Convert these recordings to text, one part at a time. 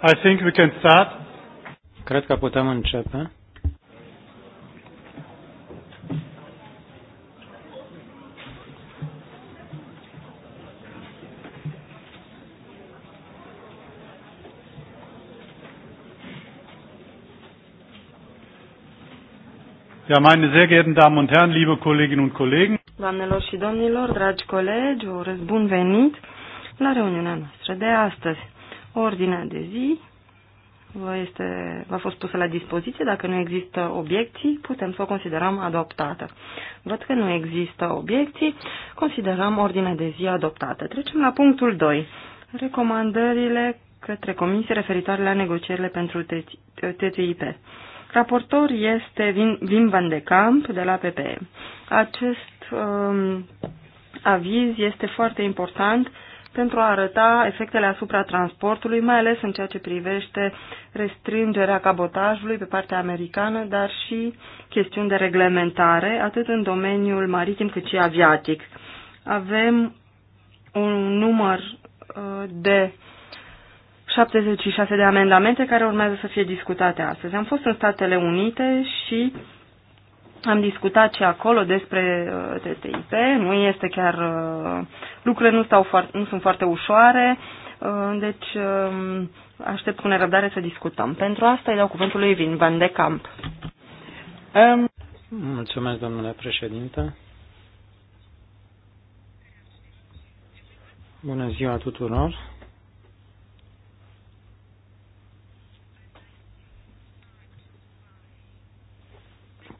I think we can start. Cred că putem începe. Ja, meine sehr geehrten Damen und Herren, liebe Kolleginnen und Kollegen. Doamnelor și domnilor, dragi colegi, urez bun venit la reuniunea noastră de astăzi. Ordinea de zi vă, este, vă a fost pusă la dispoziție. Dacă nu există obiecții, putem să o considerăm adoptată. Văd că nu există obiecții, considerăm ordinea de zi adoptată. Trecem la punctul 2. Recomandările către comisie referitoare la negocierile pentru TTIP. Raportor este Vin Van de Camp de la PPE. Acest um, aviz este foarte important pentru a arăta efectele asupra transportului, mai ales în ceea ce privește restrângerea cabotajului pe partea americană, dar și chestiuni de reglementare, atât în domeniul maritim cât și aviatic. Avem un număr uh, de 76 de amendamente care urmează să fie discutate astăzi. Am fost în Statele Unite și am discutat și acolo despre uh, TTIP, nu este chiar, uh, lucrurile nu, stau foarte, nu sunt foarte ușoare, uh, deci um, aștept cu nerăbdare să discutăm. Pentru asta îi dau cuvântul lui Vin Van de Camp. Um... Mulțumesc, domnule președinte. Bună ziua tuturor.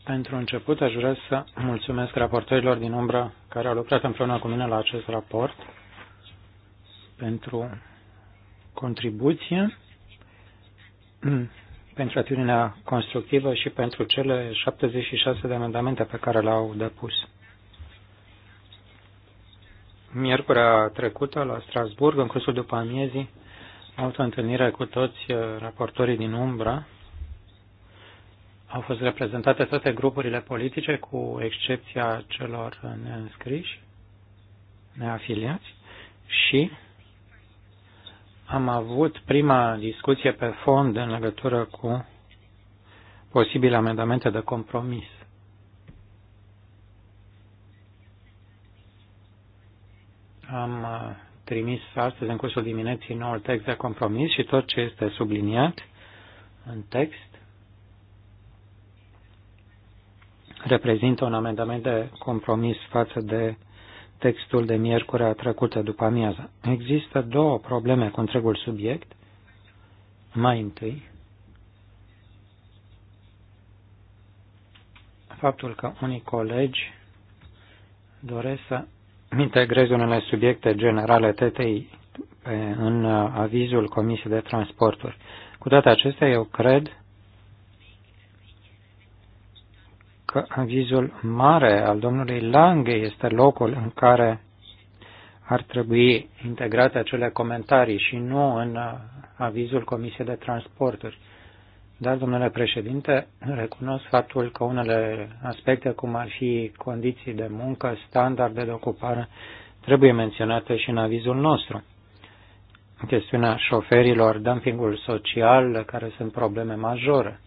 Pentru început, aș vrea să mulțumesc raportorilor din umbră care au lucrat împreună cu mine la acest raport pentru contribuție, pentru atitudinea constructivă și pentru cele 76 de amendamente pe care le-au depus. Miercurea trecută, la Strasburg, în cursul după amiezii, am avut o întâlnire cu toți eh, raportorii din umbră au fost reprezentate toate grupurile politice, cu excepția celor neînscriși, neafiliați, și am avut prima discuție pe fond în legătură cu posibile amendamente de compromis. Am uh, trimis astăzi în cursul dimineții noul text de compromis și tot ce este subliniat în text reprezintă un amendament de compromis față de textul de miercuri a trecută după amiază. Există două probleme cu întregul subiect. Mai întâi, faptul că unii colegi doresc să integreze unele subiecte generale TTI în uh, avizul Comisiei de Transporturi. Cu toate acestea, eu cred că vizul mare al domnului Lange este locul în care ar trebui integrate acele comentarii și nu în uh, avizul Comisiei de Transporturi. Dar, domnule președinte, recunosc faptul că unele aspecte, cum ar fi condiții de muncă, standarde de ocupare, trebuie menționate și în avizul nostru. În chestiunea șoferilor, dumpingul social, care sunt probleme majore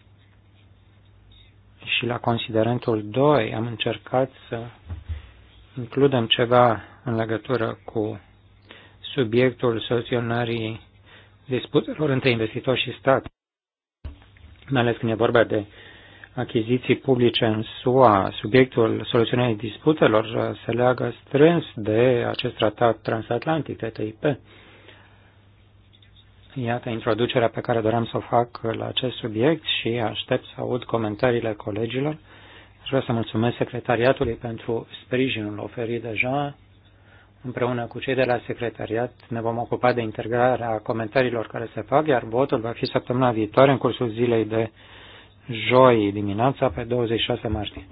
și la considerentul 2 am încercat să includem ceva în legătură cu subiectul soluționării disputelor între investitori și stat, mai ales când e vorba de achiziții publice în SUA, subiectul soluționării disputelor se leagă strâns de acest tratat transatlantic, TTIP. Iată introducerea pe care doream să o fac la acest subiect și aștept să aud comentariile colegilor. Aș vrea să mulțumesc secretariatului pentru sprijinul oferit deja. Împreună cu cei de la secretariat ne vom ocupa de integrarea comentariilor care se fac, iar votul va fi săptămâna viitoare în cursul zilei de joi dimineața pe 26 martie.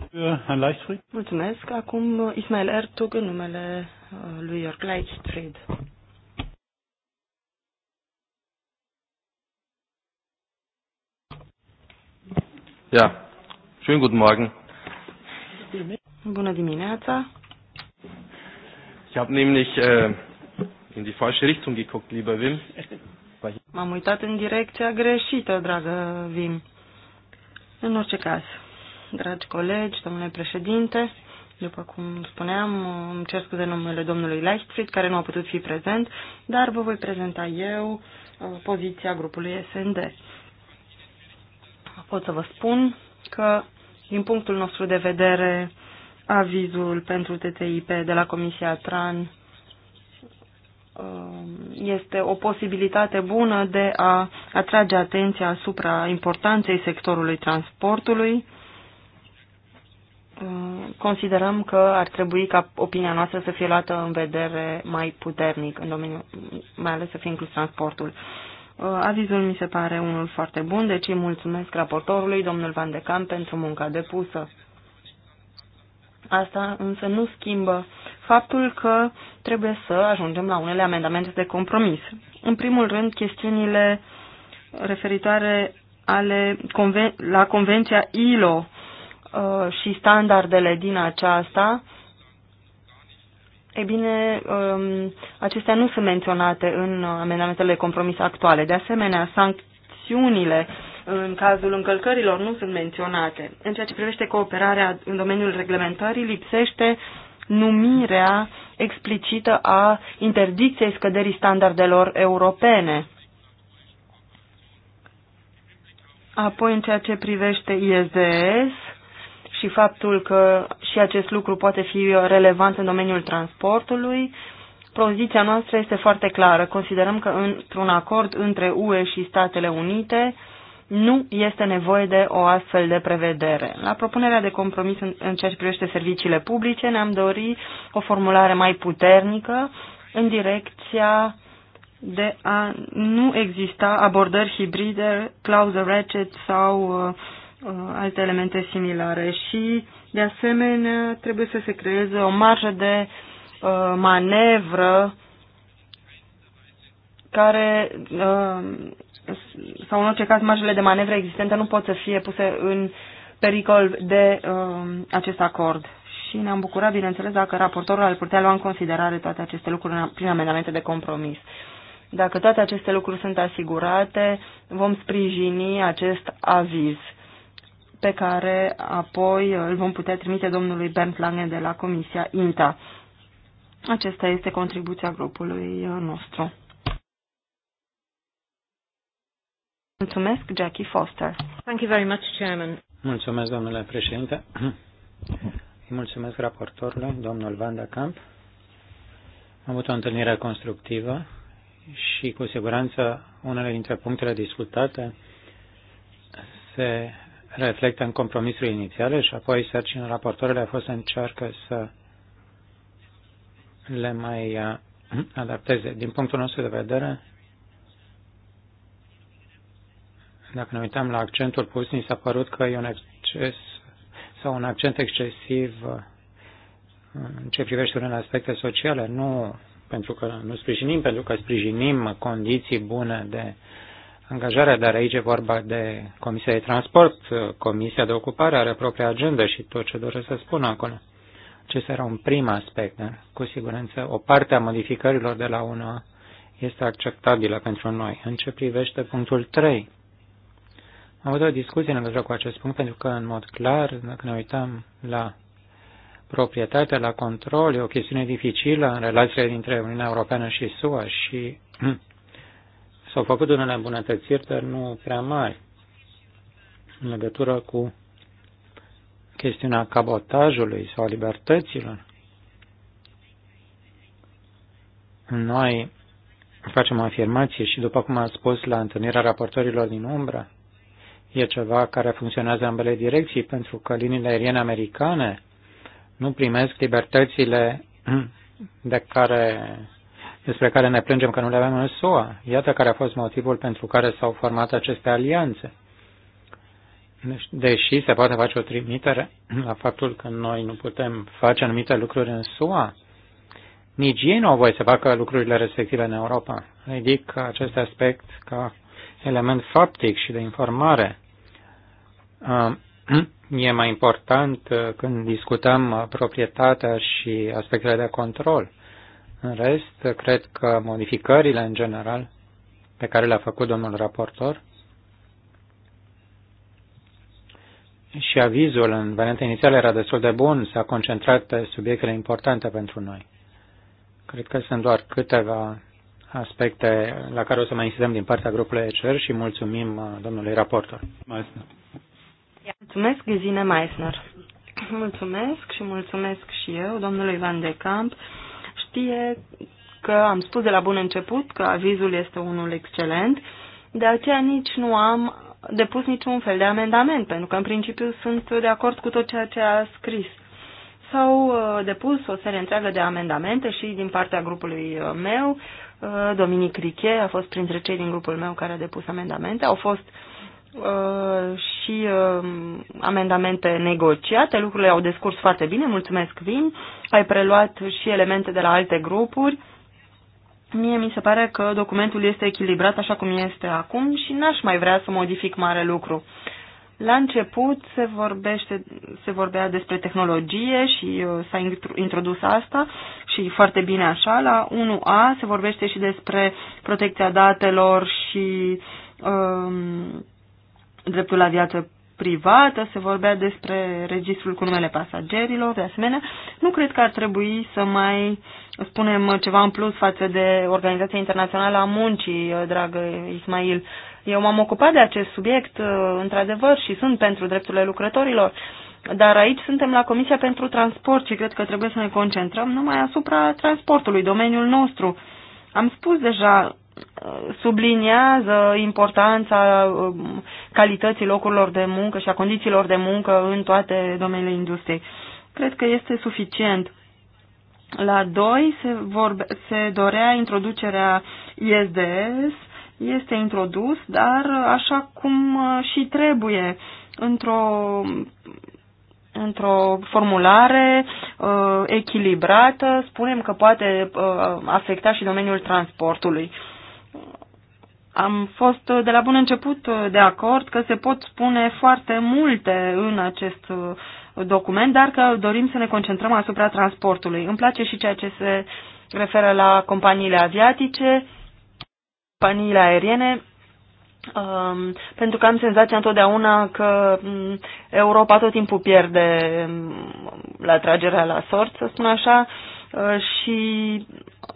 Mulțumesc. Acum Ismail Ertug în numele uh, lui York Leichtfried. Ja, schönen guten Morgen. Bună dimineața. Ich habe nämlich äh, in die falsche Richtung geguckt, lieber Wim. M-am uitat în direcția greșită, dragă Wim. În orice caz, dragi colegi, domnule președinte, după cum spuneam, îmi cer scuze numele domnului Leichtfried, care nu a putut fi prezent, dar vă voi prezenta eu uh, poziția grupului SND pot să vă spun că, din punctul nostru de vedere, avizul pentru TTIP de la Comisia TRAN um, este o posibilitate bună de a atrage atenția asupra importanței sectorului transportului. Uh, considerăm că ar trebui ca opinia noastră să fie luată în vedere mai puternic, în domeniu, mai ales să fie inclus transportul. Uh, avizul mi se pare unul foarte bun, deci îi mulțumesc raportorului, domnul Van de Camp, pentru munca depusă. Asta însă nu schimbă faptul că trebuie să ajungem la unele amendamente de compromis. În primul rând, chestiunile referitoare ale conven la Convenția ILO uh, și standardele din aceasta, ei bine, um, acestea nu sunt menționate în amendamentele de compromis actuale. De asemenea, sancțiunile în cazul încălcărilor nu sunt menționate. În ceea ce privește cooperarea în domeniul reglementării, lipsește numirea explicită a interdicției scăderii standardelor europene. Apoi, în ceea ce privește ISDS, și faptul că și acest lucru poate fi relevant în domeniul transportului, poziția noastră este foarte clară. Considerăm că într-un acord între UE și Statele Unite nu este nevoie de o astfel de prevedere. La propunerea de compromis în, ceea ce privește serviciile publice ne-am dorit o formulare mai puternică în direcția de a nu exista abordări hibride, clauze ratchet sau uh, Uh, alte elemente similare și, de asemenea, trebuie să se creeze o marjă de uh, manevră care, uh, sau în orice caz, marjele de manevră existente nu pot să fie puse în pericol de uh, acest acord. Și ne-am bucurat, bineînțeles, dacă raportorul ar putea lua în considerare toate aceste lucruri prin amendamente de compromis. Dacă toate aceste lucruri sunt asigurate, vom sprijini acest aviz pe care apoi îl vom putea trimite domnului Bernd Lange de la Comisia INTA. Acesta este contribuția grupului nostru. Mulțumesc, Jackie Foster. Thank you very much, Chairman. Mulțumesc, domnule președinte. Îi mulțumesc raportorului, domnul Van de Camp. Am avut o întâlnire constructivă și, cu siguranță, unele dintre punctele discutate se reflectă în compromisul inițiale și apoi sarcina raportorului a fost să încearcă să le mai uh, adapteze. Din punctul nostru de vedere, dacă ne uităm la accentul pus, ni s-a părut că e un exces sau un accent excesiv uh, în ce privește unele aspecte sociale, nu pentru că nu sprijinim, pentru că sprijinim condiții bune de uh, angajarea, dar aici e vorba de Comisia de Transport, Comisia de Ocupare are propria agendă și tot ce doresc să spun acolo. Acesta era un prim aspect, dar cu siguranță o parte a modificărilor de la una este acceptabilă pentru noi. În ce privește punctul 3, am avut o discuție în legătură cu acest punct, pentru că, în mod clar, dacă ne uităm la proprietatea, la control, e o chestiune dificilă în relațiile dintre Uniunea Europeană și SUA și S-au făcut unele îmbunătățiri, dar nu prea mari, în legătură cu chestiunea cabotajului sau libertăților. Noi facem afirmație și, după cum am spus la întâlnirea raportorilor din umbră, e ceva care funcționează în ambele direcții, pentru că liniile aeriene americane nu primesc libertățile de care despre care ne plângem că nu le avem în SOA. Iată care a fost motivul pentru care s-au format aceste alianțe. Deși se poate face o trimitere la faptul că noi nu putem face anumite lucruri în SUA, nici ei nu au voie să facă lucrurile respective în Europa. Ridic acest aspect ca element faptic și de informare. Uh, e mai important uh, când discutăm uh, proprietatea și aspectele de control. În rest, cred că modificările în general pe care le-a făcut domnul raportor și avizul în varianta inițială era destul de bun, s-a concentrat pe subiectele importante pentru noi. Cred că sunt doar câteva aspecte la care o să mai insistăm din partea grupului ECR și mulțumim uh, domnului raportor. Meissner. Mulțumesc, Gizine Maesner. Mulțumesc și mulțumesc și eu, domnului Van de Camp știe că am spus de la bun început că avizul este unul excelent, de aceea nici nu am depus niciun fel de amendament, pentru că în principiu sunt de acord cu tot ceea ce a scris. S-au uh, depus o serie întreagă de amendamente și din partea grupului uh, meu, uh, Dominic Riche a fost printre cei din grupul meu care a depus amendamente, au fost uh, Uh, și uh, amendamente negociate. Lucrurile au descurs foarte bine. Mulțumesc, Vin. Ai preluat și elemente de la alte grupuri. Mie mi se pare că documentul este echilibrat așa cum este acum și n-aș mai vrea să modific mare lucru. La început se, vorbește, se vorbea despre tehnologie și uh, s-a introdus asta și foarte bine așa. La 1A se vorbește și despre protecția datelor și um, dreptul la viață privată, se vorbea despre registrul cu numele pasagerilor, de asemenea. Nu cred că ar trebui să mai spunem ceva în plus față de Organizația Internațională a Muncii, dragă Ismail. Eu m-am ocupat de acest subiect, într-adevăr, și sunt pentru drepturile lucrătorilor. Dar aici suntem la Comisia pentru Transport și cred că trebuie să ne concentrăm numai asupra transportului, domeniul nostru. Am spus deja subliniază importanța um, calității locurilor de muncă și a condițiilor de muncă în toate domeniile industriei. Cred că este suficient. La doi se, vorbe, se dorea introducerea ISDS, este introdus, dar uh, așa cum uh, și trebuie, într-o într-o formulare uh, echilibrată, spunem că poate uh, afecta și domeniul transportului. Am fost uh, de la bun început uh, de acord că se pot spune foarte multe în acest uh, document, dar că dorim să ne concentrăm asupra transportului. Îmi place și ceea ce se referă la companiile aviatice, companiile aeriene, Um, pentru că am senzația întotdeauna că um, Europa tot timpul pierde um, la tragerea la sort, să spun așa, uh, și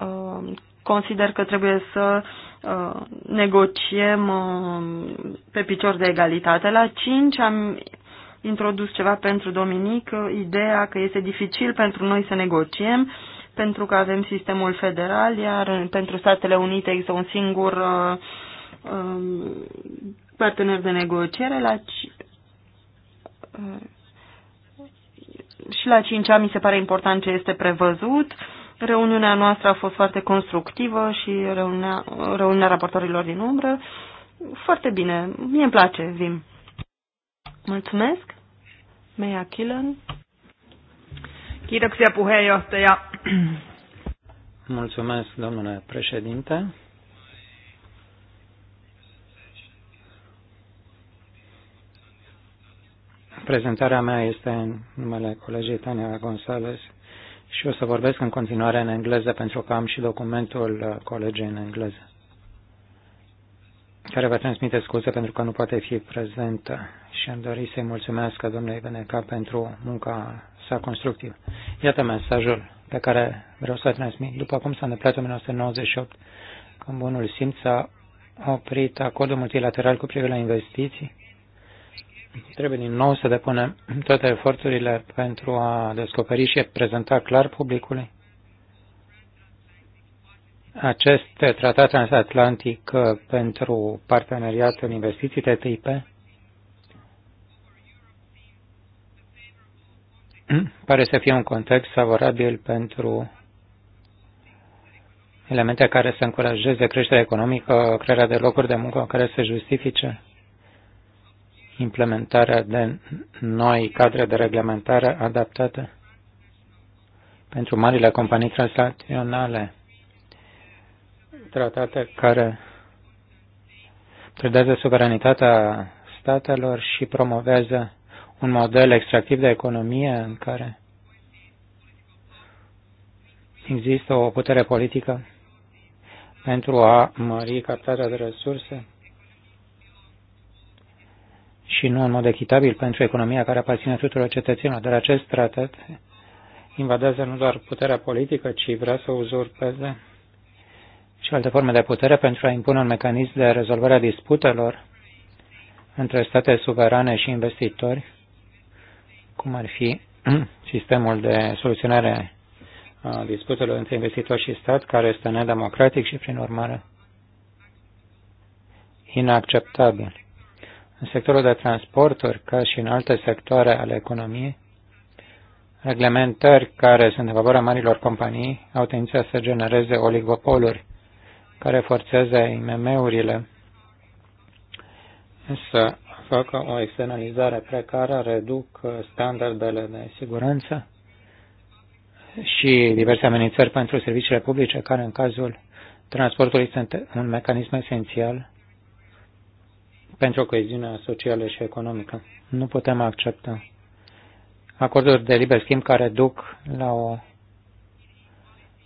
uh, consider că trebuie să Uh, negociem uh, pe picior de egalitate. La 5 am introdus ceva pentru Dominic, uh, ideea că este dificil pentru noi să negociem, pentru că avem sistemul federal, iar pentru Statele Unite există un singur um, partener de negociere. La și la 5 ani mi se pare important ce este prevăzut. Uh, Reuniunea noastră a fost foarte constructivă și reuniunea, reuniunea raportorilor din umbră. Foarte bine. Mie îmi place, Vim. Mulțumesc. Meia Killen. Kiitoksia puheenjohtaja. Mulțumesc, domnule președinte. Prezentarea mea este în numele colegii Tania González și o să vorbesc în continuare în engleză pentru că am și documentul uh, colegii în engleză care vă transmite scuze pentru că nu poate fi prezentă și am dorit să-i mulțumesc domnului Veneca pentru munca sa constructivă. Iată mesajul pe care vreau să-l transmit. După cum s-a întâmplat în 1998, când bunul simț a oprit acordul multilateral cu privire la investiții, Trebuie din nou să depunem toate eforturile pentru a descoperi și a prezenta clar publicului acest tratat transatlantic pentru în investiții TTIP pare să fie un context favorabil pentru elemente care să încurajeze creșterea economică, crearea de locuri de muncă care să justifice implementarea de noi cadre de reglementare adaptate pentru marile companii transnaționale, tratate care trădează suveranitatea statelor și promovează un model extractiv de economie în care există o putere politică pentru a mări captarea de resurse și nu în mod echitabil pentru economia care aparține tuturor cetățenilor. Dar acest tratat invadează nu doar puterea politică, ci vrea să uzurpeze și alte forme de putere pentru a impune un mecanism de rezolvare a disputelor între state suverane și investitori, cum ar fi sistemul de soluționare a disputelor între investitori și stat, care este nedemocratic și, prin urmare, inacceptabil. În sectorul de transporturi, ca și în alte sectoare ale economiei, reglementări care sunt în favoarea marilor companii au tendința să genereze oligopoluri care forțează IMM-urile să facă o externalizare precară, reduc standardele de siguranță și diverse amenințări pentru serviciile publice, care în cazul transportului sunt un mecanism esențial pentru coeziunea socială și economică. Nu putem accepta acorduri de liber schimb care duc la o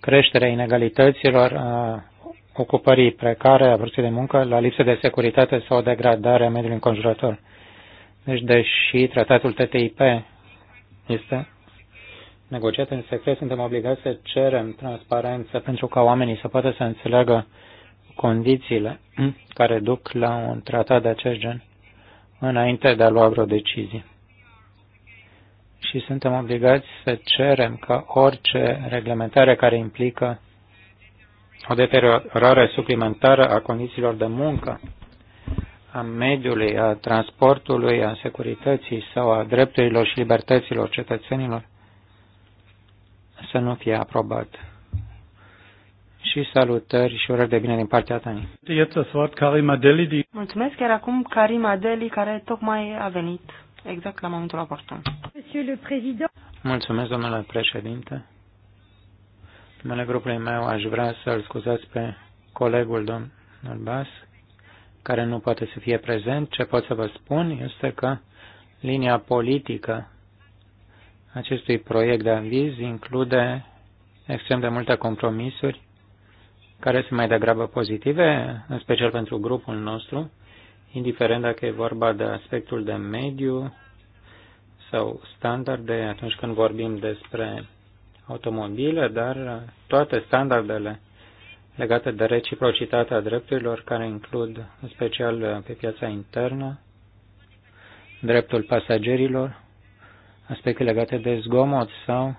creștere a inegalităților, a ocupării precare, a forței de muncă, la lipsă de securitate sau degradare a mediului înconjurător. Deci, deși tratatul TTIP este negociat în secret, suntem obligați să cerem transparență pentru ca oamenii să poată să înțeleagă condițiile care duc la un tratat de acest gen înainte de a lua vreo decizie. Și suntem obligați să cerem că orice reglementare care implică o deteriorare suplimentară a condițiilor de muncă, a mediului, a transportului, a securității sau a drepturilor și libertăților cetățenilor, să nu fie aprobat și salutări și urări de bine din partea ta. Mulțumesc chiar acum Karim Adeli, care tocmai a venit exact la momentul oportun. Mulțumesc, domnule președinte. Numele grupului meu aș vrea să-l scuzați pe colegul domnul Bas, care nu poate să fie prezent. Ce pot să vă spun este că linia politică acestui proiect de aviz include extrem de multe compromisuri care sunt mai degrabă pozitive, în special pentru grupul nostru, indiferent dacă e vorba de aspectul de mediu sau standarde atunci când vorbim despre automobile, dar toate standardele legate de reciprocitatea drepturilor, care includ în special pe piața internă, dreptul pasagerilor, aspecte legate de zgomot sau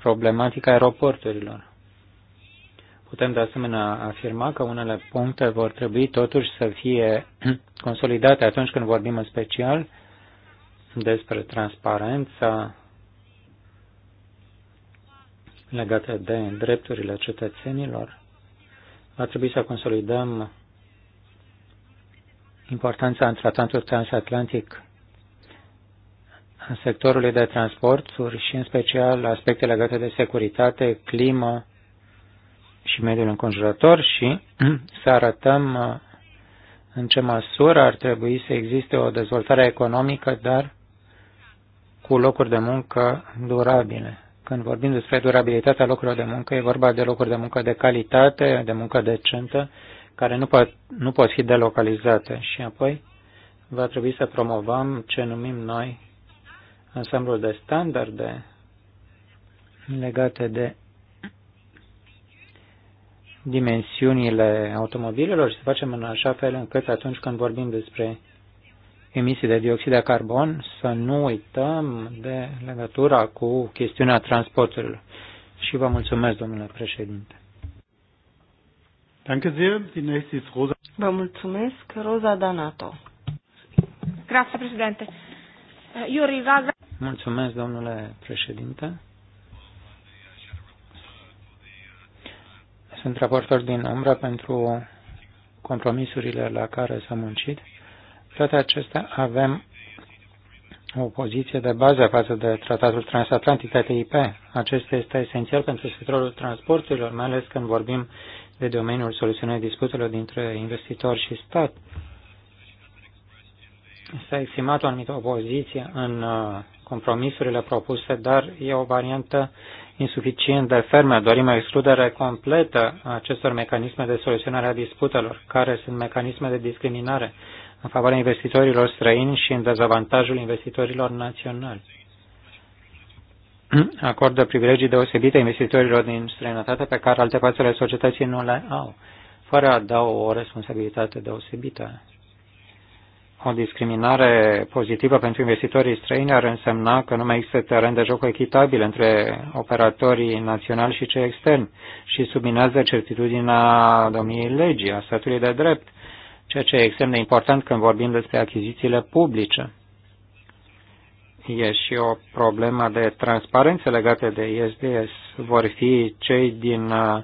problematica aeroporturilor. Putem de asemenea afirma că unele puncte vor trebui totuși să fie consolidate atunci când vorbim în special despre transparența legată de drepturile cetățenilor. Va trebui să consolidăm importanța în tratatul transatlantic a sectorului de transporturi și în special aspecte legate de securitate, climă, și mediul înconjurător și să arătăm uh, în ce măsură ar trebui să existe o dezvoltare economică, dar cu locuri de muncă durabile. Când vorbim despre durabilitatea locurilor de muncă, e vorba de locuri de muncă de calitate, de muncă decentă, care nu pot, nu pot fi delocalizate. Și apoi va trebui să promovăm ce numim noi ansamblul de standarde legate de dimensiunile automobilelor și să facem în așa fel încât atunci când vorbim despre emisii de dioxid de carbon să nu uităm de legătura cu chestiunea transporturilor. Și vă mulțumesc, domnule președinte. Danke sehr. Die nächste ist Rosa. Vă mulțumesc, Rosa Danato. Grazie, președinte. Eu eh, Mulțumesc, domnule președinte. Sunt raportor din umbră pentru compromisurile la care s-a muncit. Toate acestea avem o poziție de bază față de Tratatul Transatlantic TTIP. Acesta este esențial pentru sectorul transporturilor, mai ales când vorbim de domeniul soluționării disputelor dintre investitor și stat. S-a exprimat o anumită opoziție în uh, compromisurile propuse, dar e o variantă insuficient de ferme. Dorim o excludere completă a acestor mecanisme de soluționare a disputelor, care sunt mecanisme de discriminare în favoarea investitorilor străini și în dezavantajul investitorilor naționali. Acordă privilegii deosebite investitorilor din străinătate pe care alte părți ale societății nu le au, fără a da o responsabilitate deosebită o discriminare pozitivă pentru investitorii străini ar însemna că nu mai există teren de joc echitabil între operatorii naționali și cei externi și subminează certitudinea domniei legii, a statului de drept, ceea ce e extrem de important când vorbim despre achizițiile publice. E și o problemă de transparență legată de ISDS. Vor fi cei din uh,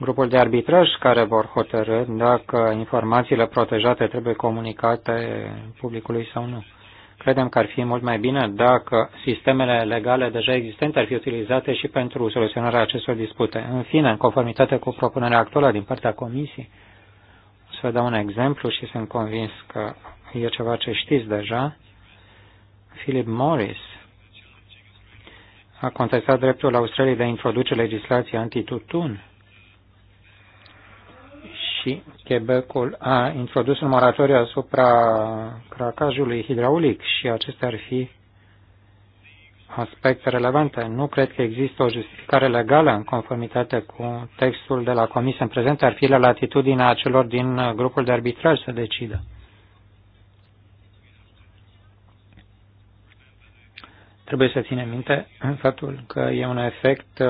grupul de arbitraj care vor hotărâ dacă informațiile protejate trebuie comunicate publicului sau nu. Credem că ar fi mult mai bine dacă sistemele legale deja existente ar fi utilizate și pentru soluționarea acestor dispute. În fine, în conformitate cu propunerea actuală din partea Comisiei, o să vă dau un exemplu și sunt convins că e ceva ce știți deja. Philip Morris a contestat dreptul Australiei de a introduce legislație antitutun și Quebecul a introdus un moratoriu asupra cracajului hidraulic și acestea ar fi aspecte relevante. Nu cred că există o justificare legală în conformitate cu textul de la comisie în prezent. Ar fi la latitudinea celor din grupul de arbitraj să decidă. Trebuie să ținem minte în faptul că e un efect uh,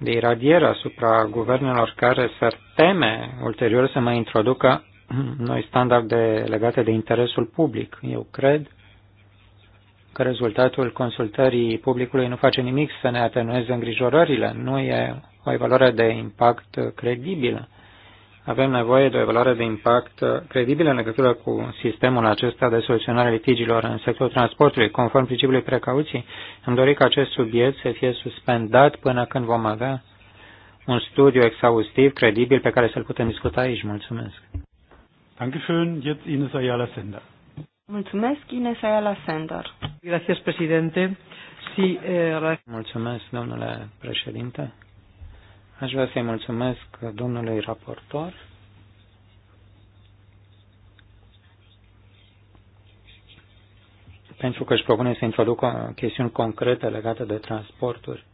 de iradiere asupra guvernelor care s-ar teme ulterior să mai introducă noi standarde legate de interesul public. Eu cred că rezultatul consultării publicului nu face nimic să ne atenueze îngrijorările, nu e o evaluare de impact credibilă. Avem nevoie de o evaluare de impact uh, credibilă în legătură cu sistemul acesta de soluționare litigilor în sectorul transportului. Conform principiului precauții, am dorit ca acest subiect să fie suspendat până când vom avea un studiu exhaustiv, credibil, pe care să-l putem discuta aici. Mulțumesc. Dankeschön. Jetzt Ines Ayala Sender. Mulțumesc, Ines Ayala Sender. Gracias, presidente. Si, eh... Mulțumesc, domnule președinte. Aș vrea să-i mulțumesc domnului raportor. pentru că își propune să introducă chestiuni concrete legate de transporturi.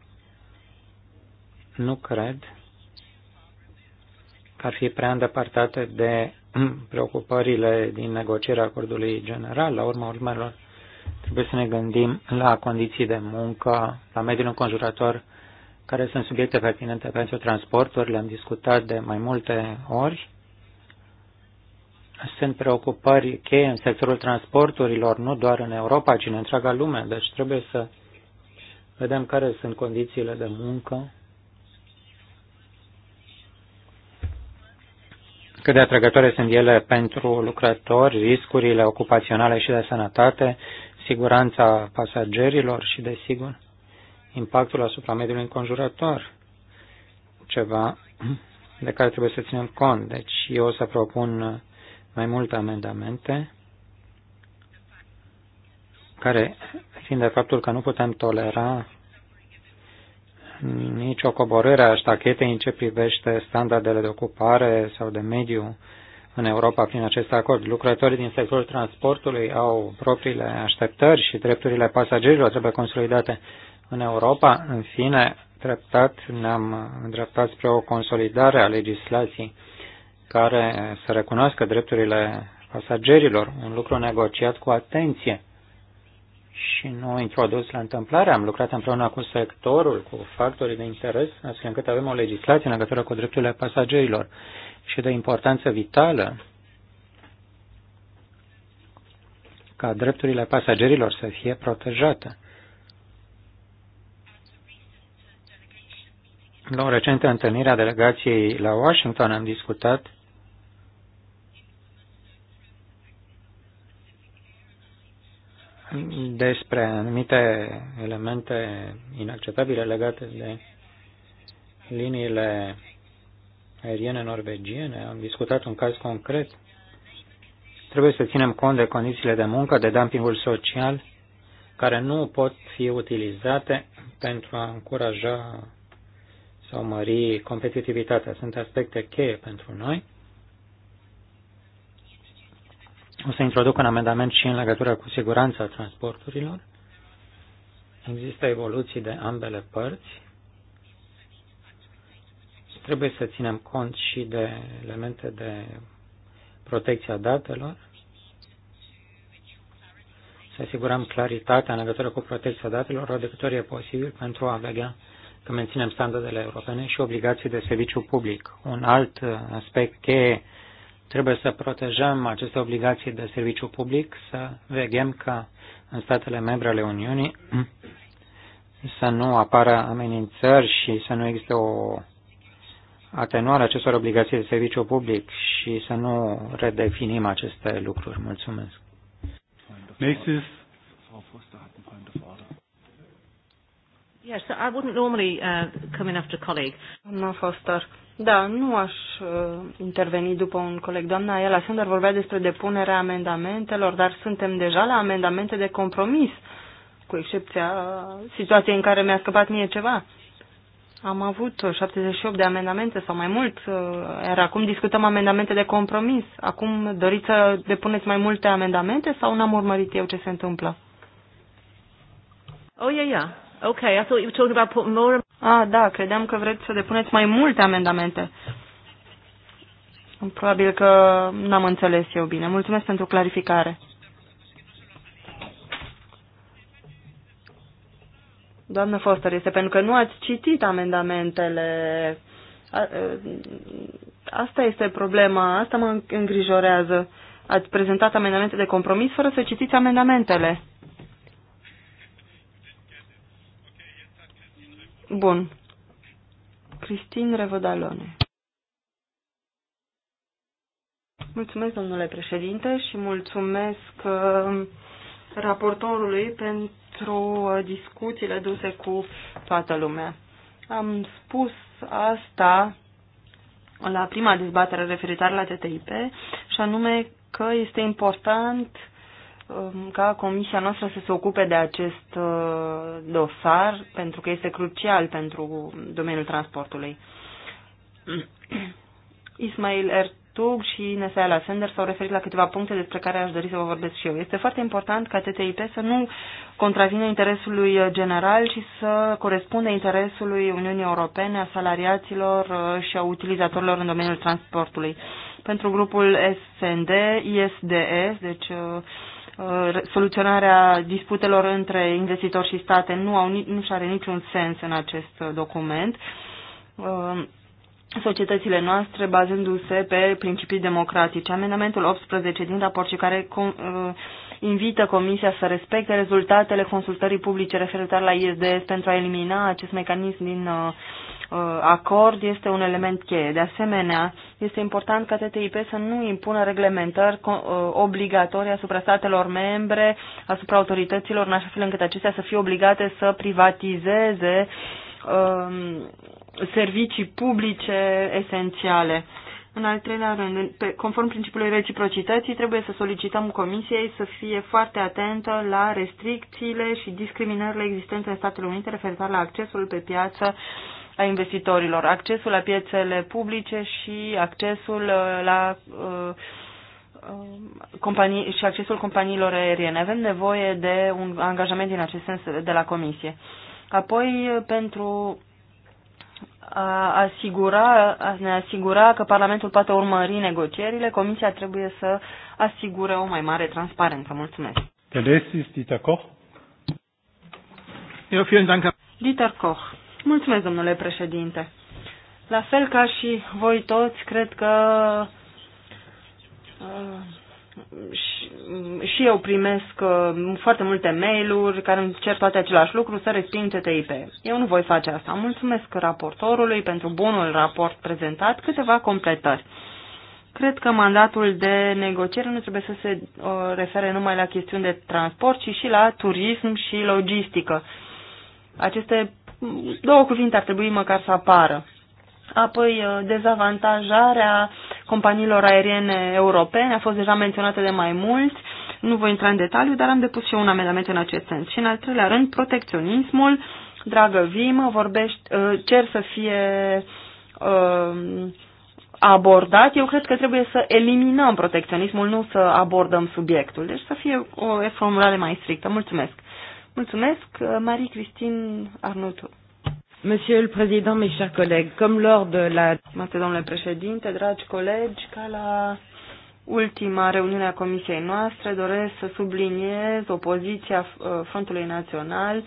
Nu cred că ar fi prea îndepărtate de preocupările din negocierea acordului general. La urma urmelor, trebuie să ne gândim la condiții de muncă, la mediul înconjurător, care sunt subiecte pertinente pentru transporturi, le-am discutat de mai multe ori. Sunt preocupări cheie în sectorul transporturilor, nu doar în Europa, ci în întreaga lume, deci trebuie să vedem care sunt condițiile de muncă, cât de atrăgătoare sunt ele pentru lucrători, riscurile ocupaționale și de sănătate, siguranța pasagerilor și, desigur, impactul asupra mediului înconjurător, ceva de care trebuie să ținem cont. Deci eu o să propun mai multe amendamente care, fiind de faptul că nu putem tolera nici o coborâre a ștachetei în ce privește standardele de ocupare sau de mediu în Europa prin acest acord. Lucrătorii din sectorul transportului au propriile așteptări și drepturile pasagerilor trebuie consolidate în Europa, în fine, treptat ne-am îndreptat spre o consolidare a legislației care să recunoască drepturile pasagerilor, un lucru negociat cu atenție și nu introdus la întâmplare. Am lucrat împreună cu sectorul, cu factorii de interes, astfel încât avem o legislație în legătură cu drepturile pasagerilor și de importanță vitală ca drepturile pasagerilor să fie protejate. La o recentă întâlnire a delegației la Washington am discutat despre anumite elemente inacceptabile legate de liniile aeriene norvegiene. Am discutat un caz concret. Trebuie să ținem cont de condițiile de muncă, de dumpingul social, care nu pot fi utilizate pentru a încuraja sau mări competitivitatea. Sunt aspecte cheie pentru noi. O să introduc un amendament și în legătură cu siguranța transporturilor. Există evoluții de ambele părți. Trebuie să ținem cont și de elemente de protecția datelor. Să asigurăm claritatea în legătură cu protecția datelor, o de ori e posibil, pentru a avea că menținem standardele europene și obligații de serviciu public. Un alt uh, aspect cheie trebuie să protejăm aceste obligații de serviciu public, să veghem că în statele membre ale Uniunii să nu apară amenințări și să nu existe o atenuare acestor obligații de serviciu public și să nu redefinim aceste lucruri. Mulțumesc. Next Yes, I wouldn't normally uh, come in after a colleague. Doamna Foster, da, nu aș uh, interveni după un coleg. Doamna Ayala Sander vorbea despre depunerea amendamentelor, dar suntem deja la amendamente de compromis, cu excepția uh, situației în care mi-a scăpat mie ceva. Am avut 78 uh, de amendamente sau mai mult, uh, iar acum discutăm amendamente de compromis. Acum doriți să depuneți mai multe amendamente sau n-am urmărit eu ce se întâmplă? Oh, yeah, yeah. Okay, I thought you were talking about putting more. Ah, da, credeam că vreți să depuneți mai multe amendamente. Probabil că n-am înțeles eu bine. Mulțumesc pentru clarificare. Doamnă Foster, este pentru că nu ați citit amendamentele. Asta este problema, asta mă îngrijorează. Ați prezentat amendamente de compromis fără să citiți amendamentele. Bun. Cristin Revădalone. Mulțumesc, domnule președinte, și mulțumesc uh, raportorului pentru uh, discuțiile duse cu toată lumea. Am spus asta la prima dezbatere referitoare la TTIP, și anume că este important Um, ca comisia noastră să se ocupe de acest uh, dosar, pentru că este crucial pentru domeniul transportului. Ismail Ertug și Nesaela Sender s-au referit la câteva puncte despre care aș dori să vă vorbesc și eu. Este foarte important ca TTIP să nu contravină interesului general, și să corespundă interesului Uniunii Europene, a salariaților uh, și a utilizatorilor în domeniul transportului. Pentru grupul SND, ISDS, deci uh, Uh, soluționarea disputelor între investitori și state nu, au, nu și are niciun sens în acest uh, document. Uh, societățile noastre, bazându-se pe principii democratice. Amendamentul 18 din raport și care invită Comisia să respecte rezultatele consultării publice referitoare la ISDS pentru a elimina acest mecanism din Uh, acord este un element cheie. De asemenea, este important ca TTIP să nu impună reglementări uh, obligatorii asupra statelor membre, asupra autorităților, în așa fel încât acestea să fie obligate să privatizeze um, servicii publice esențiale. În al treilea rând, conform principiului reciprocității, trebuie să solicităm Comisiei să fie foarte atentă la restricțiile și discriminările existente în Statele Unite referitoare la accesul pe piață a investitorilor, accesul la piețele publice și accesul uh, la uh, um, companii, și accesul companiilor aeriene. Avem nevoie de un angajament din acest sens de la Comisie. Apoi, pentru a asigura, a ne asigura că Parlamentul poate urmări negocierile, Comisia trebuie să asigure o mai mare transparență. Mulțumesc. Dieter Koch. Dieter Koch. Mulțumesc, domnule președinte. La fel ca și voi toți, cred că uh, și, și eu primesc uh, foarte multe mail-uri care îmi cer toate același lucru să resping CTIP. Eu nu voi face asta. Mulțumesc raportorului pentru bunul raport prezentat, câteva completări. Cred că mandatul de negociere nu trebuie să se uh, refere numai la chestiuni de transport, ci și la turism și logistică. Aceste două cuvinte ar trebui măcar să apară. Apoi, uh, dezavantajarea companiilor aeriene europene a fost deja menționată de mai mulți. Nu voi intra în detaliu, dar am depus și eu un amendament în acest sens. Și în al treilea rând, protecționismul, dragă Vimă, vorbești, uh, cer să fie uh, abordat. Eu cred că trebuie să eliminăm protecționismul, nu să abordăm subiectul. Deci să fie o formulare mai strictă. Mulțumesc. Mulțumesc, uh, Marie-Christine Arnutu. Monsieur le Président, mes chers collègues, comme lors de la... Mate, domnule președinte, dragi colegi, ca la ultima reuniune a comisiei noastre, doresc să subliniez opoziția uh, Frontului Național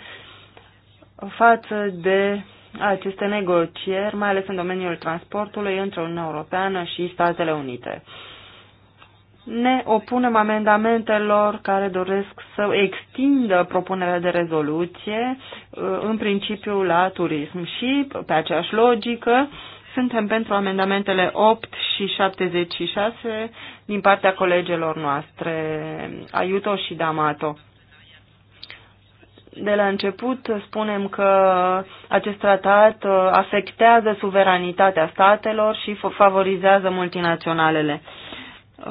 față de aceste negocieri, mai ales în domeniul transportului între Uniunea Europeană și Statele Unite ne opunem amendamentelor care doresc să extindă propunerea de rezoluție uh, în principiu la turism și pe aceeași logică suntem pentru amendamentele 8 și 76 din partea colegelor noastre, Aiuto și Damato. De la început spunem că acest tratat uh, afectează suveranitatea statelor și favorizează multinaționalele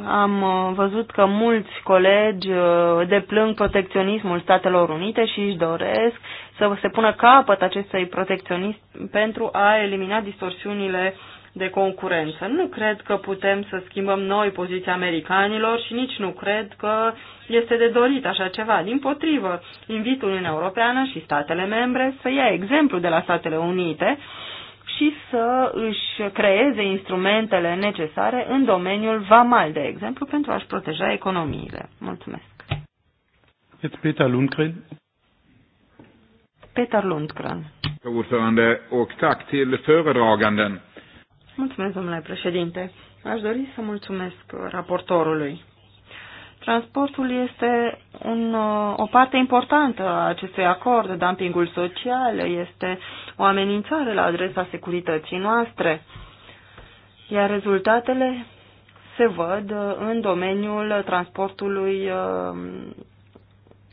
am uh, văzut că mulți colegi uh, deplâng protecționismul Statelor Unite și își doresc să se pună capăt acestui protecționism pentru a elimina distorsiunile de concurență. Nu cred că putem să schimbăm noi poziția americanilor și nici nu cred că este de dorit așa ceva. Din potrivă, invit Uniunea Europeană și statele membre să ia exemplu de la Statele Unite și să își creeze instrumentele necesare în domeniul vamal, de exemplu, pentru a-și proteja economiile. Mulțumesc. Jetzt Peter Lundgren. Peter Lundgren. Ordförande och tack till föredraganden. Mulțumesc, domnule președinte. Aș dori să mulțumesc raportorului. Transportul este un, o parte importantă a acestui acord. Dumpingul social este o amenințare la adresa securității noastre. Iar rezultatele se văd în domeniul transportului uh,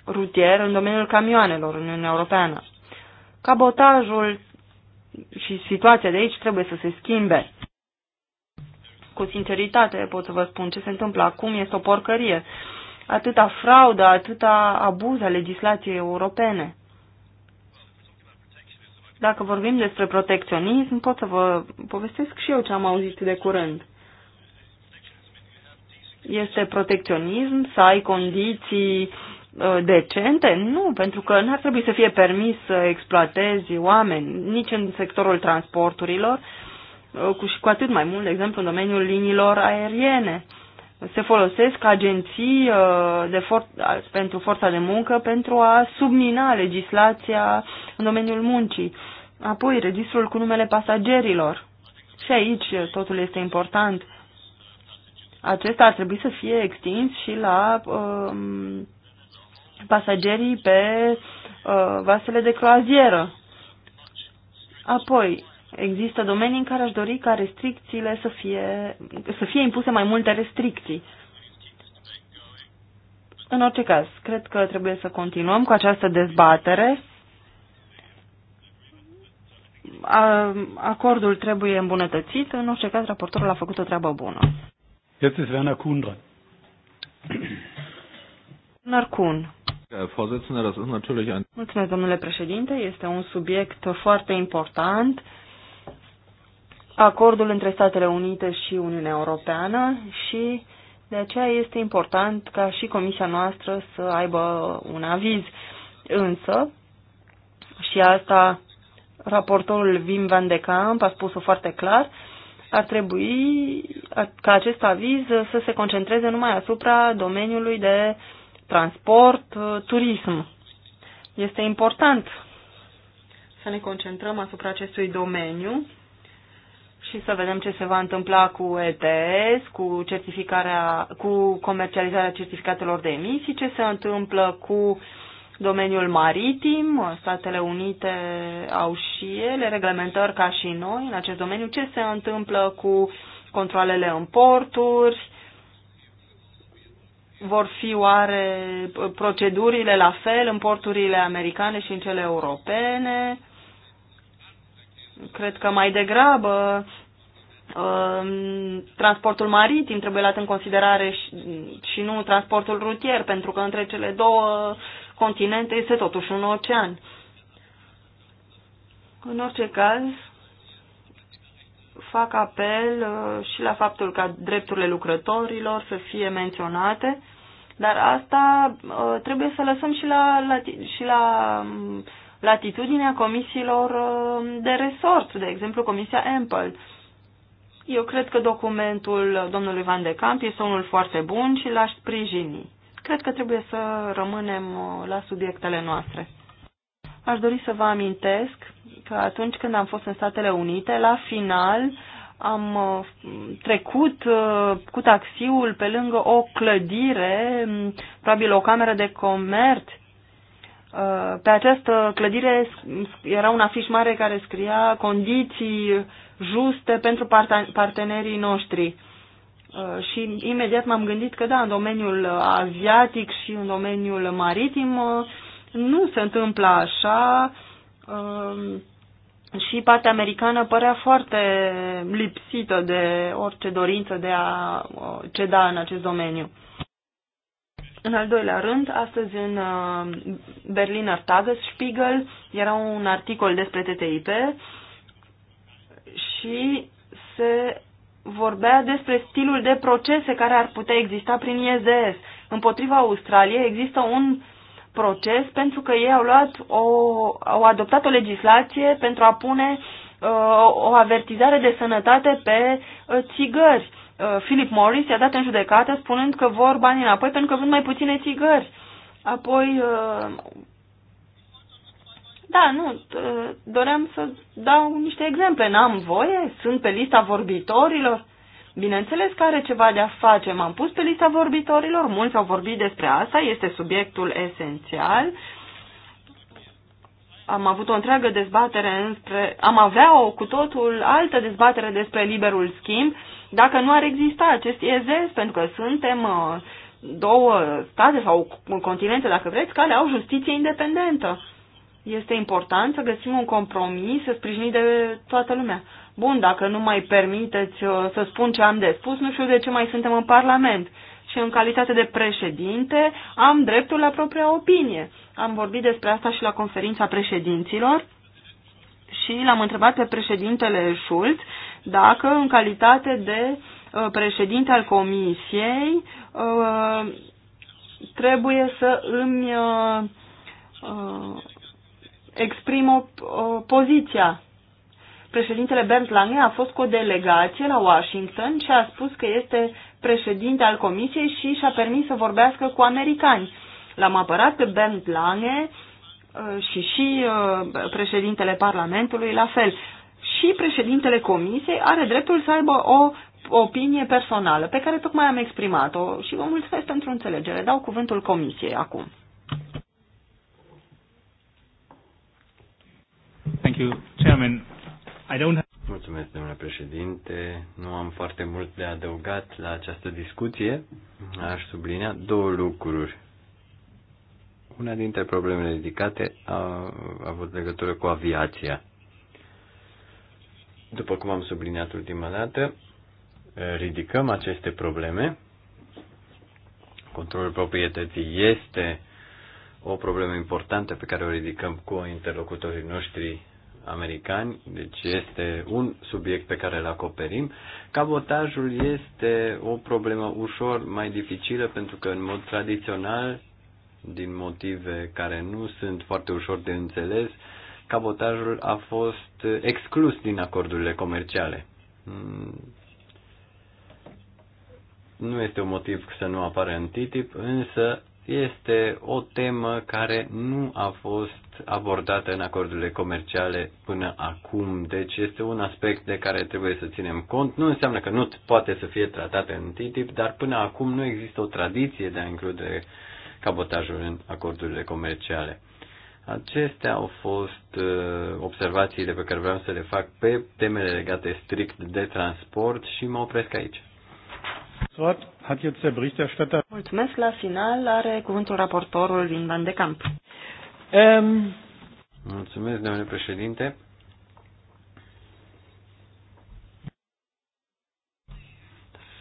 rutier, în domeniul camioanelor în Uniunea Europeană. Cabotajul și situația de aici trebuie să se schimbe cu sinceritate pot să vă spun ce se întâmplă acum, este o porcărie. Atâta fraudă, atâta abuz a legislației europene. Dacă vorbim despre protecționism, pot să vă povestesc și eu ce am auzit de curând. Este protecționism să ai condiții uh, decente? Nu, pentru că n-ar trebui să fie permis să exploatezi oameni nici în sectorul transporturilor, Uh, cu, și cu atât mai mult, de exemplu, în domeniul liniilor aeriene. Se folosesc agenții uh, de for- pentru forța de muncă pentru a submina legislația în domeniul muncii. Apoi, registrul cu numele pasagerilor. Și aici totul este important. Acesta ar trebui să fie extins și la um, pasagerii pe uh, vasele de croazieră. Apoi, Există domenii în care aș dori ca restricțiile să fie, să fie impuse mai multe restricții. În orice caz, cred că trebuie să continuăm cu această dezbatere. Acordul trebuie îmbunătățit. În orice caz, raportorul a făcut o treabă bună. Jetzt ist Werner Kuhn dran. Werner Kuhn. Mulțumesc, domnule președinte. Este un subiect foarte important acordul între Statele Unite și Uniunea Europeană și de aceea este important ca și comisia noastră să aibă un aviz. Însă, și asta raportorul Wim van de Camp a spus-o foarte clar, ar trebui ca acest aviz să se concentreze numai asupra domeniului de transport, turism. Este important să ne concentrăm asupra acestui domeniu și să vedem ce se va întâmpla cu ETS, cu, certificarea, cu comercializarea certificatelor de emisii, ce se întâmplă cu domeniul maritim. Statele Unite au și ele reglementări ca și noi în acest domeniu. Ce se întâmplă cu controlele în porturi? Vor fi oare procedurile la fel în porturile americane și în cele europene? Cred că mai degrabă uh, transportul maritim trebuie luat în considerare și nu transportul rutier, pentru că între cele două continente este totuși un ocean. În orice caz, fac apel uh, și la faptul ca drepturile lucrătorilor să fie menționate, dar asta uh, trebuie să lăsăm și la, la, și la um, latitudinea comisiilor uh, de resort, de exemplu Comisia Ample. Eu cred că documentul domnului Van de Camp este unul foarte bun și l-aș sprijini. Cred că trebuie să rămânem uh, la subiectele noastre. Aș dori să vă amintesc că atunci când am fost în Statele Unite, la final am uh, trecut cu taxiul pe lângă o clădire, probabil o cameră de comerț, Uh, pe această clădire era un afiș mare care scria condiții juste pentru partenerii noștri. Uh, și imediat m-am gândit că da, în domeniul aziatic și în domeniul maritim uh, nu se întâmplă așa și partea americană părea foarte lipsită de orice dorință de a ceda în acest domeniu. În al doilea rând, astăzi în uh, Berliner Tagesspiegel era un articol despre TTIP și se vorbea despre stilul de procese care ar putea exista prin IZS. Împotriva Australiei există un proces pentru că ei au, luat o, au adoptat o legislație pentru a pune uh, o avertizare de sănătate pe uh, țigări. Uh, Philip Morris i-a dat în judecată spunând că vor bani înapoi pentru că vând mai puține țigări. Apoi, uh, da, nu, uh, doream să dau niște exemple. N-am voie? Sunt pe lista vorbitorilor? Bineînțeles că are ceva de a face. M-am pus pe lista vorbitorilor, mulți au vorbit despre asta, este subiectul esențial. Am avut o întreagă dezbatere înspre... Am avea o cu totul altă dezbatere despre liberul schimb, uh, dacă nu ar exista acest IEZS, pentru că suntem uh, două state sau continente, dacă vreți, care au justiție independentă. Este important să găsim un compromis, să sprijinim de toată lumea. Bun, dacă nu mai permiteți uh, să spun ce am de spus, nu știu de ce mai suntem în Parlament. Și în calitate de președinte am dreptul la propria opinie. Am vorbit despre asta și la conferința președinților și l-am întrebat pe președintele Schulz dacă în calitate de uh, președinte al comisiei uh, trebuie să îmi uh, exprim o poziția. Președintele Bernd Lange a fost cu o delegație la Washington și a spus că este președinte al comisiei și și-a permis să vorbească cu americani. L-am apărat pe Bernd Lange și și președintele Parlamentului la fel și președintele comisiei are dreptul să aibă o opinie personală pe care tocmai am exprimat-o și vă mulțumesc pentru înțelegere. Dau cuvântul comisiei acum. Thank you, Chairman. I don't have... Mulțumesc, domnule președinte. Nu am foarte mult de adăugat la această discuție. Aș sublinea două lucruri. Una dintre problemele ridicate a, a avut legătură cu aviația. După cum am subliniat ultima dată, ridicăm aceste probleme. Controlul proprietății este o problemă importantă pe care o ridicăm cu interlocutorii noștri americani, deci este un subiect pe care îl acoperim. Cabotajul este o problemă ușor mai dificilă pentru că în mod tradițional, din motive care nu sunt foarte ușor de înțeles, cabotajul a fost uh, exclus din acordurile comerciale. Mm. Nu este un motiv să nu apară în TTIP, însă este o temă care nu a fost abordată în acordurile comerciale până acum. Deci este un aspect de care trebuie să ținem cont. Nu înseamnă că nu poate să fie tratată în TTIP, dar până acum nu există o tradiție de a include cabotajul în acordurile comerciale. Acestea au fost uh, observațiile pe care vreau să le fac pe temele legate strict de transport și mă opresc aici. Mulțumesc. La final are cuvântul raportorul din Van de Camp. Um... Ehm. Mulțumesc, domnule președinte.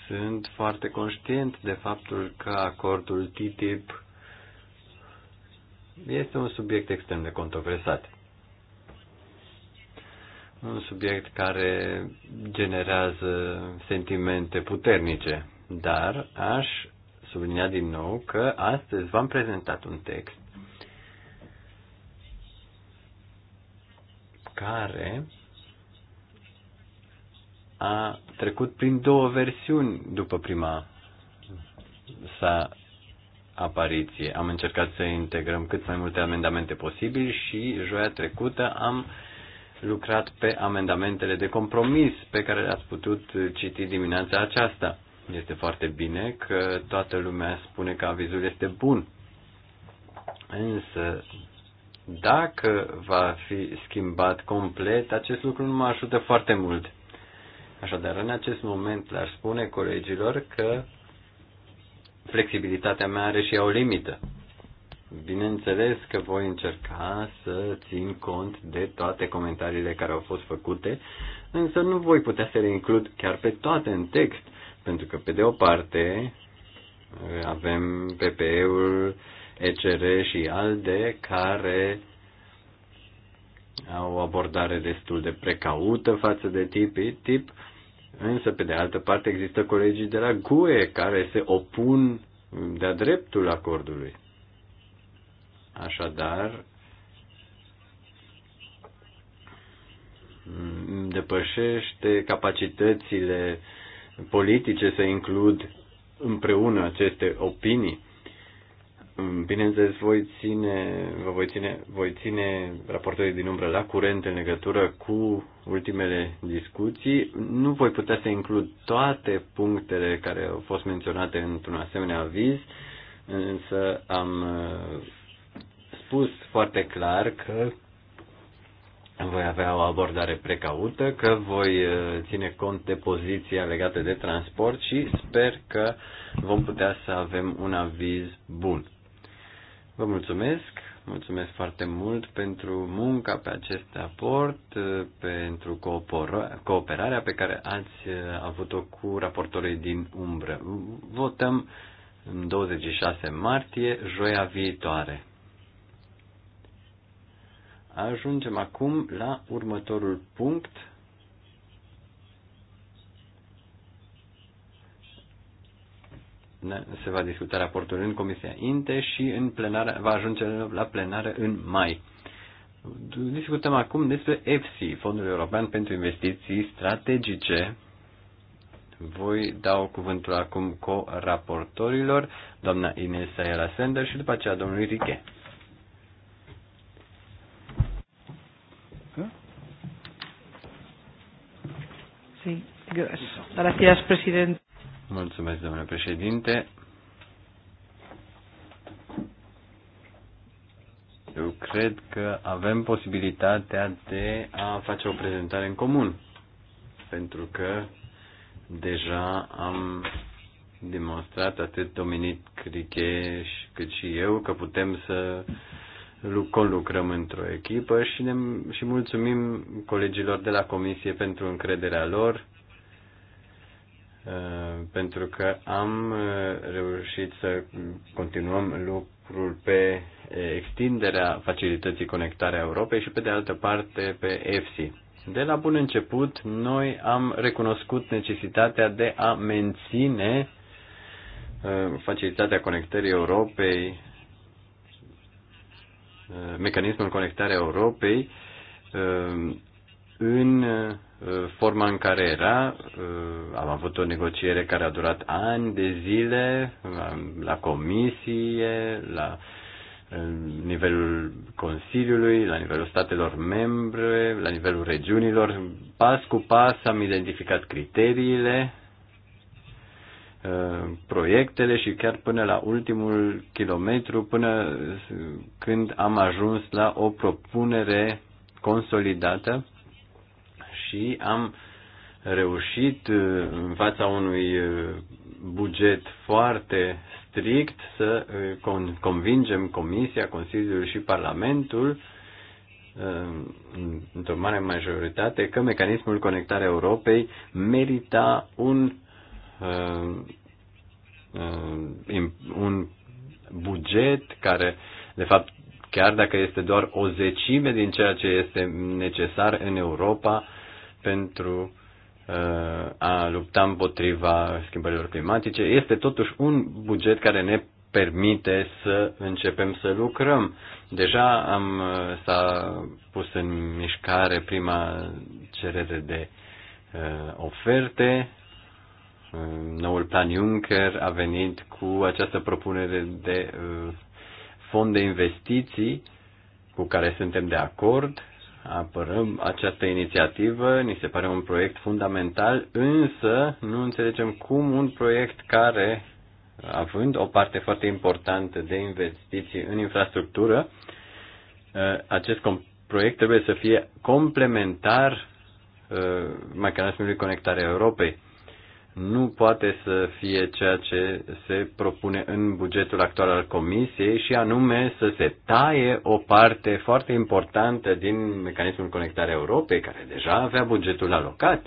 Sunt foarte conștient de faptul că acordul TTIP este un subiect extrem de controversat. Un subiect care generează sentimente puternice, dar aș sublinia din nou că astăzi v-am prezentat un text care a trecut prin două versiuni după prima. sa apariție. Am încercat să integrăm cât mai multe amendamente posibil și joia trecută am lucrat pe amendamentele de compromis pe care le-ați putut citi dimineața aceasta. Este foarte bine că toată lumea spune că avizul este bun. Însă, dacă va fi schimbat complet, acest lucru nu mă ajută foarte mult. Așadar, în acest moment le-aș spune colegilor că flexibilitatea mea are și ea o limită. Bineînțeles că voi încerca să țin cont de toate comentariile care au fost făcute, însă nu voi putea să le includ chiar pe toate în text, pentru că, pe de o parte, avem PPE-ul, ECR și ALDE, care au o abordare destul de precaută față de tip, tip Însă, pe de altă parte, există colegii de la GUE care se opun de-a dreptul acordului. Așadar, depășește capacitățile politice să includ împreună aceste opinii. Bineînțeles, voi ține, vă voi ține, voi ține raportorii din umbră la curent în legătură cu ultimele discuții. Nu voi putea să includ toate punctele care au fost menționate într-un asemenea aviz, însă am uh, spus foarte clar că voi avea o abordare precaută, că voi uh, ține cont de poziția legată de transport și sper că vom putea să avem un aviz bun. Vă mulțumesc, mulțumesc foarte mult pentru munca pe acest raport, pentru cooperarea pe care ați uh, avut-o cu raportorii din umbră. Votăm în 26 martie, joia viitoare. Ajungem acum la următorul punct, se va discuta raportul în Comisia INTE și în plenară, va ajunge la plenară în mai. Discutăm acum despre EFSI, Fondul European pentru Investiții Strategice. Voi dau cuvântul acum co-raportorilor, doamna Ines Ayala Sender și după aceea domnului Riche. Sí, Gracias, presidente. Mulțumesc, domnule președinte. Eu cred că avem posibilitatea de a face o prezentare în comun, pentru că deja am demonstrat atât Dominic Cricheș cât și eu că putem să conlucrăm într-o echipă și, ne, și mulțumim colegilor de la Comisie pentru încrederea lor Uh, pentru că am uh, reușit să continuăm lucrul pe uh, extinderea facilității conectarea Europei și pe de altă parte pe EFSI. De la bun început, noi am recunoscut necesitatea de a menține facilitatea conectării Europei, mecanismul conectarea Europei în uh, forma în care era. Uh, am avut o negociere care a durat ani de zile la comisie, la nivelul Consiliului, la nivelul statelor membre, la nivelul regiunilor. Pas cu pas am identificat criteriile, uh, proiectele și chiar până la ultimul kilometru, până când am ajuns la o propunere consolidată și am reușit uh, în fața unui uh, buget foarte strict să uh, convingem Comisia, Consiliul și Parlamentul într-o mare majoritate că mecanismul conectare Europei merita un un buget care de fapt chiar dacă este doar o zecime din ceea ce este necesar în Europa, pentru uh, a lupta împotriva schimbărilor climatice. Este totuși un buget care ne permite să începem să lucrăm. Deja am, uh, s-a pus în mișcare prima cerere de uh, oferte. Uh, noul plan Juncker a venit cu această propunere de uh, fond de investiții cu care suntem de acord apărăm această inițiativă, ni se pare un proiect fundamental, însă nu înțelegem cum un proiect care, având o parte foarte importantă de investiții în infrastructură, ă, acest proiect trebuie să fie complementar ă, mecanismului conectare Europei nu poate să fie ceea ce se propune în bugetul actual al Comisiei și anume să se taie o parte foarte importantă din mecanismul conectarea Europei, care deja avea bugetul alocat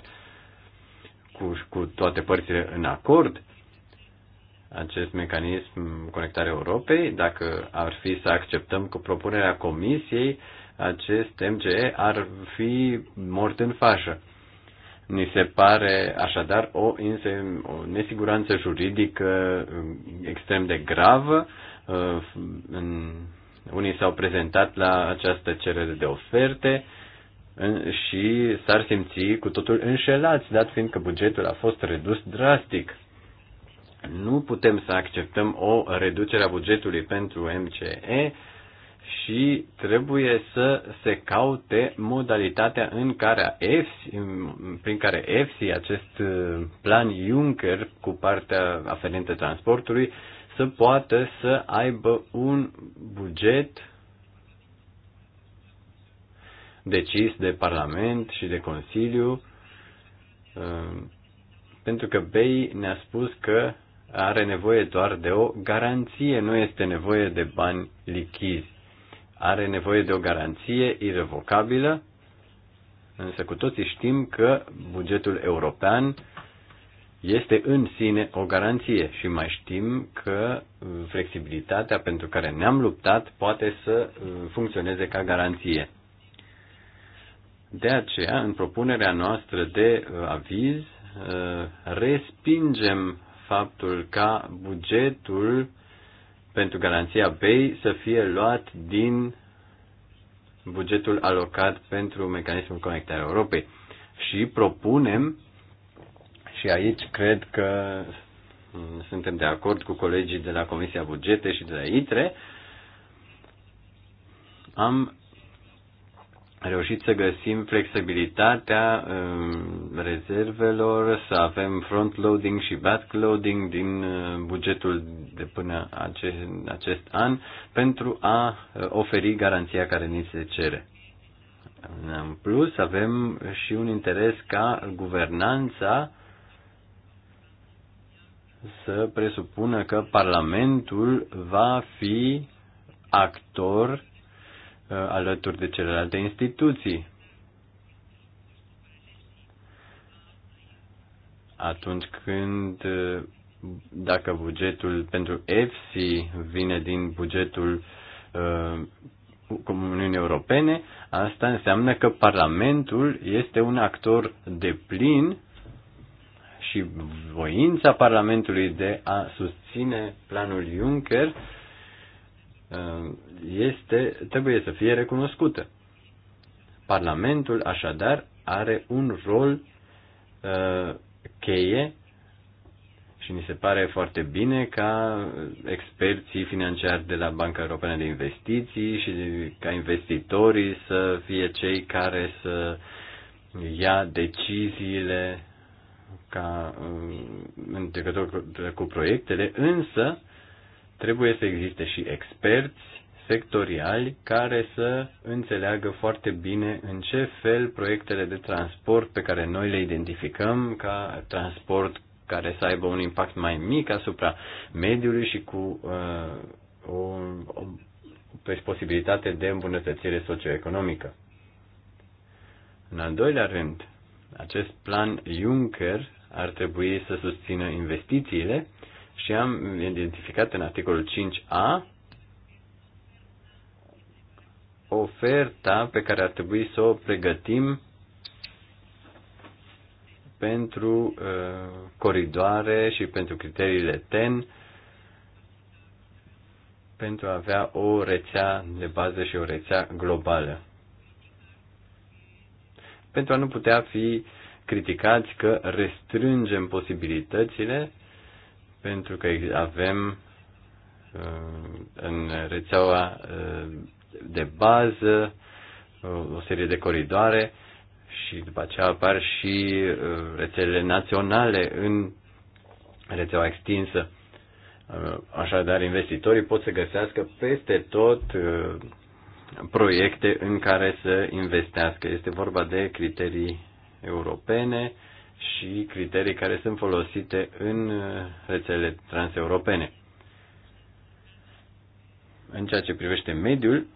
cu, cu toate părțile în acord. Acest mecanism conectare Europei, dacă ar fi să acceptăm cu propunerea Comisiei, acest MGE ar fi mort în fașă Ni se pare așadar o, inse, o nesiguranță juridică um, extrem de gravă. Uh, unii s-au prezentat la această cerere de oferte și s-ar simți cu totul înșelați, dat fiind că bugetul a fost redus drastic. Nu putem să acceptăm o reducere a bugetului pentru MCE și trebuie să se caute modalitatea în care EFSI, prin care EFSI, acest uh, plan Juncker cu partea aferentă transportului, să poată să aibă un buget decis de Parlament și de Consiliu, uh, pentru că BEI ne-a spus că are nevoie doar de o garanție, nu este nevoie de bani lichizi are nevoie de o garanție irrevocabilă, însă cu toții știm că bugetul european este în sine o garanție și mai știm că flexibilitatea pentru care ne-am luptat poate să uh, funcționeze ca garanție. De aceea, în propunerea noastră de uh, aviz, uh, respingem faptul ca bugetul pentru garanția BEI să fie luat din bugetul alocat pentru mecanismul conectarea Europei. Și propunem, și aici cred că suntem de acord cu colegii de la Comisia Bugete și de la ITRE, am reușit să găsim flexibilitatea um, rezervelor, să avem front-loading și back-loading din uh, bugetul de până acest, acest an pentru a uh, oferi garanția care ni se cere. În plus, avem și un interes ca guvernanța să presupună că Parlamentul va fi actor Uh, alături de celelalte instituții. Atunci când, uh, dacă bugetul pentru EFSI vine din bugetul uh, Europene, asta înseamnă că Parlamentul este un actor de plin și voința Parlamentului de a susține planul Juncker uh, Uh, este, trebuie să fie recunoscută. Parlamentul, așadar, are un rol uh, cheie și mi se pare foarte bine ca experții financiari de la Banca Europeană de Investiții și ca investitorii să fie cei care să ia deciziile ca uh, în legătură cu proiectele, însă Trebuie să existe și experți sectoriali care să înțeleagă foarte bine în ce fel proiectele de transport pe care noi le identificăm ca transport care să aibă un impact mai mic asupra mediului și cu uh, o, o posibilitate de îmbunătățire socioeconomică. În al doilea rând, acest plan Juncker ar trebui să susțină investițiile și am identificat în articolul 5a oferta pe care ar trebui să o pregătim pentru uh, coridoare și pentru criteriile TEN pentru a avea o rețea de bază și o rețea globală. Pentru a nu putea fi criticați că restrângem posibilitățile pentru că avem uh, în rețeaua uh, de bază uh, o serie de coridoare și după aceea apar și rețelele naționale în rețeaua extinsă. Așadar, investitorii pot să găsească peste tot proiecte în care să investească. Este vorba de criterii europene și criterii care sunt folosite în uh, rețelele transeuropene. În ceea ce privește mediul,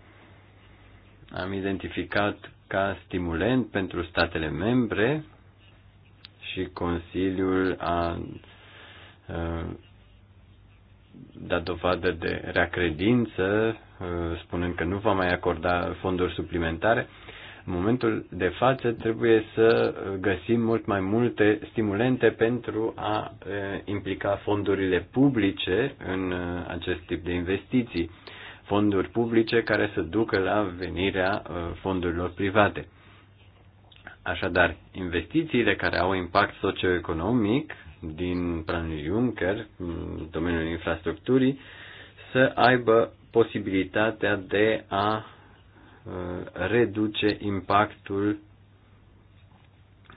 am identificat ca stimulent pentru statele membre și Consiliul a uh, dat dovadă de reacredință, uh, spunând că nu va mai acorda fonduri suplimentare. În momentul de față trebuie să găsim mult mai multe stimulente pentru a implica fondurile publice în acest tip de investiții, fonduri publice care să ducă la venirea fondurilor private. Așadar, investițiile care au impact socioeconomic din planul Juncker, în domeniul infrastructurii, să aibă posibilitatea de a Uh, reduce impactul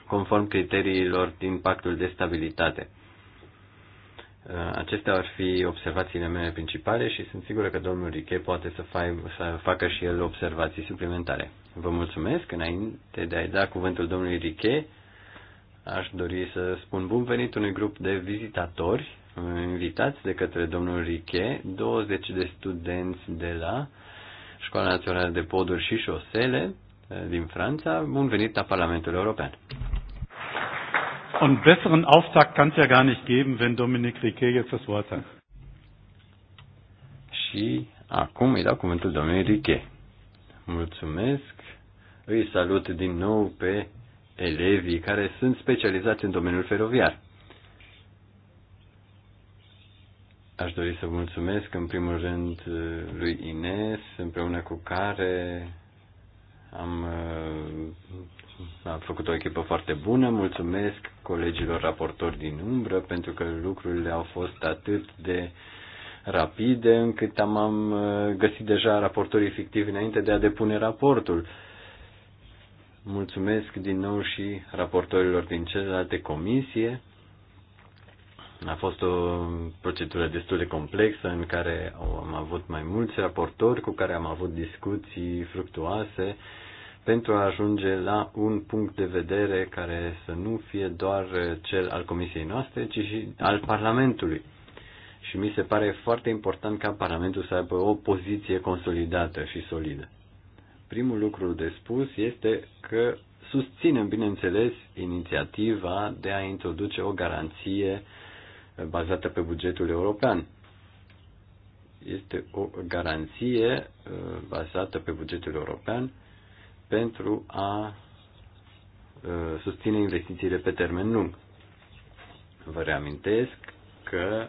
conform criteriilor din pactul de stabilitate. Uh, acestea ar fi observațiile mele principale și sunt sigur că domnul Riche poate să, fai, să facă și el observații suplimentare. Vă mulțumesc. Înainte de a-i da cuvântul domnului Riche, aș dori să spun bun venit unui grup de vizitatori invitați de către domnul Riche, 20 de studenți de la uh, Școala Națională de Poduri și Șosele eh, din Franța. Bun venit la Parlamentul European. Und besseren Auftakt kann es ja gar nicht geben, wenn Dominique Riquet jetzt das Wort hat. Și acum îi dau cuvântul domnului Riquet. Mulțumesc. Îi salut din nou pe elevii care sunt specializați în domeniul feroviar. Aș dori să mulțumesc în primul rând lui Ines, împreună cu care am, am făcut o echipă foarte bună. Mulțumesc colegilor raportori din umbră pentru că lucrurile au fost atât de rapide încât am, am uh, găsit deja raportorii fictivi înainte de a depune raportul. Mulțumesc din nou și raportorilor din celelalte comisie a fost o procedură destul de complexă în care am avut mai mulți raportori cu care am avut discuții fructuoase pentru a ajunge la un punct de vedere care să nu fie doar cel al comisiei noastre, ci și al Parlamentului. Și mi se pare foarte important ca Parlamentul să aibă o poziție consolidată și solidă. Primul lucru de spus este că susținem, bineînțeles, inițiativa de a introduce o garanție uh, bazată pe bugetul european. Este o garanție uh, bazată pe bugetul european pentru a uh, susține investițiile pe termen lung. Vă reamintesc că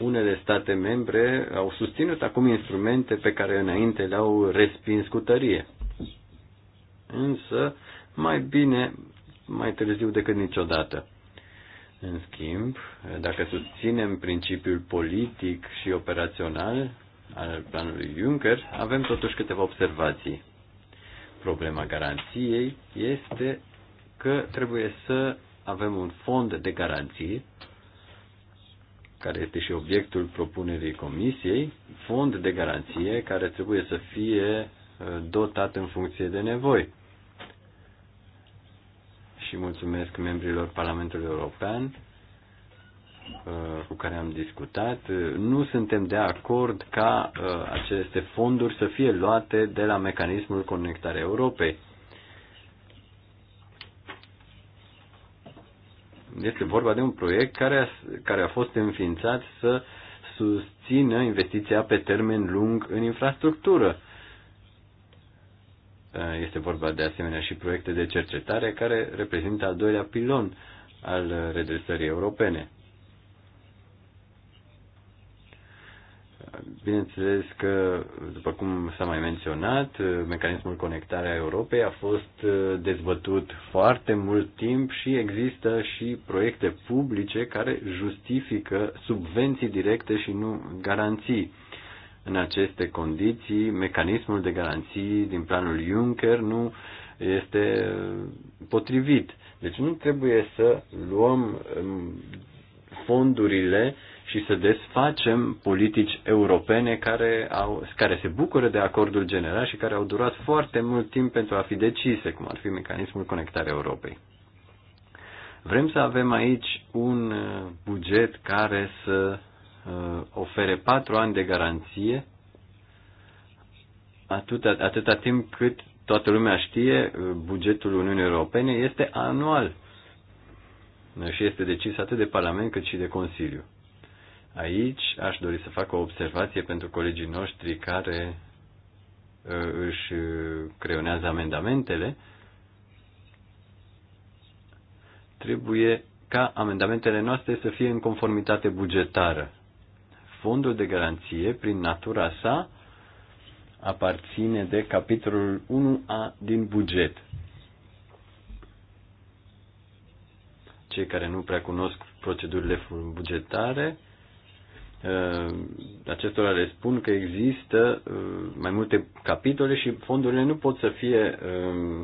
unele state membre au susținut acum instrumente pe care înainte le-au respins cu tărie. Însă, mai bine mai târziu decât niciodată. În schimb, dacă susținem principiul politic și operațional al planului Juncker, avem totuși câteva observații. Problema garanției este că trebuie să avem un fond de garanții, care este și obiectul propunerii comisiei, fond de garanție care trebuie să fie uh, dotat în funcție de nevoi și mulțumesc membrilor Parlamentului European uh, cu care am discutat. Nu suntem de acord ca uh, aceste fonduri să fie luate de la mecanismul conectare Europei. Este vorba de un proiect care a, care a fost înființat să susțină investiția pe termen lung în infrastructură Eh, este vorba de asemenea și proiecte de cercetare care reprezintă al doilea pilon al redresării europene. Bineînțeles că, după cum s-a mai menționat, mecanismul conectarea Europei a fost eh, dezbătut foarte mult timp și există și proiecte publice care justifică subvenții directe și nu garanții. În aceste condiții, mecanismul de garanții din planul Juncker nu este potrivit. Deci nu trebuie să luăm um, fondurile și să desfacem politici europene care, au, care se bucură de acordul general și care au durat foarte mult timp pentru a fi decise, cum ar fi mecanismul conectarea Europei. Vrem să avem aici un uh, buget care să Uh, ofere patru ani de garanție atâta, atâta timp cât toată lumea știe, uh, bugetul Uniunii Europene este anual și este decis atât de Parlament cât și de Consiliu. Aici aș dori să fac o observație pentru colegii noștri care uh, își creionează amendamentele. Trebuie ca amendamentele noastre să fie în conformitate bugetară fondul de garanție, prin natura sa, aparține de capitolul 1A din buget. Cei care nu prea cunosc procedurile bugetare, ă, acestora le spun că există ă, mai multe capitole și fondurile nu pot să fie ă,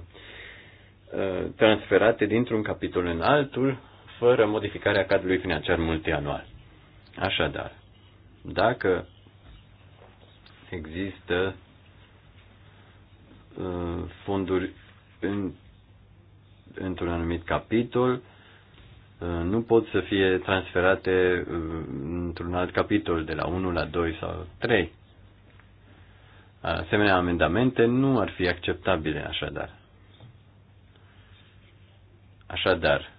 transferate dintr-un capitol în altul fără modificarea cadrului financiar multianual. Așadar, dacă există uh, fonduri în, într-un anumit capitol, uh, nu pot să fie transferate uh, într-un alt capitol de la 1 la 2 sau 3. Asemenea, amendamente nu ar fi acceptabile așadar. Așadar,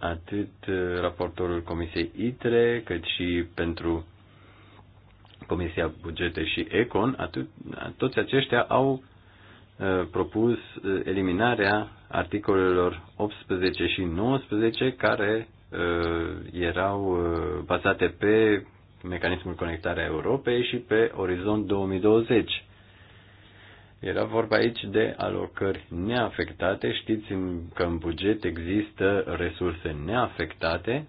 atât uh, raportorul Comisiei ITRE, cât și pentru Comisia Bugete și ECON, atât, toți aceștia au uh, propus uh, eliminarea articolelor 18 și 19 care erau bazate pe mecanismul conectarea Europei și pe Orizont 2020. Era vorba aici de alocări neafectate. Știți că în buget există resurse neafectate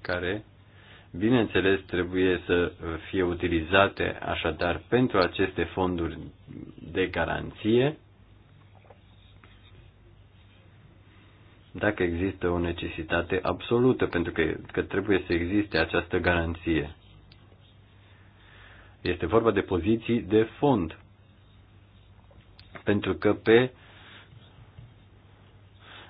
care, bineînțeles, trebuie să fie utilizate așadar pentru aceste fonduri de garanție. Dacă există o necesitate absolută, pentru că, că trebuie să existe această garanție. Este vorba de poziții de fond. Pentru că pe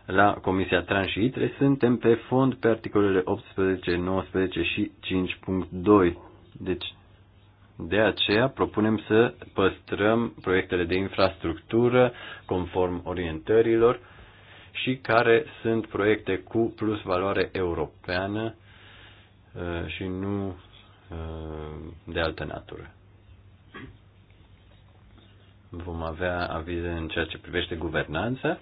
la Comisia Trans și ITRE suntem pe fond pe articolele 18, 19 și 5.2. Deci, de aceea propunem să păstrăm proiectele de infrastructură conform orientărilor și care sunt proiecte cu plus valoare europeană uh, și nu Uh, de altă natură. Vom avea avize în ceea ce privește guvernanța.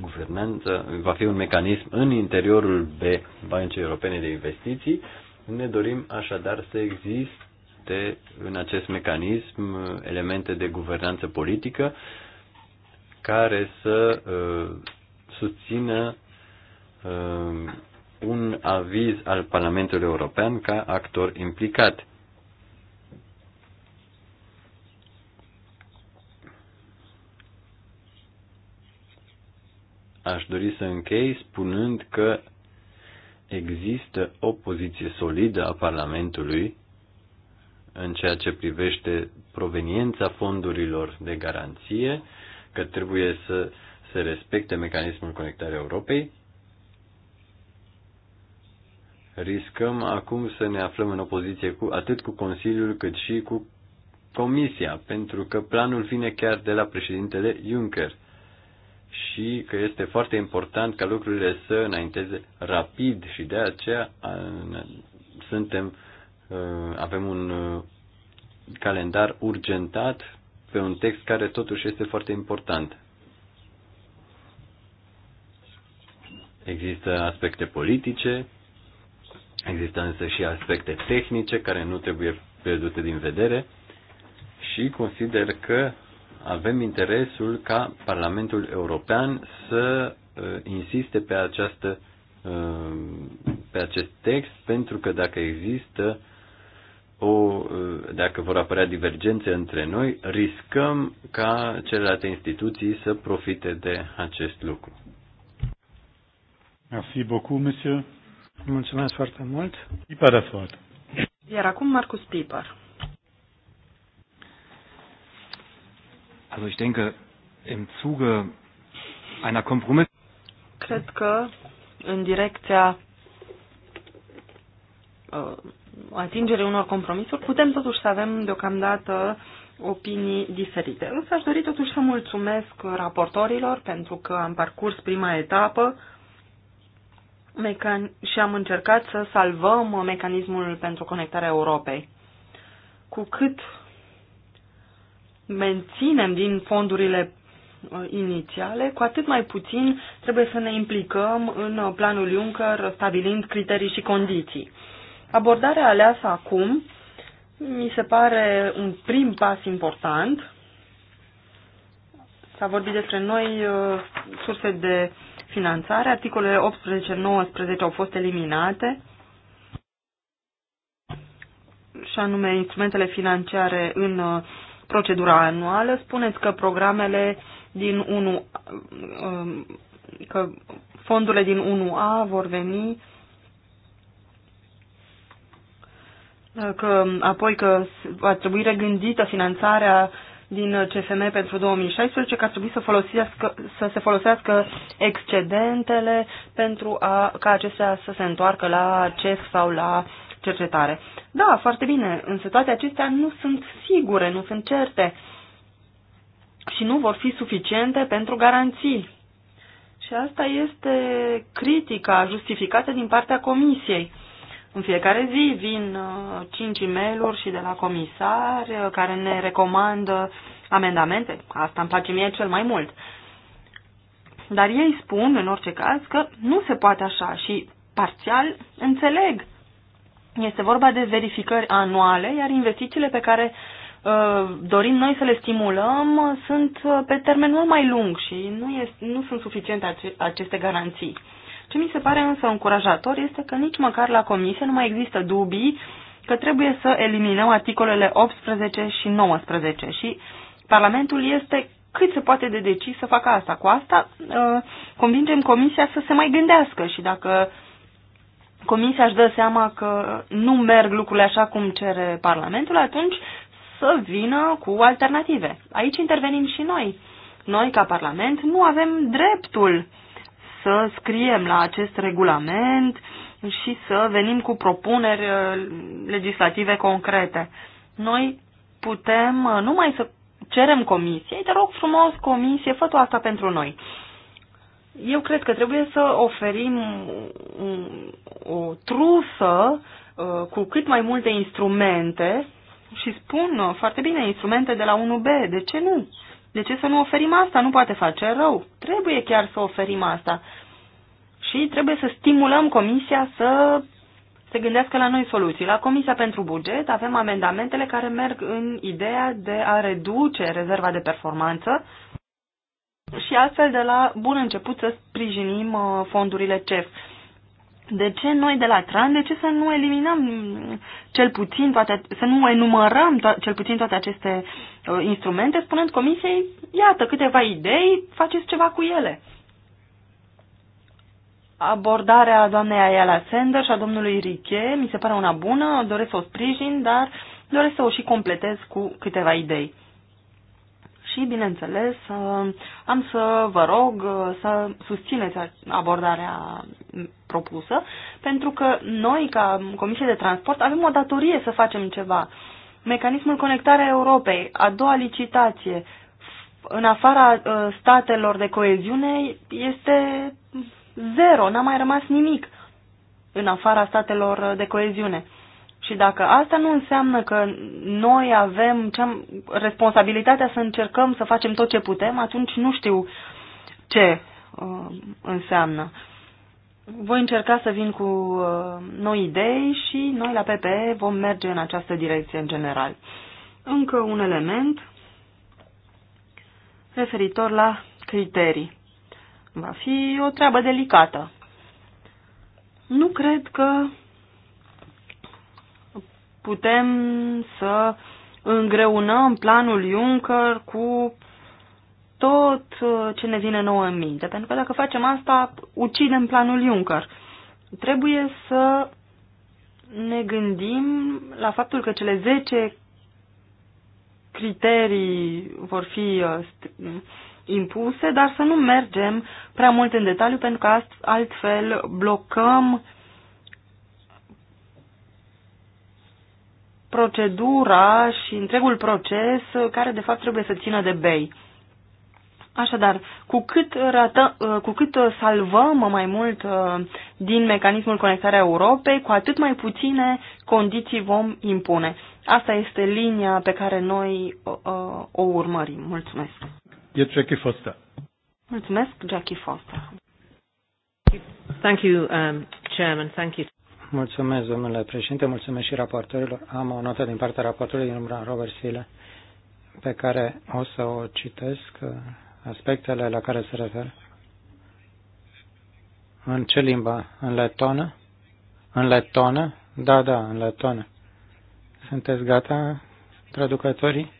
Guvernanța va fi un mecanism în interiorul B Băncii Europene de Investiții. Ne dorim așadar să existe în acest mecanism elemente de guvernanță politică care să uh, susțină uh, un aviz al Parlamentului European ca actor implicat. Aș dori să închei spunând că există o poziție solidă a Parlamentului în ceea ce privește proveniența fondurilor de garanție, că trebuie să se respecte mecanismul conectării Europei riscăm acum să ne aflăm în opoziție cu, atât cu Consiliul cât și cu Comisia, pentru că planul vine chiar de la președintele Juncker și că este foarte important ca lucrurile să înainteze rapid și de aceea suntem, uh, avem un uh, calendar urgentat pe un text care totuși este foarte important. Există aspecte politice Există însă și aspecte tehnice care nu trebuie pierdute din vedere și consider că avem interesul ca Parlamentul European să uh, insiste pe, această, uh, pe acest text pentru că dacă există o, uh, dacă vor apărea divergențe între noi, riscăm ca celelalte instituții să profite de acest lucru. Merci beaucoup, monsieur. Mulțumesc foarte mult. de foarte. Iar acum Marcus Piper. Also ich denke, im Zuge einer Kompromiss... Cred că în direcția uh, atingerii unor compromisuri putem totuși să avem deocamdată opinii diferite. Însă aș dori totuși să mulțumesc raportorilor pentru că am parcurs prima etapă mecan- și am încercat să salvăm mecanismul pentru conectarea Europei. Cu cât menținem din fondurile uh, inițiale, cu atât mai puțin trebuie să ne implicăm în uh, planul Juncker stabilind criterii și condiții. Abordarea aleasă acum mi se pare un prim pas important. S-a vorbit despre noi uh, surse de finanțare. Articolele 18-19 au fost eliminate și anume instrumentele financiare în uh, procedura anuală. Spuneți că programele din 1 um, că fondurile din 1A vor veni că apoi că va trebui regândită finanțarea din uh, CFM pentru 2016 că ar trebui să, folosească, să se folosească excedentele pentru a, ca acestea să se întoarcă la CEF sau la cercetare. Da, foarte bine, însă toate acestea nu sunt sigure, nu sunt certe și nu vor fi suficiente pentru garanții. Și asta este critica justificată din partea Comisiei în fiecare zi vin uh, cinci e mail și de la comisar uh, care ne recomandă amendamente. Asta îmi place mie cel mai mult. Dar ei spun, în orice caz, că nu se poate așa și, parțial, înțeleg. Este vorba de verificări anuale, iar investițiile pe care uh, dorim noi să le stimulăm sunt uh, pe termen mult mai lung și nu, este, nu sunt suficiente ace aceste garanții. Ce mi se pare însă încurajator este că nici măcar la comisie nu mai există dubii că trebuie să eliminăm articolele 18 și 19 și Parlamentul este cât se poate de decis să facă asta. Cu asta uh, convingem Comisia să se mai gândească și dacă Comisia își dă seama că nu merg lucrurile așa cum cere Parlamentul, atunci să vină cu alternative. Aici intervenim și noi. Noi, ca Parlament, nu avem dreptul să scriem la acest regulament și să venim cu propuneri uh, legislative concrete. Noi putem uh, numai să cerem comisiei, te rog frumos, comisie, fă tu asta pentru noi. Eu cred că trebuie să oferim o trusă uh, cu cât mai multe instrumente și spun foarte bine instrumente de la 1B, de ce nu? De ce să nu oferim asta? Nu poate face rău. Trebuie chiar să oferim asta. Și trebuie să stimulăm Comisia să se gândească la noi soluții. La Comisia pentru Buget avem amendamentele care merg în ideea de a reduce rezerva de performanță și astfel de la bun început să sprijinim uh, fondurile CEF de ce noi de la TRAN, de ce să nu eliminăm cel puțin toate, să nu enumărăm to- cel puțin toate aceste uh, instrumente, spunând comisiei, iată, câteva idei, faceți ceva cu ele. Abordarea doamnei Ayala Sender și a domnului Riche mi se pare una bună, doresc să o sprijin, dar doresc să o și completez cu câteva idei și, bineînțeles, uh, am să vă rog uh, să susțineți abordarea propusă, pentru că noi, ca Comisie de Transport, avem o datorie să facem ceva. Mecanismul Conectarea Europei, a doua licitație, în afara uh, statelor de coeziune, este zero, n-a mai rămas nimic în afara statelor de coeziune. Și dacă asta nu înseamnă că noi avem cea, responsabilitatea să încercăm să facem tot ce putem, atunci nu știu ce uh, înseamnă. Voi încerca să vin cu uh, noi idei și noi la PPE vom merge în această direcție în general. Încă un element referitor la criterii. Va fi o treabă delicată. Nu cred că putem să îngreunăm planul Juncker cu tot uh, ce ne vine nouă în minte. Pentru că dacă facem asta, ucidem planul Juncker. Trebuie să ne gândim la faptul că cele 10 criterii vor fi uh, impuse, dar să nu mergem prea mult în detaliu, pentru că altfel blocăm procedura și întregul proces care de fapt trebuie să țină de bei. Așadar, cu cât, rată, cu cât salvăm mai mult uh, din mecanismul conectarea Europei, cu atât mai puține condiții vom impune. Asta este linia pe care noi uh, uh, o urmărim. Mulțumesc. E Jackie Foster. Mulțumesc, Jackie Foster. Thank you, um, Chairman. Thank you. Mulțumesc, domnule președinte, mulțumesc și raportorilor. Am o notă din partea raportorului din numărul Robert Sile pe care o să o citesc, uh, aspectele la care se referă. În ce limbă? În letonă? În letonă? Da, da, în letonă. Sunteți gata, traducătorii?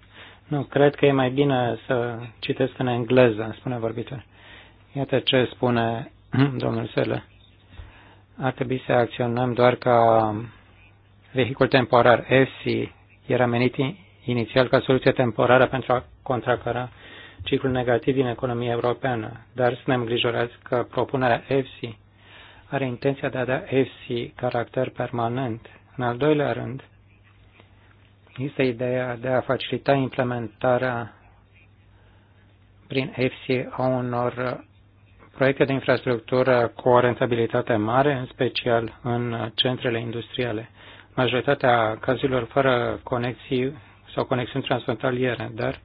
Nu, cred că e mai bine să citesc în engleză, spune vorbitor. Iată ce spune domnul Sele ar trebui să acționăm doar ca vehicul temporar. EFSI era menit inițial ca soluție temporară pentru a contracara ciclul negativ din economia europeană, dar suntem îngrijorați că propunerea EFSI are intenția de a da EFSI caracter permanent. În al doilea rând, este ideea de a facilita implementarea prin EFSI a unor proiecte de infrastructură cu o rentabilitate mare, în special în centrele industriale. Majoritatea cazurilor fără conexii sau conexiuni transfrontaliere, dar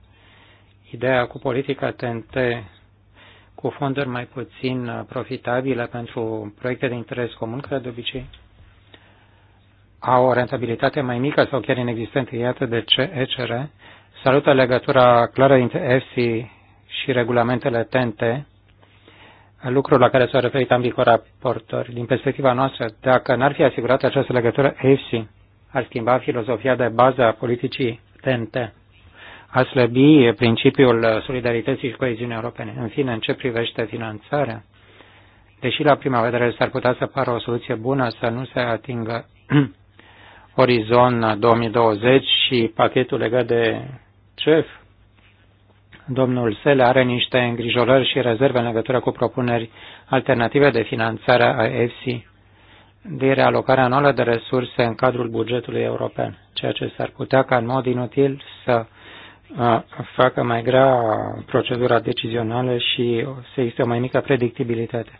ideea cu politica TNT cu fonduri mai puțin profitabile pentru proiecte de interes comun, care de obicei au o rentabilitate mai mică sau chiar inexistentă. Iată de ce ECR salută legătura clară dintre EFSI și regulamentele TNT lucru la care s au referit ambii raportori. Din perspectiva noastră, dacă n-ar fi asigurată această legătură, EFSI ar schimba filozofia de bază a politicii TNT, a slăbi principiul solidarității și coeziunii europene. În fine, în ce privește finanțarea, deși la prima vedere s-ar putea să pară o soluție bună să nu se atingă Orizon 2020 și pachetul legat de CEF, domnul Sele are niște îngrijorări și rezerve în legătură cu propuneri alternative de finanțare a EFSI de realocarea anuală de resurse în cadrul bugetului european, ceea ce s-ar putea ca în mod inutil să facă mai grea procedura decizională și să existe o mai mică predictibilitate.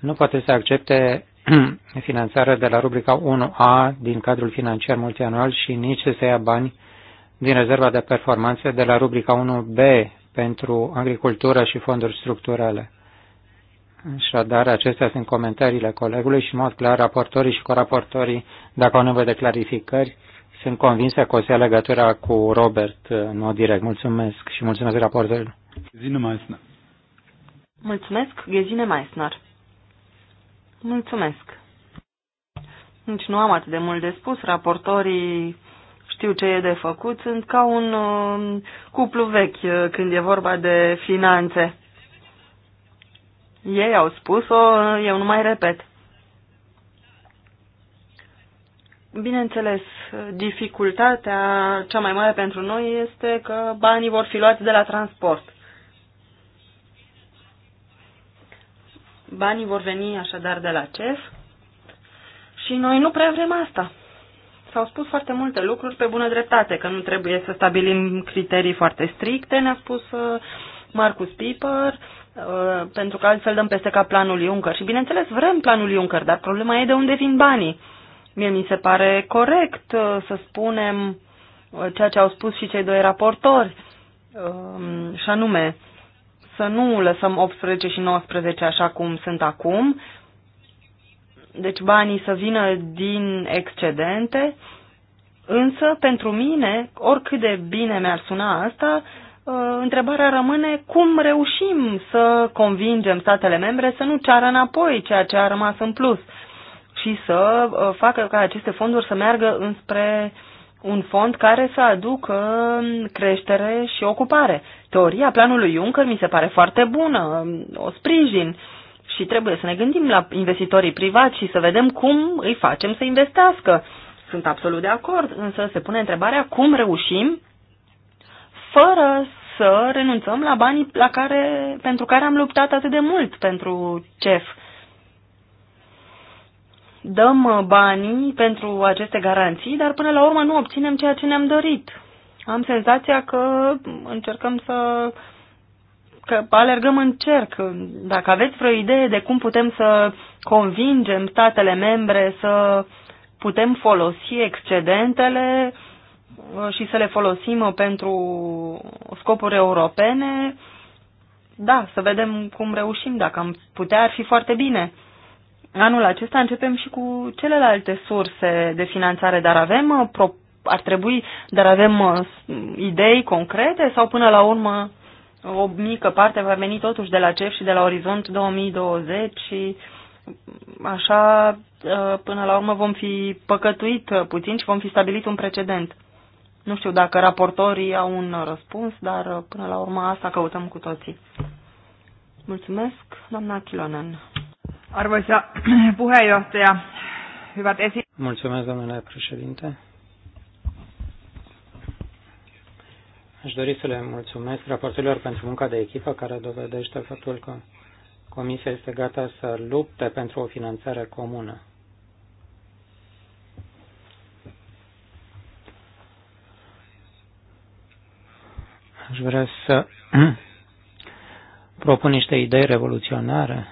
Nu poate să accepte finanțarea de la rubrica 1A din cadrul financiar multianual și nici să se ia bani din rezerva de performanțe de la rubrica 1B pentru agricultură și fonduri structurale. Așadar, acestea sunt comentariile colegului și, în mod clar, raportorii și coraportorii, dacă au nevoie de clarificări, sunt convinsă că o să ia legătura cu Robert în mod direct. Mulțumesc și mulțumesc raportorilor. Gezine Meissner. Mulțumesc, Gezine Meissner. Mulțumesc. Nici nu am atât de mult de spus. Raportorii știu ce e de făcut, sunt ca un uh, cuplu vechi uh, când e vorba de finanțe. Ei au spus-o, uh, eu nu mai repet. Bineînțeles, dificultatea cea mai mare pentru noi este că banii vor fi luați de la transport. Banii vor veni așadar de la CEF și noi nu prea vrem asta. S-au spus foarte multe lucruri pe bună dreptate, că nu trebuie să stabilim criterii foarte stricte, ne-a spus uh, Marcus Piper, uh, pentru că altfel dăm peste cap planul Juncker. Și bineînțeles vrem planul Juncker, dar problema e de unde vin banii. Mie mi se pare corect uh, să spunem ceea ce au spus și cei doi raportori, um, și anume să nu lăsăm 18 și 19 așa cum sunt acum, deci banii să vină din excedente, însă pentru mine, oricât de bine mi-ar suna asta, ă, întrebarea rămâne cum reușim să convingem statele membre să nu ceară înapoi ceea ce a rămas în plus și să ă, facă ca aceste fonduri să meargă înspre un fond care să aducă creștere și ocupare. Teoria planului Juncker mi se pare foarte bună, o sprijin, și trebuie să ne gândim la investitorii privați și să vedem cum îi facem să investească. Sunt absolut de acord, însă se pune întrebarea cum reușim fără să renunțăm la banii la care, pentru care am luptat atât de mult pentru CEF. Dăm uh, banii pentru aceste garanții, dar până la urmă nu obținem ceea ce ne-am dorit. Am senzația că încercăm să că alergăm în cerc. Dacă aveți vreo idee de cum putem să convingem statele membre să putem folosi excedentele uh, și să le folosim uh, pentru scopuri europene, da, să vedem cum reușim. Dacă am putea, ar fi foarte bine. Anul acesta începem și cu celelalte surse de finanțare, dar avem, uh, ar trebui, dar avem idei concrete sau până la urmă o mică parte va veni totuși de la CEF și de la Orizont 2020 și așa uh, până la urmă vom fi păcătuit puțin și vom fi stabilit un precedent. Nu știu dacă raportorii au un răspuns, dar uh, până la urmă asta căutăm cu toții. Mulțumesc, doamna Chilonen. Arvoisa puheenjohtaja, hyvät esi... Mulțumesc, domnule președinte. Aș dori să le mulțumesc raportorilor pentru munca de echipă care dovedește faptul că Comisia este gata să lupte pentru o finanțare comună. Aș vrea să propun niște idei revoluționare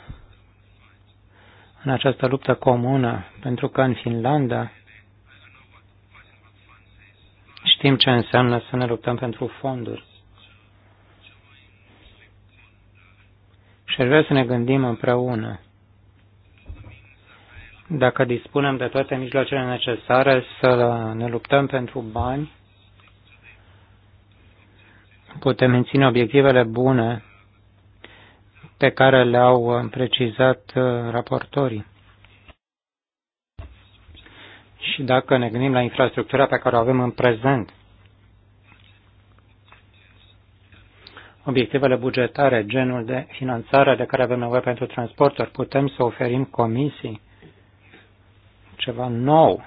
în această luptă comună, pentru că în Finlanda Știm ce înseamnă să ne luptăm pentru fonduri. Și ar vrea să ne gândim împreună. Dacă dispunem de toate mijloacele necesare să ne luptăm pentru bani, putem menține obiectivele bune pe care le-au precizat uh, raportorii. Și dacă ne gândim la infrastructura pe care o avem în prezent, obiectivele bugetare, genul de finanțare de care avem nevoie pentru transporturi, putem să oferim comisii ceva nou,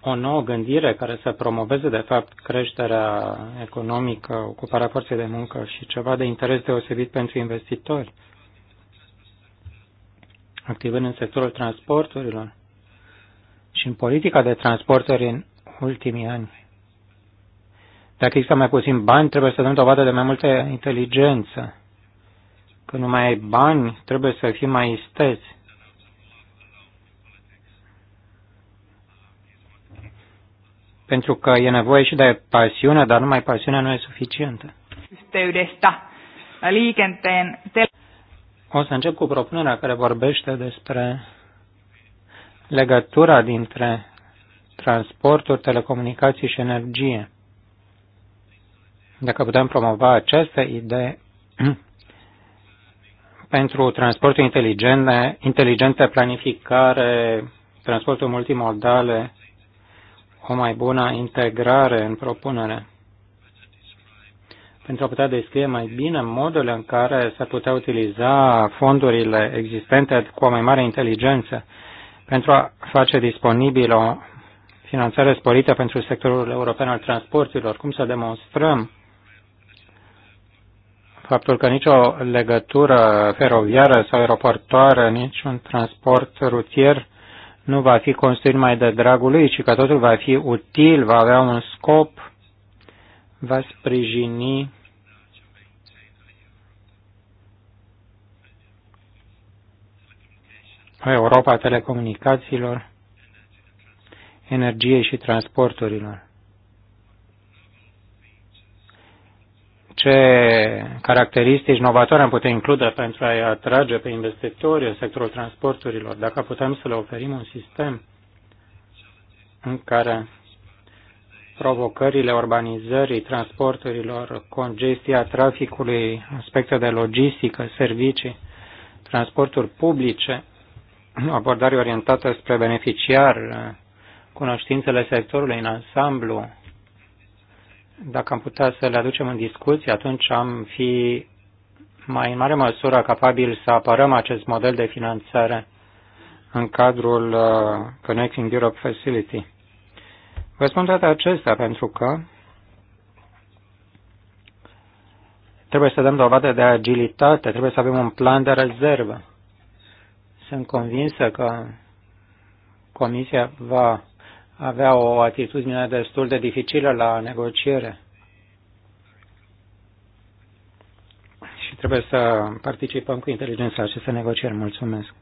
o nouă gândire care să promoveze, de fapt, creșterea economică, ocuparea forței de muncă și ceva de interes deosebit pentru investitori, activând în sectorul transporturilor și în politica de transporturi în ultimii ani. Dacă există mai puțin bani, trebuie să dăm dovadă de mai multă inteligență. Când nu mai ai bani, trebuie să fii mai isteți. Pentru că e nevoie și de pasiune, dar numai pasiunea nu e suficientă. O să încep cu propunerea care vorbește despre legătura dintre transporturi, telecomunicații și energie. Dacă putem promova această idee pentru transportul inteligent, inteligente, planificare, transportul multimodale, o mai bună integrare în propunere. Pentru a putea descrie mai bine modul în care s-ar putea utiliza fondurile existente cu o mai mare inteligență, pentru a face disponibilă o finanțare sporită pentru sectorul european al transporturilor, cum să demonstrăm faptul că nicio legătură feroviară sau aeroportoară, niciun transport rutier nu va fi construit mai de dragul lui, ci că totul va fi util, va avea un scop, va sprijini Europa telecomunicațiilor, energiei și transporturilor. Ce caracteristici novatoare am putea include pentru a-i atrage pe investitori în sectorul transporturilor, dacă putem să le oferim un sistem în care provocările urbanizării, transporturilor, congestia traficului, aspecte de logistică, servicii, transporturi publice, abordare orientată spre beneficiar, cunoștințele sectorului în ansamblu, dacă am putea să le aducem în discuție, atunci am fi mai în mare măsură capabili să apărăm acest model de finanțare în cadrul uh, Connecting Europe Facility. Vă spun toate acestea pentru că trebuie să dăm dovadă de agilitate, trebuie să avem un plan de rezervă. Sunt convinsă că Comisia va avea o atitudine destul de dificilă la negociere. Și trebuie să participăm cu inteligența aceste negocieri. Mulțumesc.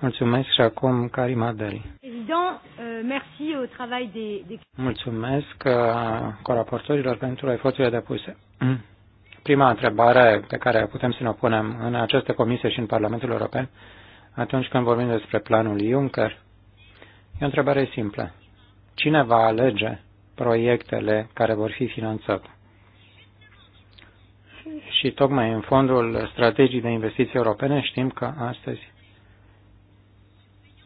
Mulțumesc și acum Karim Adeli. Euh, Mulțumesc uh, colaboratorilor pentru eforturile depuse. Prima întrebare pe care putem să ne punem în această comisie și în Parlamentul European atunci când vorbim despre planul Juncker, e o întrebare simplă. Cine va alege proiectele care vor fi finanțate? Și tocmai în fondul strategii de investiții europene știm că astăzi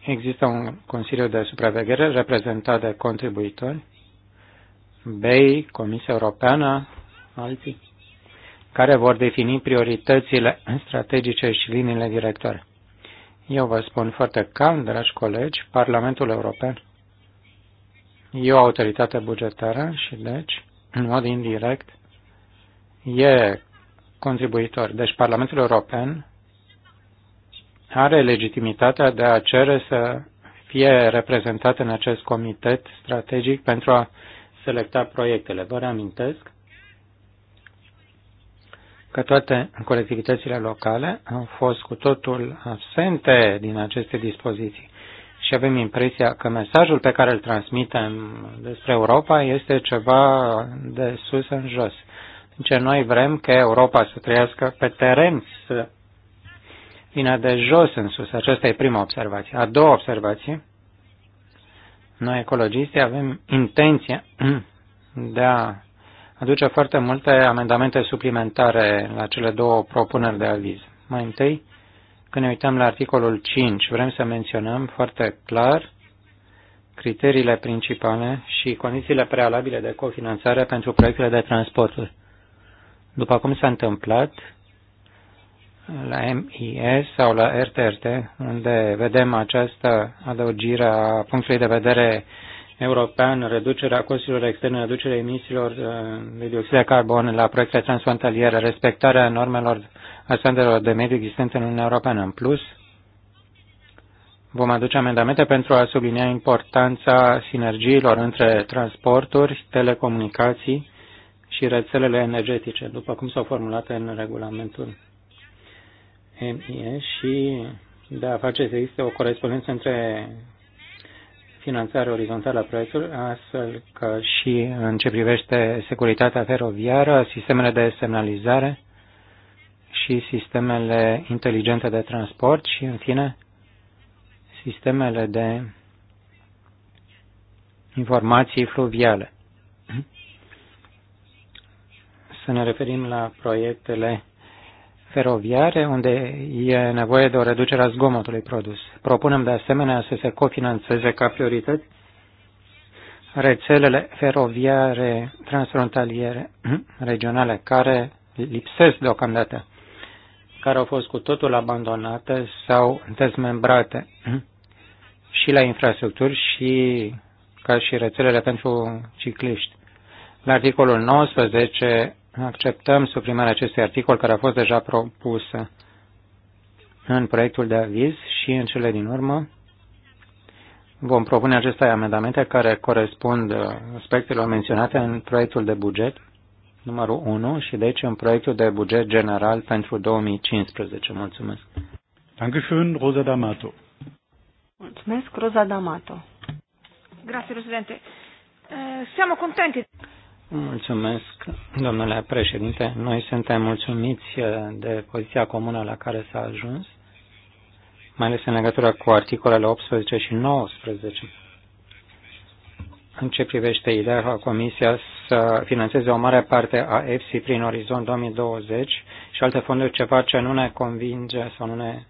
există un Consiliu de Supraveghere reprezentat de contribuitori, BEI, Comisia Europeană, alții, care vor defini prioritățile strategice și liniile directoare. Eu vă spun foarte calm, dragi colegi, Parlamentul European e o autoritate bugetară și deci, în mod indirect, e contribuitor. Deci Parlamentul European are legitimitatea de a cere să fie reprezentat în acest comitet strategic pentru a selecta proiectele. Vă reamintesc că toate colectivitățile locale au fost cu totul absente din aceste dispoziții și avem impresia că mesajul pe care îl transmitem despre Europa este ceva de sus în jos. Ce deci noi vrem că Europa să trăiască pe teren, să vină de jos în sus. Aceasta e prima observație. A doua observație, noi ecologiștii avem intenția de a aduce foarte multe amendamente suplimentare la cele două propuneri de aviz. Mai întâi, când ne uităm la articolul 5, vrem să menționăm foarte clar criteriile principale și condițiile prealabile de cofinanțare pentru proiectele de transporturi. După cum s-a întâmplat la MIS sau la RTRT, unde vedem această adăugire a punctului de vedere european, reducerea costurilor externe, reducerea emisiilor uh, de dioxid de carbon la proiecte transfrontaliere, respectarea normelor a standardelor de mediu existente în Uniunea Europeană. În plus, vom aduce amendamente pentru a sublinia importanța sinergiilor între transporturi, telecomunicații și rețelele energetice, după cum s-au formulat în regulamentul MIE și de a face să existe o corespondență între finanțare orizontală a proiectului, astfel că și în ce privește securitatea feroviară, sistemele de semnalizare și sistemele inteligente de transport și, în fine, sistemele de informații fluviale. Să ne referim la proiectele feroviare, unde e nevoie de o reducere a zgomotului produs. Propunem de asemenea să se cofinanțeze ca priorități rețelele feroviare transfrontaliere regionale care lipsesc deocamdată, care au fost cu totul abandonate sau dezmembrate și la infrastructuri și ca și rețelele pentru cicliști. La articolul 19 acceptăm suprimarea acestui articol care a fost deja propusă în proiectul de aviz și în cele din urmă vom propune aceste amendamente care corespund aspectelor menționate în proiectul de buget numărul 1 și deci în proiectul de buget general pentru 2015. Mulțumesc. Dankeschön, Rosa D'Amato. Mulțumesc, Rosa D'Amato. Grazie, Presidente. Eh, siamo contenti. Mulțumesc, domnule președinte. Noi suntem mulțumiți eh, de poziția comună la care s-a ajuns, mai ales în legătură cu articolele 18 și 19. În ce privește ideea Comisia să financeze o mare parte a EFSI prin orizont 2020 și alte fonduri, ceva ce nu ne convinge sau nu ne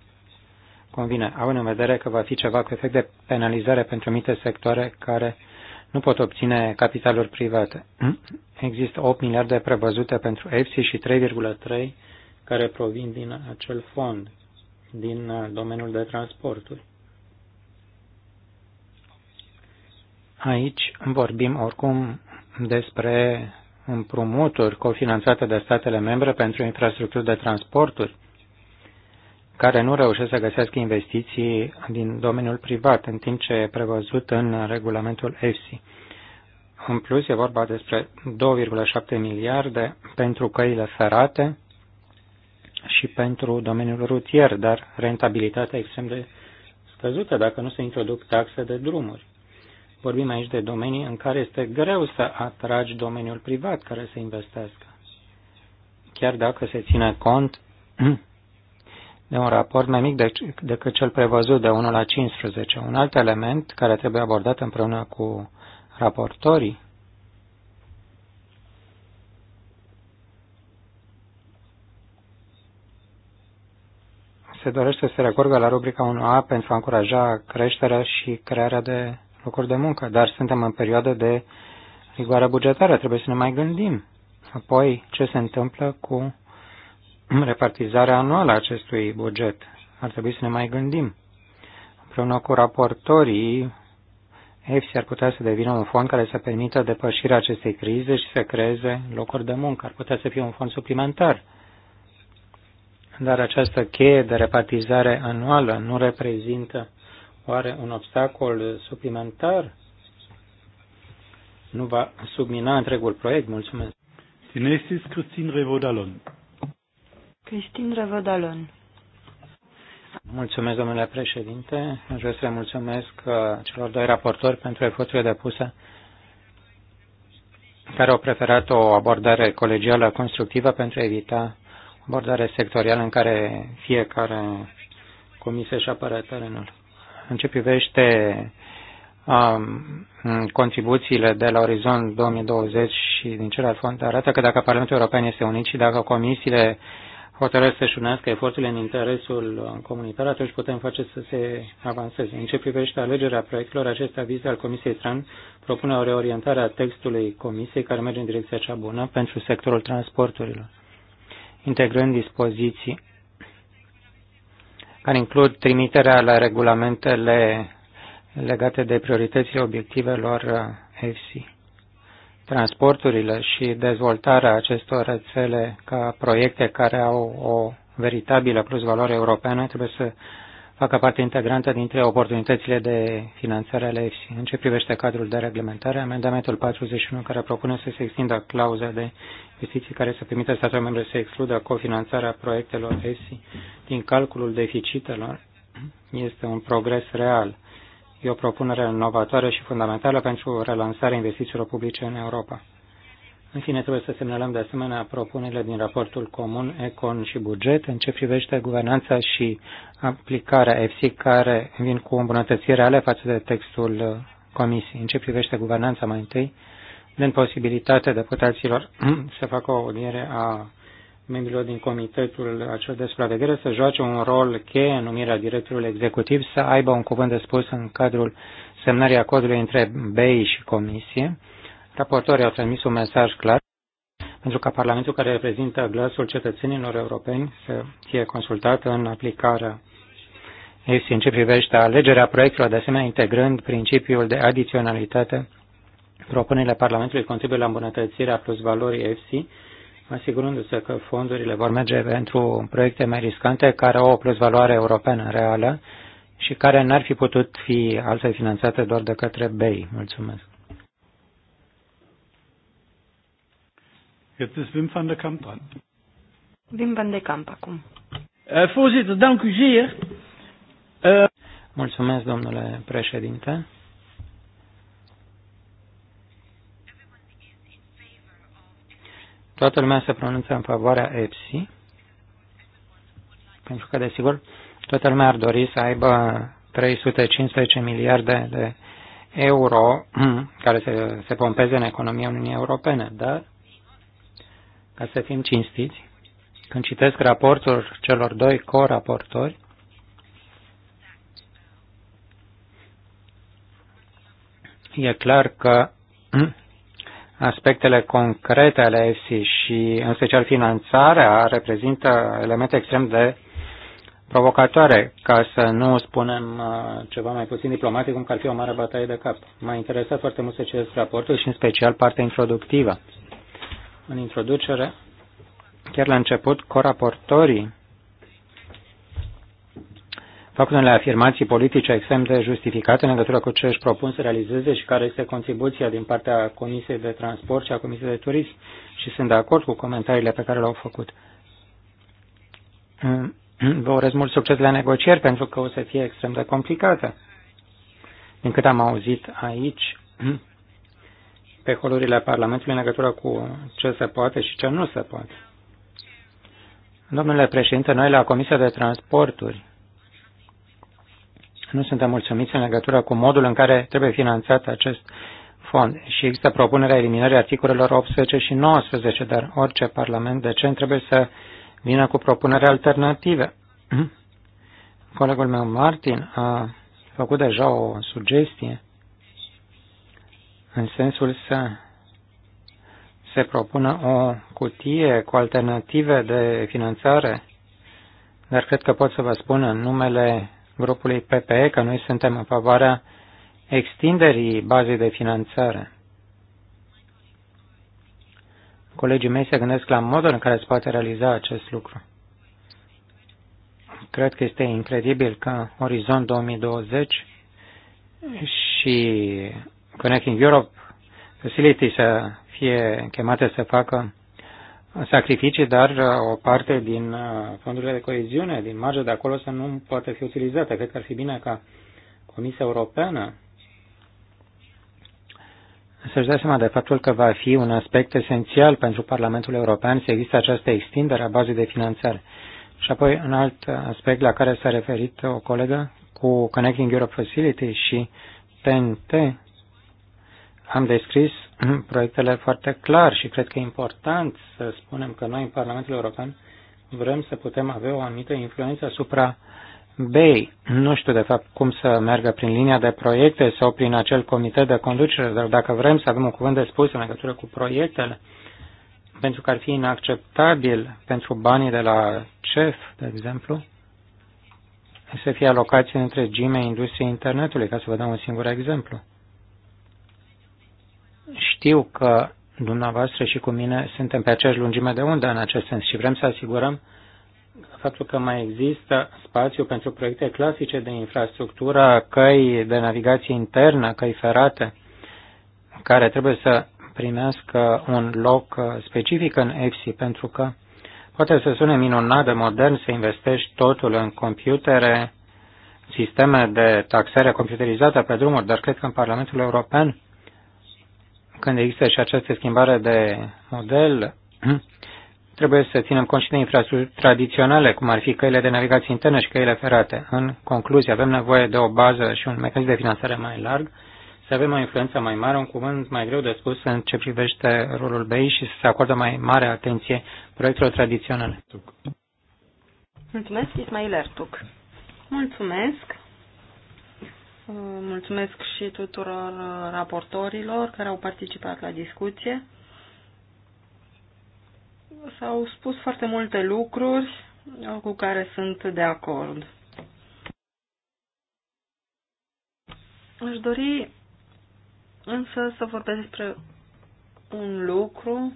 convine, având în vedere că va fi ceva cu efect de penalizare pentru mite sectoare care nu pot obține capitaluri private. Există 8 miliarde prevăzute pentru EFSI și 3,3 care provin din acel fond, din uh, domeniul de transporturi. Aici vorbim oricum despre împrumuturi cofinanțate de statele membre pentru infrastructuri de transporturi care nu reușesc să găsească investiții din domeniul privat, în timp ce e prevăzut în regulamentul EFSI. În plus, e vorba despre 2,7 miliarde pentru căile ferate și pentru domeniul rutier, dar rentabilitatea extrem de scăzută dacă nu se introduc taxe de drumuri. Vorbim aici de domenii în care este greu să atragi domeniul privat care să investească. Chiar dacă se ține cont de un raport mai mic decât cel prevăzut de 1 la 15. Un alt element care trebuie abordat împreună cu raportorii se dorește să se recurgă la rubrica 1A pentru a încuraja creșterea și crearea de locuri de muncă, dar suntem în perioadă de rigoare bugetară, trebuie să ne mai gândim. Apoi, ce se întâmplă cu repartizarea anuală a acestui buget. Ar trebui să ne mai gândim. Împreună cu raportorii, EFSI ar putea să devină un fond care să permită depășirea acestei crize și să creeze locuri de muncă. Ar putea să fie un fond suplimentar. Dar această cheie de repartizare anuală nu reprezintă oare un obstacol suplimentar? Nu va submina întregul proiect? Mulțumesc. Cine este Cristin Revodalon? Cristin Revădalon. Mulțumesc, domnule președinte. Aș vrea să le mulțumesc uh, celor doi raportori pentru eforturile depuse care au preferat o abordare colegială constructivă pentru a evita o abordare sectorială în care fiecare comisie și apără terenul. În ce privește um, contribuțiile de la Orizont 2020 și din celălalt fond arată că dacă Parlamentul European este unit și dacă comisiile hotărăsc să-și unească eforturile în interesul comunitar, atunci putem face să se avanseze. În ce privește alegerea proiectelor, acest aviz al Comisiei Tran propune o reorientare a textului Comisiei care merge în direcția cea bună pentru sectorul transporturilor, integrând dispoziții care includ trimiterea la regulamentele legate de prioritățile obiectivelor EFSI transporturile și dezvoltarea acestor rețele ca proiecte care au o veritabilă plus valoare europeană trebuie să facă parte integrantă dintre oportunitățile de finanțare ale EFSI. În ce privește cadrul de reglementare, amendamentul 41 care propune să se extindă clauza de investiții care să permită statelor membre să excludă cofinanțarea proiectelor EFSI din calculul deficitelor este un progres real E o propunere inovatoare și fundamentală pentru relansarea investițiilor publice în Europa. În fine, trebuie să semnalăm de asemenea propunerile din raportul comun Econ și Buget în ce privește guvernanța și aplicarea EFSI care vin cu îmbunătățiri ale față de textul Comisiei. În ce privește guvernanța mai întâi, din posibilitatea deputaților să facă o audiere a membrilor din comitetul acel de supraveghere să joace un rol cheie în numirea directorului executiv, să aibă un cuvânt de spus în cadrul semnării acordului între BEI și Comisie. Raportorii au transmis un mesaj clar pentru ca Parlamentul care reprezintă glasul cetățenilor europeni să fie consultat în aplicarea ESI în ce privește alegerea proiectelor, de asemenea integrând principiul de adiționalitate. Propunerile Parlamentului contribuie la îmbunătățirea plus valorii EFSI asigurându-se că fondurile vor merge pentru proiecte mai riscante care au o plusvaloare europeană reală și care n-ar fi putut fi altfel finanțate doar de către BEI. Mulțumesc. Jetzt ist Wim van de Kamp dran. Wim van de Kamp acum. Uh, voorzitter, dank u zeer. Uh... Mulțumesc, domnule președinte. Toată lumea se pronunță în favoarea EPSI, pentru că, desigur, toată lumea ar dori să aibă 315 miliarde de euro care se, se pompeze în economia Uniunii Europene, dar, ca să fim cinstiți, când citesc raportul celor doi co-raportori, e clar că aspectele concrete ale EFSI și în special finanțarea reprezintă elemente extrem de provocatoare, ca să nu spunem uh, ceva mai puțin diplomatic, cum că ar fi o mare bătaie de cap. M-a interesat foarte mult să citesc raportul și în special partea introductivă. În introducere, chiar la început, coraportorii fac unele afirmații politice extrem de justificate în legătură cu ce își propun să realizeze și care este contribuția din partea Comisiei de Transport și a Comisiei de Turism și sunt de acord cu comentariile pe care le-au făcut. Vă urez mult succes la negocieri pentru că o să fie extrem de complicată. Din cât am auzit aici, pe holurile Parlamentului în legătură cu ce se poate și ce nu se poate. Domnule președinte, noi la Comisia de Transporturi nu suntem mulțumiți în legătură cu modul în care trebuie finanțat acest fond și există propunerea eliminării articolelor 18 și 19, dar orice parlament decent trebuie să vină cu propunere alternative. Colegul meu, Martin, a făcut deja o sugestie în sensul să se propună o cutie cu alternative de finanțare, dar cred că pot să vă spun în numele grupului PPE că noi suntem în favoarea extinderii bazei de finanțare. Colegii mei se gândesc la modul în care se poate realiza acest lucru. Cred că este incredibil că Orizont 2020 și Connecting Europe Facility să fie chemate să facă sacrificii, dar uh, o parte din uh, fondurile de coeziune, din marge de acolo, să nu poate fi utilizată. Cred că ar fi bine ca Comisia Europeană să-și dea seama de faptul că va fi un aspect esențial pentru Parlamentul European să există această extindere a bazei de finanțare. Și apoi un alt aspect la care s-a referit o colegă cu Connecting Europe Facility și TNT, am descris proiectele foarte clar și cred că e important să spunem că noi în Parlamentul European vrem să putem avea o anumită influență asupra BEI. Nu știu de fapt cum să meargă prin linia de proiecte sau prin acel comitet de conducere, dar dacă vrem să avem un cuvânt de spus în legătură cu proiectele, pentru că ar fi inacceptabil pentru banii de la CEF, de exemplu, să fie alocați între gime industriei internetului, ca să vă dau un singur exemplu. Știu că dumneavoastră și cu mine suntem pe aceeași lungime de undă în acest sens și vrem să asigurăm faptul că mai există spațiu pentru proiecte clasice de infrastructură, căi de navigație internă, căi ferate, care trebuie să primească un loc specific în EFSI, pentru că poate să sune minunat de modern să investești totul în computere, sisteme de taxare computerizată pe drumuri, dar cred că în Parlamentul European când există și această schimbare de model, trebuie să ținem cont și de infrastructuri tradiționale, cum ar fi căile de navigație internă și căile ferate. În concluzie, avem nevoie de o bază și un mecanism de finanțare mai larg, să avem o influență mai mare, un cuvânt mai greu de spus în ce privește rolul BEI și să se acordă mai mare atenție proiectelor tradiționale. Mulțumesc, Ismail Ertuc. Mulțumesc. Mulțumesc și tuturor raportorilor care au participat la discuție. S-au spus foarte multe lucruri cu care sunt de acord. Aș dori însă să vorbesc despre un lucru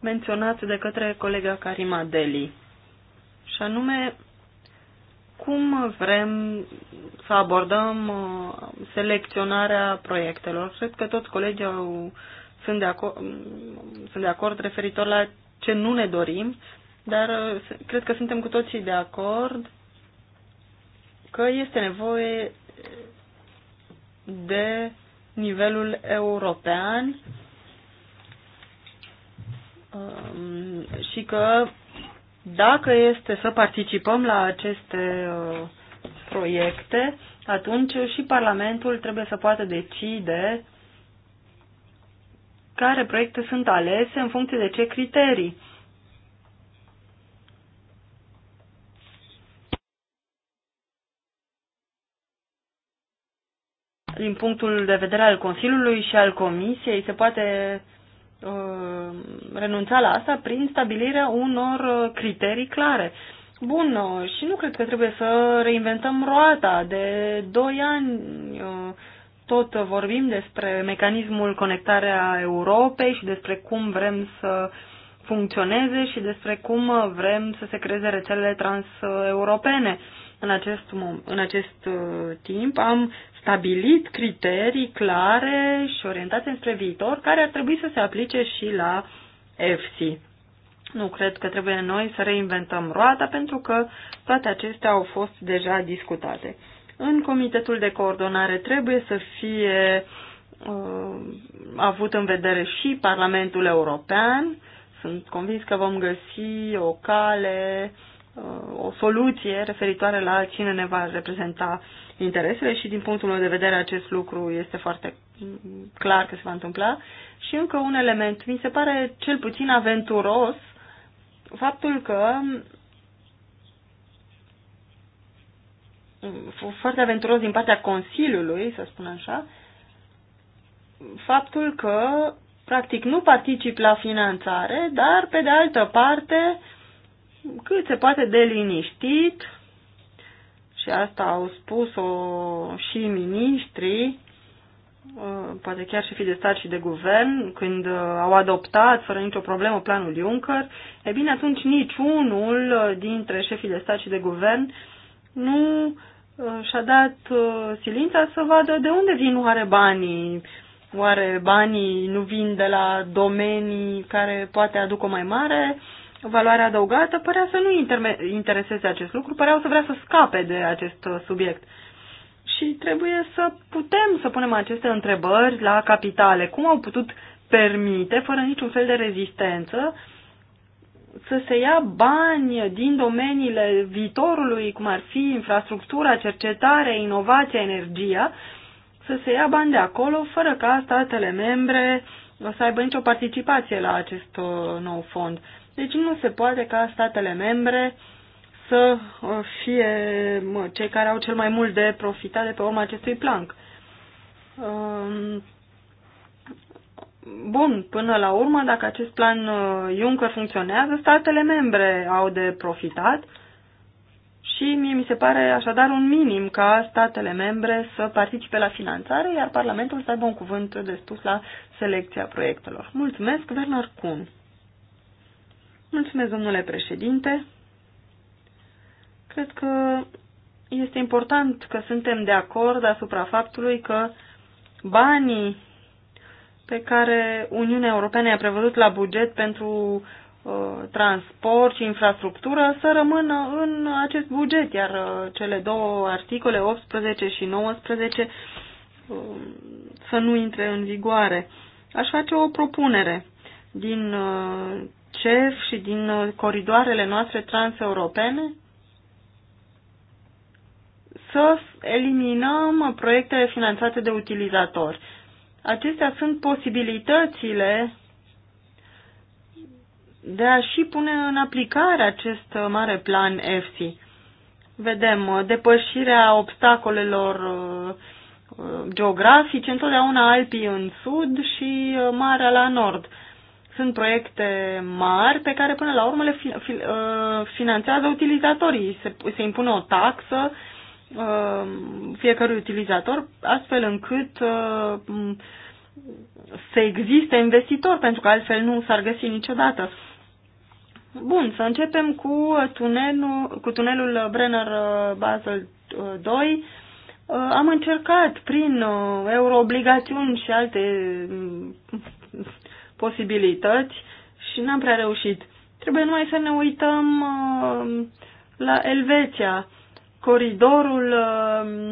menționat de către colega Karima Deli, și anume cum vrem să abordăm uh, selecționarea proiectelor. Cred că toți colegii au, sunt, de acord, mm, sunt de acord referitor la ce nu ne dorim, dar uh, cred că suntem cu toții de acord că este nevoie de nivelul european um, și că dacă este să participăm la aceste uh, proiecte, atunci și Parlamentul trebuie să poată decide care proiecte sunt alese în funcție de ce criterii. Din punctul de vedere al Consiliului și al Comisiei se poate Uh, renunța la asta prin stabilirea unor uh, criterii clare. Bun, uh, și nu cred că trebuie să reinventăm roata. De 2 ani tot vorbim despre mecanismul conectarea Europei și despre cum vrem să funcționeze și despre cum vrem să se creeze rețelele transeuropene. În acest, în acest uh, timp am stabilit criterii clare și orientate spre viitor care ar trebui să se aplice și la FC. Nu cred că trebuie noi să reinventăm roata pentru că toate acestea au fost deja discutate. În comitetul de coordonare trebuie să fie uh, avut în vedere și Parlamentul European. Sunt convins că vom găsi o cale uh, o soluție referitoare la cine ne va reprezenta interesele și din punctul meu de vedere acest lucru este foarte clar că se va întâmpla. Și încă un element, mi se pare cel puțin aventuros faptul că foarte aventuros din partea Consiliului, să spun așa, faptul că practic nu particip la finanțare, dar pe de altă parte cât se poate de liniștit, și asta au spus-o și miniștrii, uh, poate chiar și fi de stat și de guvern, când uh, au adoptat fără nicio problemă planul Juncker, e bine, atunci niciunul uh, dintre șefii de stat și de guvern nu și-a dat silința să vadă de unde vin oare banii. Oare banii nu vin de la domenii care poate aduc o mai mare uh, valoarea adăugată părea să nu intereseze acest lucru, păreau să vrea să scape de acest uh, subiect. Și trebuie să putem să punem aceste întrebări la capitale. Cum au putut permite, fără niciun fel de rezistență, să se ia bani din domeniile viitorului, cum ar fi infrastructura, cercetare, inovația, energia, să se ia bani de acolo fără ca statele membre să aibă nicio participație la acest uh, nou fond. Deci nu se poate ca statele membre să uh, fie cei care au cel mai mult de profitat de pe urma acestui plan. Um, bun, până la urmă, dacă acest plan uh, Juncker funcționează, statele membre au de profitat și mie mi se pare așadar un minim ca statele membre să participe la finanțare, iar Parlamentul să aibă un cuvânt de spus la selecția proiectelor. Mulțumesc, Werner Kuhn. Mulțumesc, domnule președinte. Cred că este important că suntem de acord asupra faptului că banii pe care Uniunea Europeană i-a prevăzut la buget pentru uh, transport și infrastructură să rămână în acest buget, iar uh, cele două articole, 18 și 19, uh, să nu intre în vigoare. Aș face o propunere din uh, CEF și din uh, coridoarele noastre transeuropene să eliminăm proiectele finanțate de utilizatori. Acestea sunt posibilitățile de a și pune în aplicare acest uh, mare plan EFSI. Vedem uh, depășirea obstacolelor geografice, întotdeauna Alpii în sud și Marea la nord. Sunt proiecte mari pe care până la urmă le fi, fi, uh, finanțează utilizatorii. Se, se impune o taxă uh, fiecărui utilizator astfel încât uh, să existe investitor pentru că altfel nu s-ar găsi niciodată. Bun, să începem cu tunelul, cu tunelul Brenner uh, Basel 2. Uh, uh, am încercat prin euroobligațiuni și alte posibilități și n-am prea reușit. Trebuie numai să ne uităm uh, la Elveția, coridorul uh,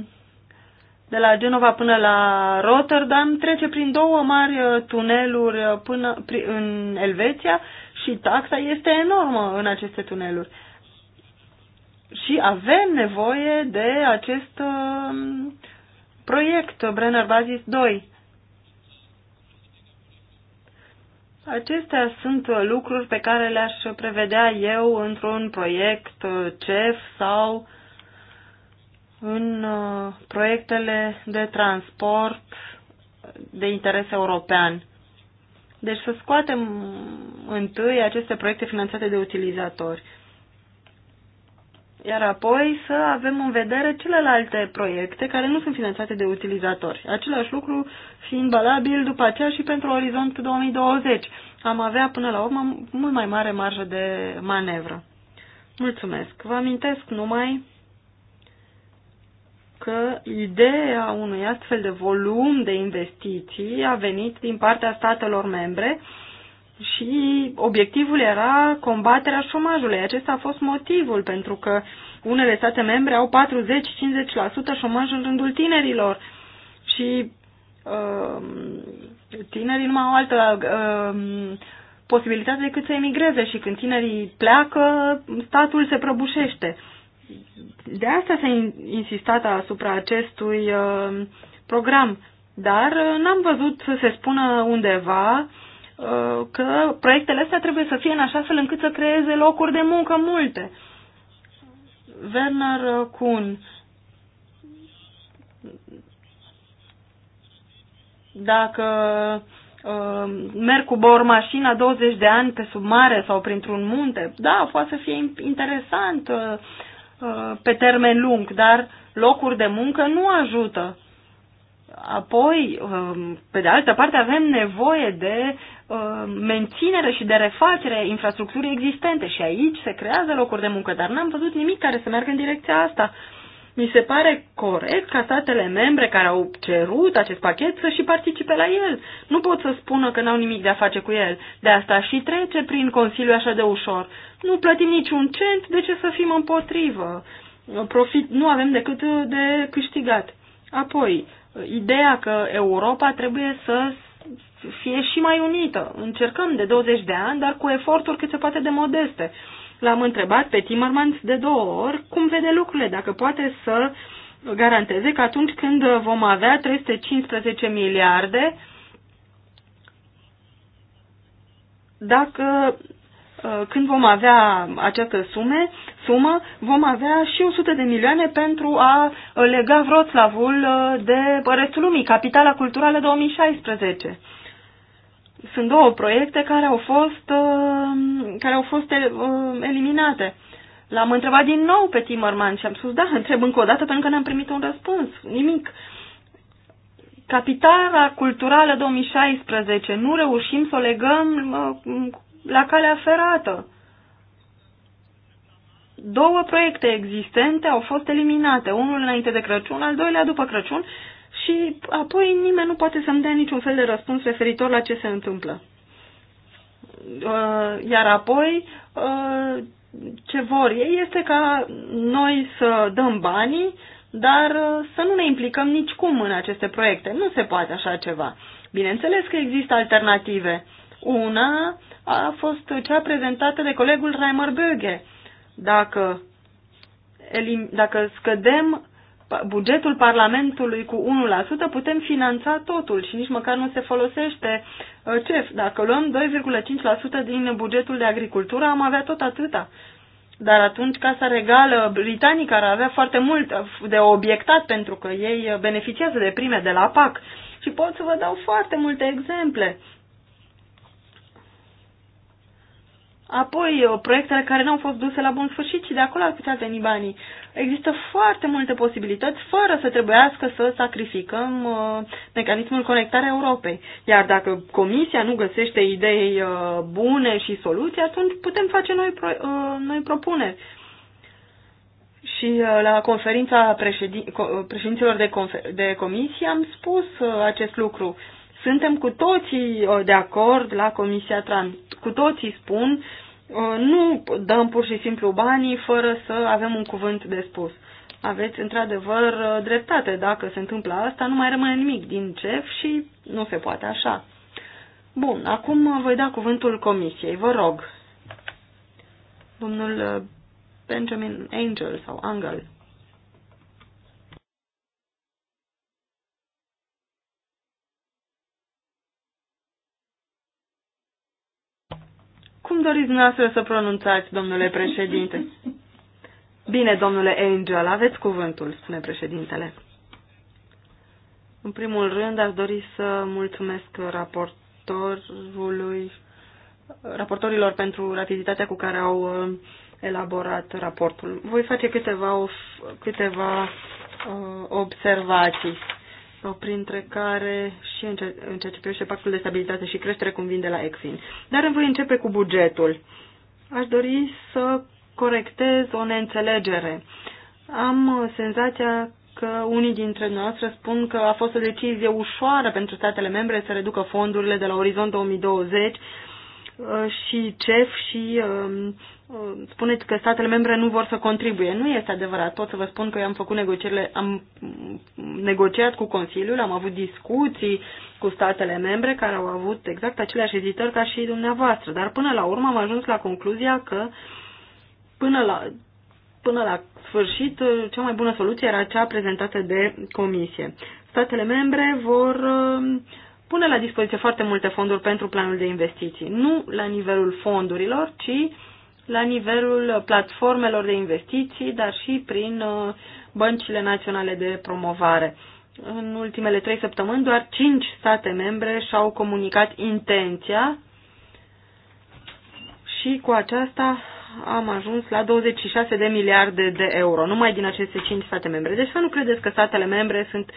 de la Genova până la Rotterdam trece prin două mari uh, tuneluri uh, până prin, în Elveția și taxa este enormă în aceste tuneluri. Și avem nevoie de acest uh, proiect Brenner Basis 2. Acestea sunt uh, lucruri pe care le-aș prevedea eu într-un proiect uh, CEF sau în uh, proiectele de transport de interes european. Deci să scoatem întâi aceste proiecte finanțate de utilizatori iar apoi să avem în vedere celelalte proiecte care nu sunt finanțate de utilizatori. Același lucru fiind valabil după aceea și pentru Orizont 2020. Am avea până la urmă mult mai mare marjă de manevră. Mulțumesc. Vă amintesc numai că ideea unui astfel de volum de investiții a venit din partea statelor membre și obiectivul era combaterea șomajului. Acesta a fost motivul pentru că unele state membre au 40-50% șomaj în rândul tinerilor și uh, tinerii nu mai au altă uh, posibilitate decât să emigreze și când tinerii pleacă, statul se prăbușește. De asta s-a insistat asupra acestui uh, program, dar n-am văzut să se spună undeva uh, Uh, că proiectele astea trebuie să fie în așa fel încât să creeze locuri de muncă multe. Werner Kuhn. Dacă uh, merg cu bor mașina 20 de ani pe sub mare sau printr-un munte, da, poate să fie interesant uh, uh, pe termen lung, dar locuri de muncă nu ajută. Apoi, um, pe de altă parte, avem nevoie de um, menținere și de refacere infrastructurii existente și aici se creează locuri de muncă, dar n-am văzut nimic care să meargă în direcția asta. Mi se pare corect ca statele membre care au cerut acest pachet să și participe la el. Nu pot să spună că n-au nimic de a face cu el. De asta și trece prin Consiliu așa de ușor. Nu plătim niciun cent, de ce să fim împotrivă? Profit nu avem decât de câștigat. Apoi, ideea că Europa trebuie să fie și mai unită. Încercăm de 20 de ani, dar cu eforturi cât se poate de modeste. L-am întrebat pe Timmermans de două ori cum vede lucrurile, dacă poate să garanteze că atunci când vom avea 315 miliarde, dacă uh, când vom avea această sume, sumă, vom avea și 100 de milioane pentru a lega Wroclavul de restul lumii, Capitala Culturală 2016. Sunt două proiecte care au fost, care au fost eliminate. L-am întrebat din nou pe Timmerman și am spus, da, întreb încă o dată pentru că n-am primit un răspuns. Nimic. Capitala culturală 2016, nu reușim să o legăm la calea ferată două proiecte existente au fost eliminate, unul înainte de Crăciun, al doilea după Crăciun și apoi nimeni nu poate să-mi dea niciun fel de răspuns referitor la ce se întâmplă. Uh, iar apoi, uh, ce vor ei este ca noi să dăm banii, dar uh, să nu ne implicăm nicicum în aceste proiecte. Nu se poate așa ceva. Bineînțeles că există alternative. Una a fost cea prezentată de colegul Reimer Böge, dacă, elim, dacă scădem bugetul Parlamentului cu 1%, putem finanța totul și nici măcar nu se folosește uh, CEF. Dacă luăm 2,5% din bugetul de agricultură, am avea tot atâta. Dar atunci Casa Regală Britanică ar avea foarte mult de obiectat pentru că ei beneficiază de prime de la PAC. Și pot să vă dau foarte multe exemple. Apoi, uh, proiectele care nu au fost duse la bun sfârșit și de acolo ar putea veni banii. Există foarte multe posibilități fără să trebuiască să sacrificăm uh, mecanismul conectare Europei. Iar dacă Comisia nu găsește idei uh, bune și soluții, atunci putem face noi, pro, uh, noi propuneri. Și uh, la conferința uh, președinților de, confer- de comisie am spus acest lucru. Suntem cu toții de acord la Comisia Trans. Cu toții spun Uh, nu dăm pur și simplu banii fără să avem un cuvânt de spus. Aveți într-adevăr uh, dreptate. Dacă se întâmplă asta, nu mai rămâne nimic din CEF și nu se poate așa. Bun, acum voi da cuvântul comisiei. Vă rog. Domnul uh, Benjamin Angel sau Angel. Cum doriți dumneavoastră să pronunțați, domnule președinte? Bine, domnule Angel, aveți cuvântul, spune președintele. În primul rând, aș dori să mulțumesc raportorului, raportorilor pentru rapiditatea cu care au uh, elaborat raportul. Voi face câteva, câteva uh, observații sau printre care și în ceea, în ceea ce privește pactul de stabilitate și creștere, cum vin de la ECFIN. Dar îmi voi începe cu bugetul. Aș dori să corectez o neînțelegere. Am senzația că unii dintre noastre spun că a fost o decizie ușoară pentru statele membre să reducă fondurile de la Orizont 2020 uh, și CEF și um, spuneți că statele membre nu vor să contribuie. Nu este adevărat. Pot să vă spun că eu am făcut negocierile, am negociat cu Consiliul, am avut discuții cu statele membre care au avut exact aceleași ezitări ca și dumneavoastră. Dar până la urmă am ajuns la concluzia că până la, până la sfârșit cea mai bună soluție era cea prezentată de Comisie. Statele membre vor uh, pune la dispoziție foarte multe fonduri pentru planul de investiții. Nu la nivelul fondurilor, ci la nivelul platformelor de investiții, dar și prin uh, băncile naționale de promovare. În ultimele trei săptămâni, doar cinci state membre și-au comunicat intenția și cu aceasta am ajuns la 26 de miliarde de euro, numai din aceste cinci state membre. Deci să nu credeți că statele membre sunt,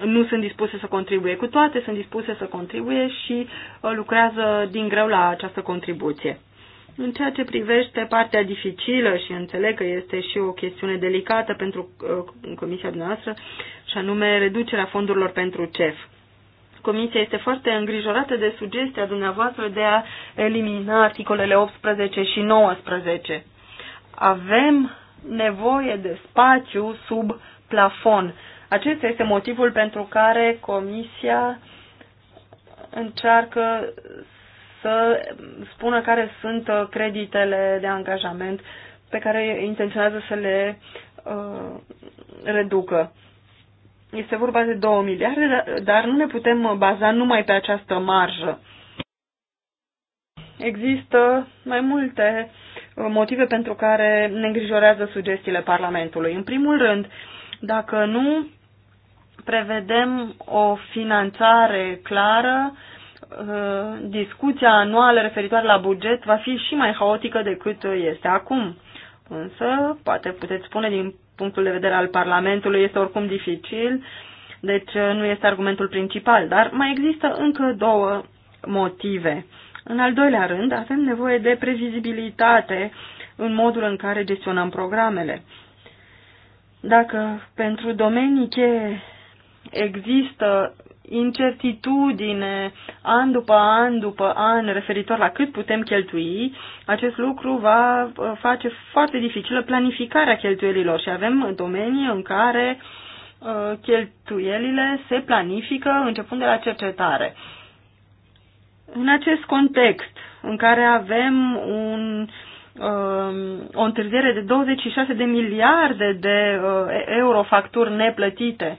nu sunt dispuse să contribuie cu toate, sunt dispuse să contribuie și uh, lucrează din greu la această contribuție. În ceea ce privește partea dificilă și înțeleg că este și o chestiune delicată pentru uh, comisia noastră, și anume reducerea fondurilor pentru CEF. Comisia este foarte îngrijorată de sugestia dumneavoastră de a elimina articolele 18 și 19. Avem nevoie de spațiu sub plafon. Acesta este motivul pentru care Comisia încearcă să spună care sunt uh, creditele de angajament pe care intenționează să le uh, reducă. Este vorba de 2 miliarde, da, dar nu ne putem uh, baza numai pe această marjă. Există mai multe uh, motive pentru care ne îngrijorează sugestiile Parlamentului. În primul rând, dacă nu prevedem o finanțare clară uh, Uh, discuția anuală referitoare la buget va fi și mai haotică decât este acum. Însă, poate puteți spune din punctul de vedere al Parlamentului, este oricum dificil, deci uh, nu este argumentul principal, dar mai există încă două motive. În al doilea rând, avem nevoie de previzibilitate în modul în care gestionăm programele. Dacă pentru domenii cheie există incertitudine an după an după an referitor la cât putem cheltui, acest lucru va uh, face foarte dificilă planificarea cheltuielilor și avem domenii în care uh, cheltuielile se planifică începând de la cercetare. În acest context în care avem un, um, o întârziere de 26 de miliarde de uh, euro facturi neplătite,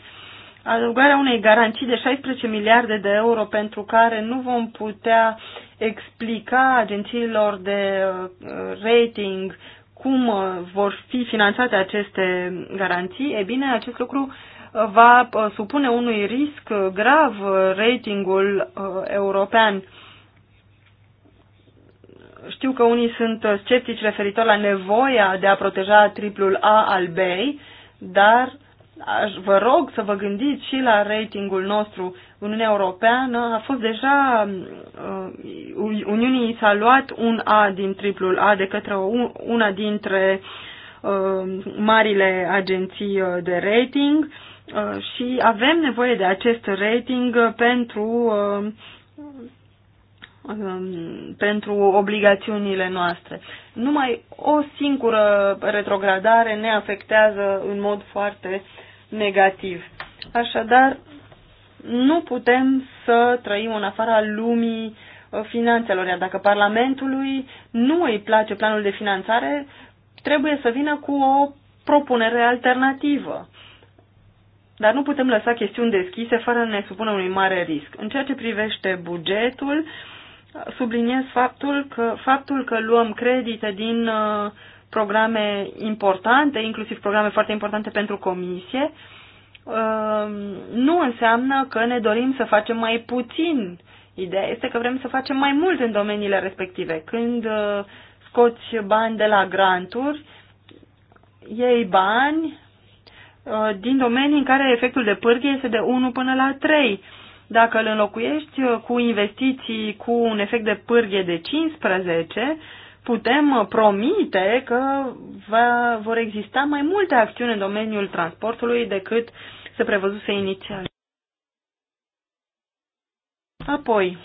adăugarea unei garanții de 16 miliarde de euro pentru care nu vom putea explica agențiilor de uh, rating cum uh, vor fi finanțate aceste garanții, e bine, acest lucru uh, va supune unui risc grav ratingul european. Știu că unii sunt sceptici referitor la nevoia de a proteja triplul A al BEI, dar uh, aș, vă rog să vă gândiți și la ratingul nostru. Uniunea Europeană a fost deja, uh, Uniunii s-a luat un A din triplul A de către una dintre uh, marile agenții uh, de rating uh, și avem nevoie de acest rating pentru, uh, um, pentru obligațiunile noastre. Numai o singură retrogradare ne afectează în mod foarte uh, negativ. Așadar, nu putem să trăim în afara lumii uh, finanțelor, iar dacă Parlamentului nu îi place planul de finanțare, trebuie să vină cu o propunere alternativă. Dar nu putem lăsa chestiuni deschise fără să ne supună unui mare risc. În ceea ce privește bugetul, subliniez faptul că, faptul că luăm credite din uh, programe importante, inclusiv programe foarte importante pentru comisie, um, nu înseamnă că ne dorim să facem mai puțin. Ideea este că vrem să facem mai mult în domeniile respective. Când uh, scoți bani de la granturi, iei bani uh, din domenii în care efectul de pârghie este de 1 până la 3. Dacă îl înlocuiești uh, cu investiții cu un efect de pârghie de 15, putem uh, promite că va, vor exista mai multe acțiuni în domeniul transportului decât se prevăzuse inițial. Apoi,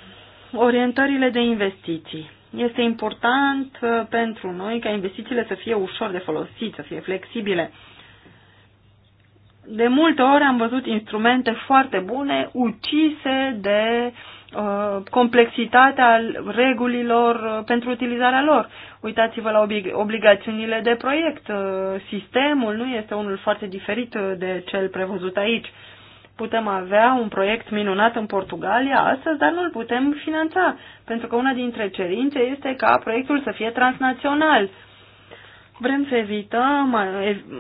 orientările de investiții. Este important uh, pentru noi ca investițiile să fie ușor de folosit, să fie flexibile. De multe ori am văzut instrumente foarte bune, ucise de uh, Uh, complexitatea regulilor uh, pentru utilizarea lor. Uitați-vă la obligațiunile de proiect. Uh, sistemul nu este unul foarte diferit de cel prevăzut aici. Putem avea un proiect minunat în Portugalia astăzi, dar nu-l putem finanța, pentru că una dintre cerințe este ca proiectul să fie transnațional. Vrem să evităm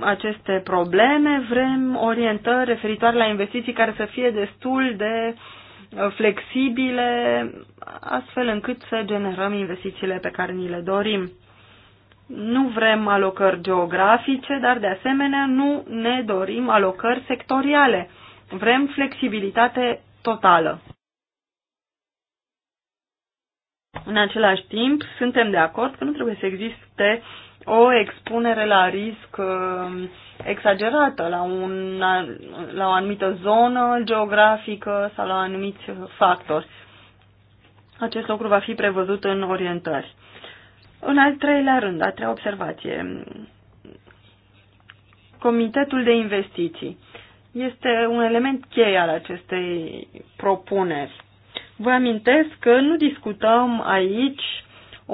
aceste probleme, vrem orientări referitoare la investiții care să fie destul de uh, flexibile, astfel încât să generăm investițiile pe care ni le dorim. Nu vrem alocări geografice, dar de asemenea nu ne dorim alocări sectoriale. Vrem flexibilitate totală. În același timp, suntem de acord că nu trebuie să existe o expunere la risc um, exagerată la, un, la o anumită zonă geografică sau la anumiți factori. Acest lucru va fi prevăzut în orientări. În al treilea rând, a treia observație, Comitetul de Investiții este un element cheie al acestei propuneri. Vă amintesc că nu discutăm aici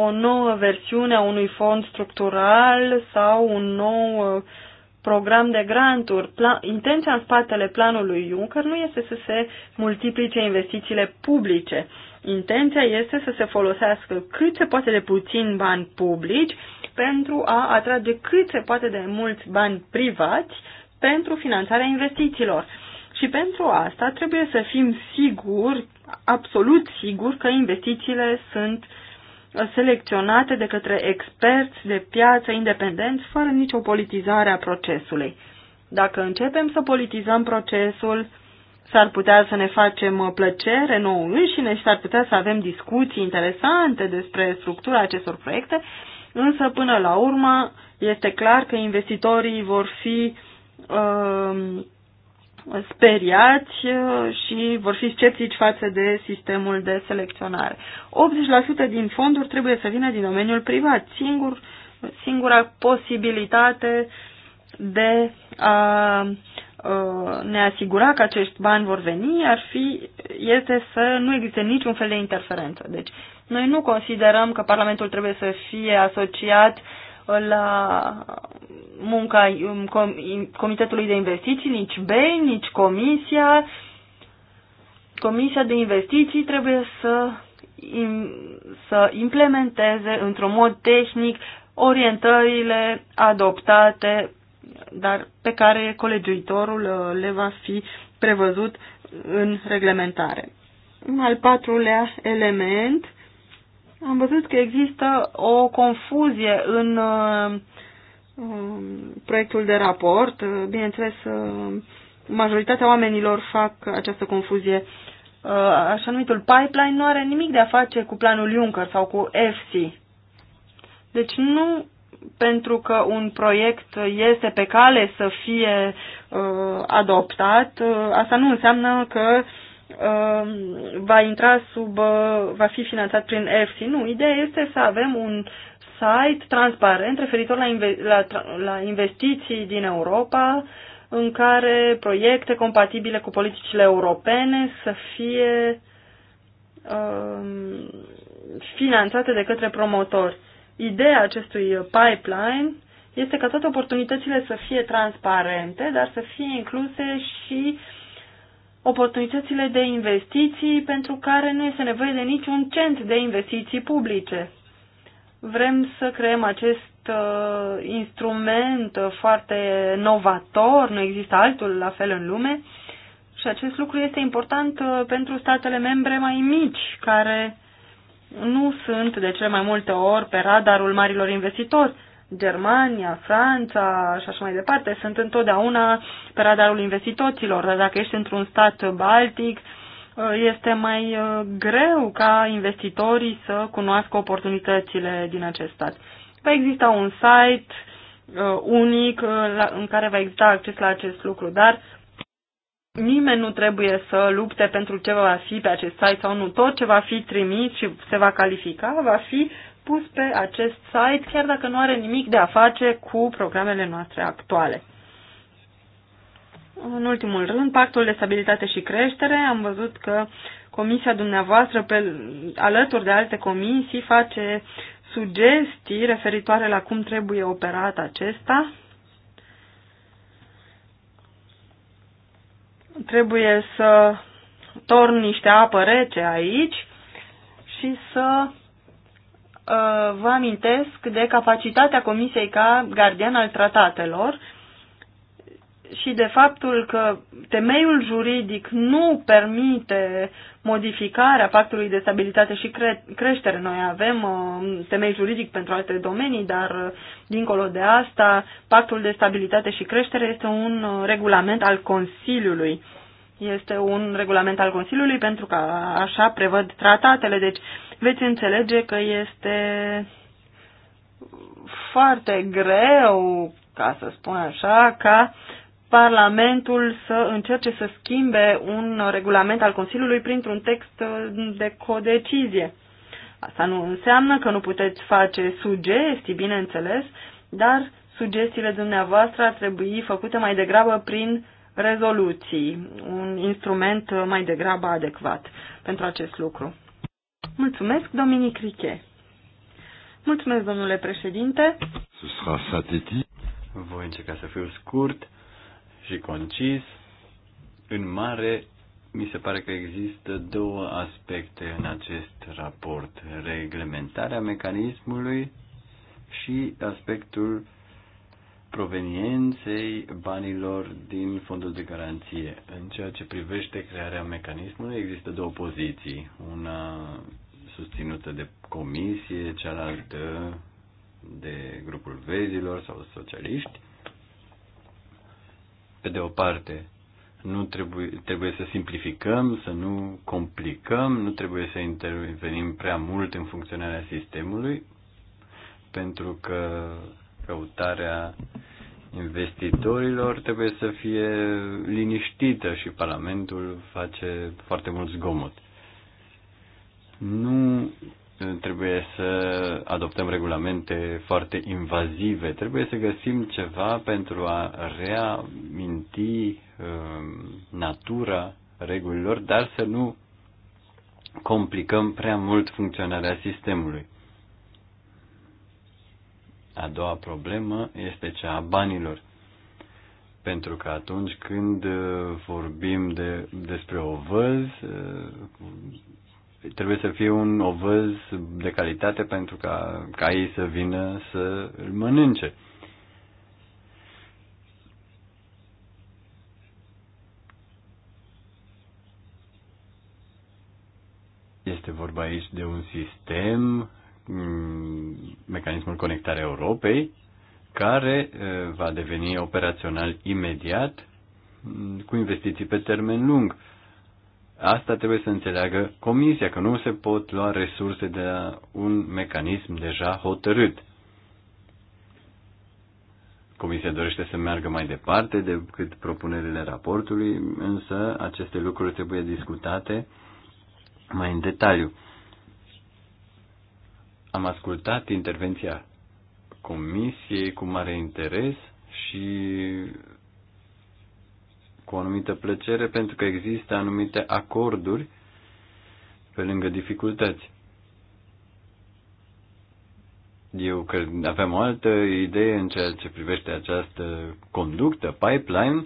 o nouă versiune a unui fond structural sau un nou uh, program de granturi. Pla- intenția în spatele planului Juncker nu este să se multiplice investițiile publice. Intenția este să se folosească cât se poate de puțin bani publici pentru a atrage cât se poate de mulți bani privați pentru finanțarea investițiilor. Și pentru asta trebuie să fim siguri, absolut siguri, că investițiile sunt selecționate de către experți de piață independenți, fără nicio politizare a procesului. Dacă începem să politizăm procesul, s-ar putea să ne facem uh, plăcere nouă înșine și s-ar putea să avem discuții interesante despre structura acestor proiecte, însă până la urmă este clar că investitorii vor fi uh, speriați uh, și vor fi sceptici față de sistemul de selecționare. 80% din fonduri trebuie să vină din domeniul privat. Singur, singura posibilitate de a uh, ne asigura că acești bani vor veni ar fi, este să nu existe niciun fel de interferență. Deci, noi nu considerăm că Parlamentul trebuie să fie asociat uh, la munca um, Comitetului de Investiții, nici BEI, nici Comisia. Comisia de Investiții trebuie să, să implementeze într-un mod tehnic orientările adoptate, dar pe care colegiuitorul uh, le va fi prevăzut în reglementare. Al patrulea element am văzut că există o confuzie în uh, um, proiectul de raport. Uh, bineînțeles, uh, majoritatea oamenilor fac această confuzie. Așa numitul pipeline nu are nimic de a face cu planul Juncker sau cu FC. Deci nu pentru că un proiect este pe cale să fie adoptat, asta nu înseamnă că uh, Um, va intra sub, uh, va fi finanțat prin EFSI. Nu, ideea este să avem un site transparent referitor la, inve- la, la investiții din Europa, în care proiecte compatibile cu politicile europene să fie um, finanțate de către promotori. Ideea acestui pipeline este ca toate oportunitățile să fie transparente, dar să fie incluse și uh, oportunitățile de investiții pentru care nu este nevoie de niciun cent de investiții publice. Vrem să creăm acest uh, instrument uh, foarte novator, nu există altul la fel în lume și acest lucru este important uh, pentru statele membre mai mici, care nu sunt de cele mai multe ori pe radarul marilor investitori Germania, Franța și așa mai departe, sunt întotdeauna pe radarul investitoților, dar dacă ești într-un stat baltic, uh, este mai uh, greu ca investitorii să cunoască oportunitățile din acest stat. Va exista un site uh, unic în care va exista acces la acest lucru, dar nimeni nu trebuie să lupte pentru ce va fi pe acest site sau nu. Tot ce va fi trimis și se va califica va fi pus pe acest site, chiar dacă nu are nimic de a face cu programele noastre actuale. În ultimul rând, Pactul de Stabilitate și Creștere, am văzut că comisia dumneavoastră, pe, alături de alte comisii, face sugestii referitoare la cum trebuie operat acesta. Trebuie să torn niște apă rece aici și să Uh, vă amintesc de capacitatea Comisiei ca gardian al tratatelor și de faptul că temeiul juridic nu permite modificarea pactului de stabilitate și cre- creștere. Noi avem uh, temei juridic pentru alte domenii, dar uh, dincolo de asta, pactul de stabilitate și creștere este un uh, regulament al Consiliului. Este un regulament al Consiliului pentru că așa prevăd tratatele, deci veți înțelege că este foarte greu, ca să spun așa, ca Parlamentul să încerce să schimbe un regulament al Consiliului printr-un text de codecizie. Asta nu înseamnă că nu puteți face sugestii, bineînțeles, dar sugestiile dumneavoastră ar trebui făcute mai degrabă prin rezoluții, un instrument mai degrabă adecvat pentru acest lucru. Mulțumesc, Dominic Riche. Mulțumesc, domnule președinte. Voi încerca să fiu scurt și concis. În mare, mi se pare că există două aspecte în acest raport. Reglementarea mecanismului și aspectul provenienței banilor din fondul de garanție. În ceea ce privește crearea mecanismului, există două poziții. Una susținută de comisie, cealaltă de grupul vezilor sau socialiști. Pe de o parte, nu trebuie, trebuie să simplificăm, să nu complicăm, nu trebuie să intervenim prea mult în funcționarea sistemului, pentru că căutarea investitorilor trebuie să fie liniștită și Parlamentul face foarte mult zgomot. Nu trebuie să adoptăm regulamente foarte invazive, trebuie să găsim ceva pentru a reaminti natura regulilor, dar să nu complicăm prea mult funcționarea sistemului. A doua problemă este cea a banilor. Pentru că atunci când uh, vorbim de, despre ovăz, uh, trebuie să fie un ovăz de calitate pentru ca ei să vină să îl mănânce. Este vorba aici de un sistem Mm, mecanismul conectare Europei, care eh, va deveni operațional imediat mm, cu investiții pe termen lung. Asta trebuie să înțeleagă Comisia, că nu se pot lua resurse de la un mecanism deja hotărât. Comisia dorește să meargă mai departe decât propunerile raportului, însă aceste lucruri trebuie discutate mai în detaliu. Am ascultat intervenția comisiei cu mare interes și cu o anumită plăcere pentru că există anumite acorduri pe lângă dificultăți. Eu că avem o altă idee în ceea ce privește această conductă, pipeline,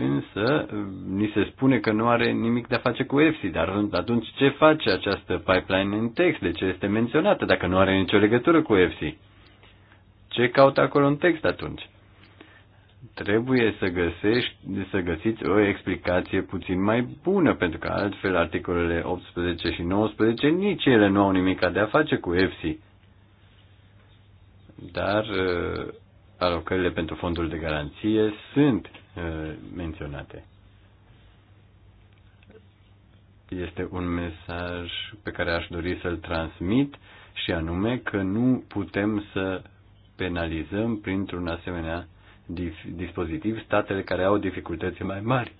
însă ni se spune că nu are nimic de a face cu EFSI, dar atunci ce face această pipeline în text? De ce este menționată dacă nu are nicio legătură cu EFSI? Ce caută acolo în text atunci? Trebuie să găsești, să găsiți o explicație puțin mai bună, pentru că altfel articolele 18 și 19 nici ele nu au nimic de a face cu EFSI. Dar eh, alocările pentru fondul de garanție sunt Uh, menționate. Este un mesaj pe care aș dori să-l transmit și anume că nu putem să penalizăm printr-un asemenea dispozitiv statele care au dificultăți mai mari.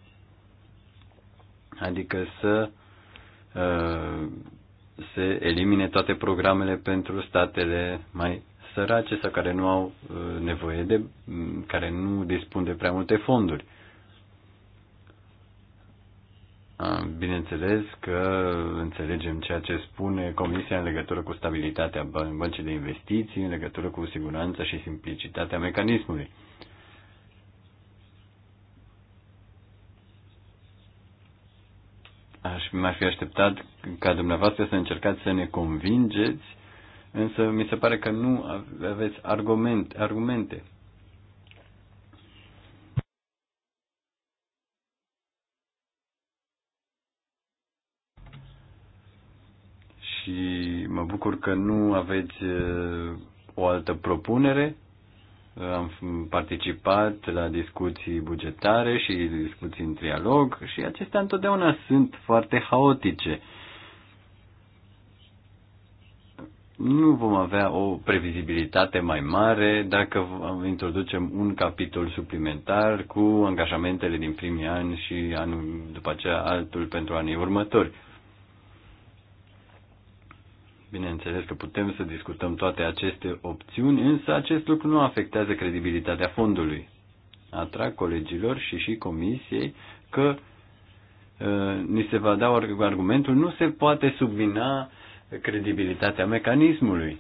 Adică să uh, se elimine toate programele pentru statele mai sărace sau care nu au uh, nevoie de, mm, care nu dispun de prea multe fonduri. Bineînțeles că înțelegem ceea ce spune Comisia în legătură cu stabilitatea băncii de investiții, în legătură cu siguranța și simplicitatea mecanismului. Aș, mai fi așteptat ca dumneavoastră să încercați să ne convingeți însă mi se pare că nu aveți argumente. argumente. Și mă bucur că nu aveți uh, o altă propunere. Uh, am participat la discuții bugetare și discuții în trialog și acestea întotdeauna sunt foarte haotice nu vom avea o previzibilitate mai mare dacă introducem un capitol suplimentar cu angajamentele din primii ani și anul, după aceea altul pentru anii următori. Bineînțeles că putem să discutăm toate aceste opțiuni, însă acest lucru nu afectează credibilitatea fondului. Atrag colegilor și și comisiei că uh, ni se va da argumentul nu se poate subvina uh, credibilitatea mecanismului.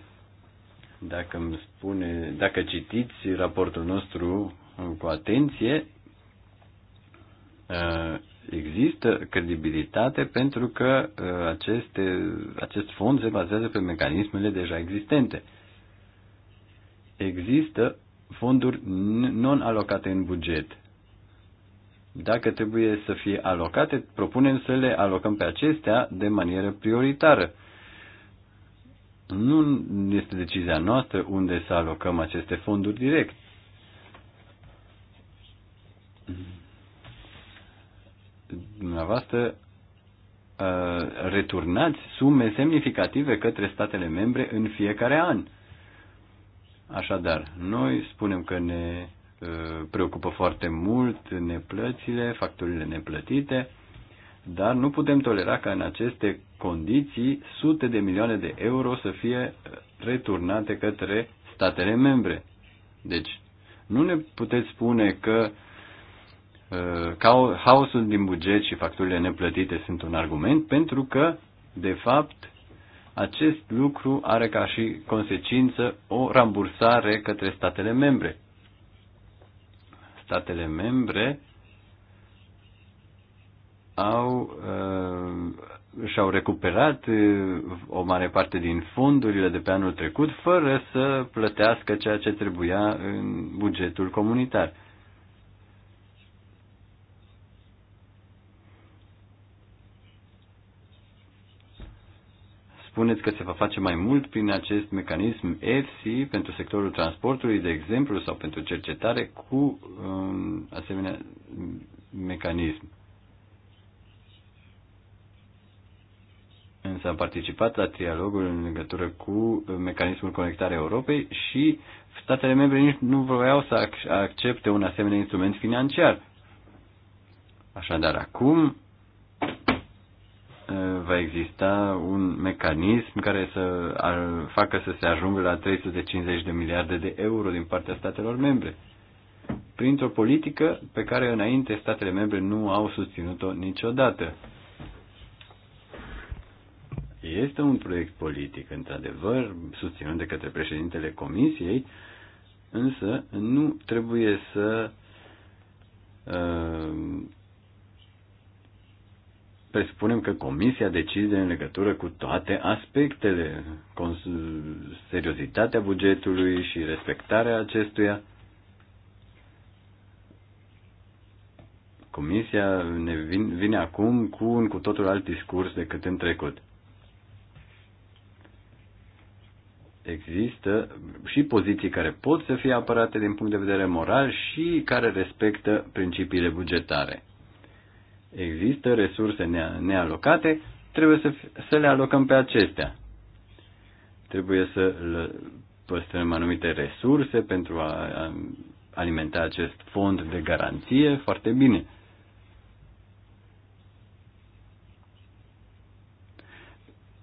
Dacă îmi spune, dacă citiți raportul nostru cu atenție, uh, există credibilitate pentru că uh, aceste, acest fond se bazează pe mecanismele deja existente. Există fonduri non-alocate în buget. Dacă trebuie să fie alocate, propunem să le alocăm pe acestea de manieră prioritară nu este decizia noastră unde să alocăm aceste fonduri direct. Dumneavoastră returnați sume semnificative către statele membre în fiecare an. Așadar, noi spunem că ne preocupă foarte mult neplățile, facturile neplătite dar nu putem tolera ca în aceste condiții sute de milioane de euro să fie uh, returnate către statele membre. Deci, nu ne puteți spune că uh, haosul din buget și facturile neplătite sunt un argument, pentru că, de fapt, acest lucru are ca și consecință o rambursare către statele membre. Statele membre au uh, și-au recuperat uh, o mare parte din fondurile de pe anul trecut fără să plătească ceea ce trebuia în bugetul comunitar. Spuneți că se va face mai mult prin acest mecanism EFSI pentru sectorul transportului, de exemplu, sau pentru cercetare cu um, asemenea mecanism. însă am participat la trialogul în legătură cu mecanismul conectare Europei și statele membre nici nu vreau să accepte un asemenea instrument financiar. Așadar, acum ă, va exista un mecanism care să facă să se ajungă la 350 de miliarde de euro din partea statelor membre, printr-o politică pe care înainte statele membre nu au susținut-o niciodată. Este un proiect politic, într-adevăr, susținut de către președintele Comisiei, însă nu trebuie să uh, presupunem că Comisia decide în legătură cu toate aspectele, seriozitatea bugetului și respectarea acestuia. Comisia ne vine, vine acum cu un cu totul alt discurs decât în trecut. există și poziții care pot să fie apărate din punct de vedere moral și care respectă principiile bugetare. Există resurse nealocate, trebuie să, să le alocăm pe acestea. Trebuie să păstrăm anumite resurse pentru a alimenta acest fond de garanție foarte bine.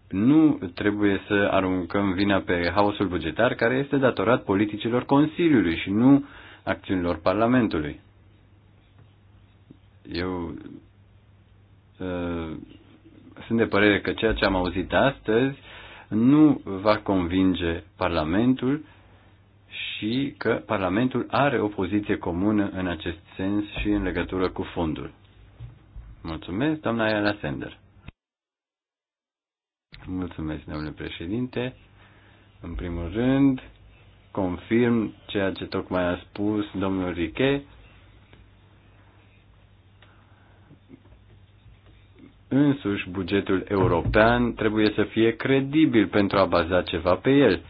nu trebuie să aruncăm vina pe haosul bugetar care este datorat politicilor Consiliului și nu acțiunilor Parlamentului. Eu uh, sunt de părere că ceea ce am auzit astăzi nu va convinge Parlamentul și că Parlamentul are o poziție comună în acest sens și în legătură cu fondul. Mulțumesc, doamna Ayala Sender. Mulțumesc, domnule președinte. În primul rând, confirm ceea ce tocmai a spus domnul Riche. Însuși, bugetul european trebuie să fie credibil pentru a baza ceva pe el.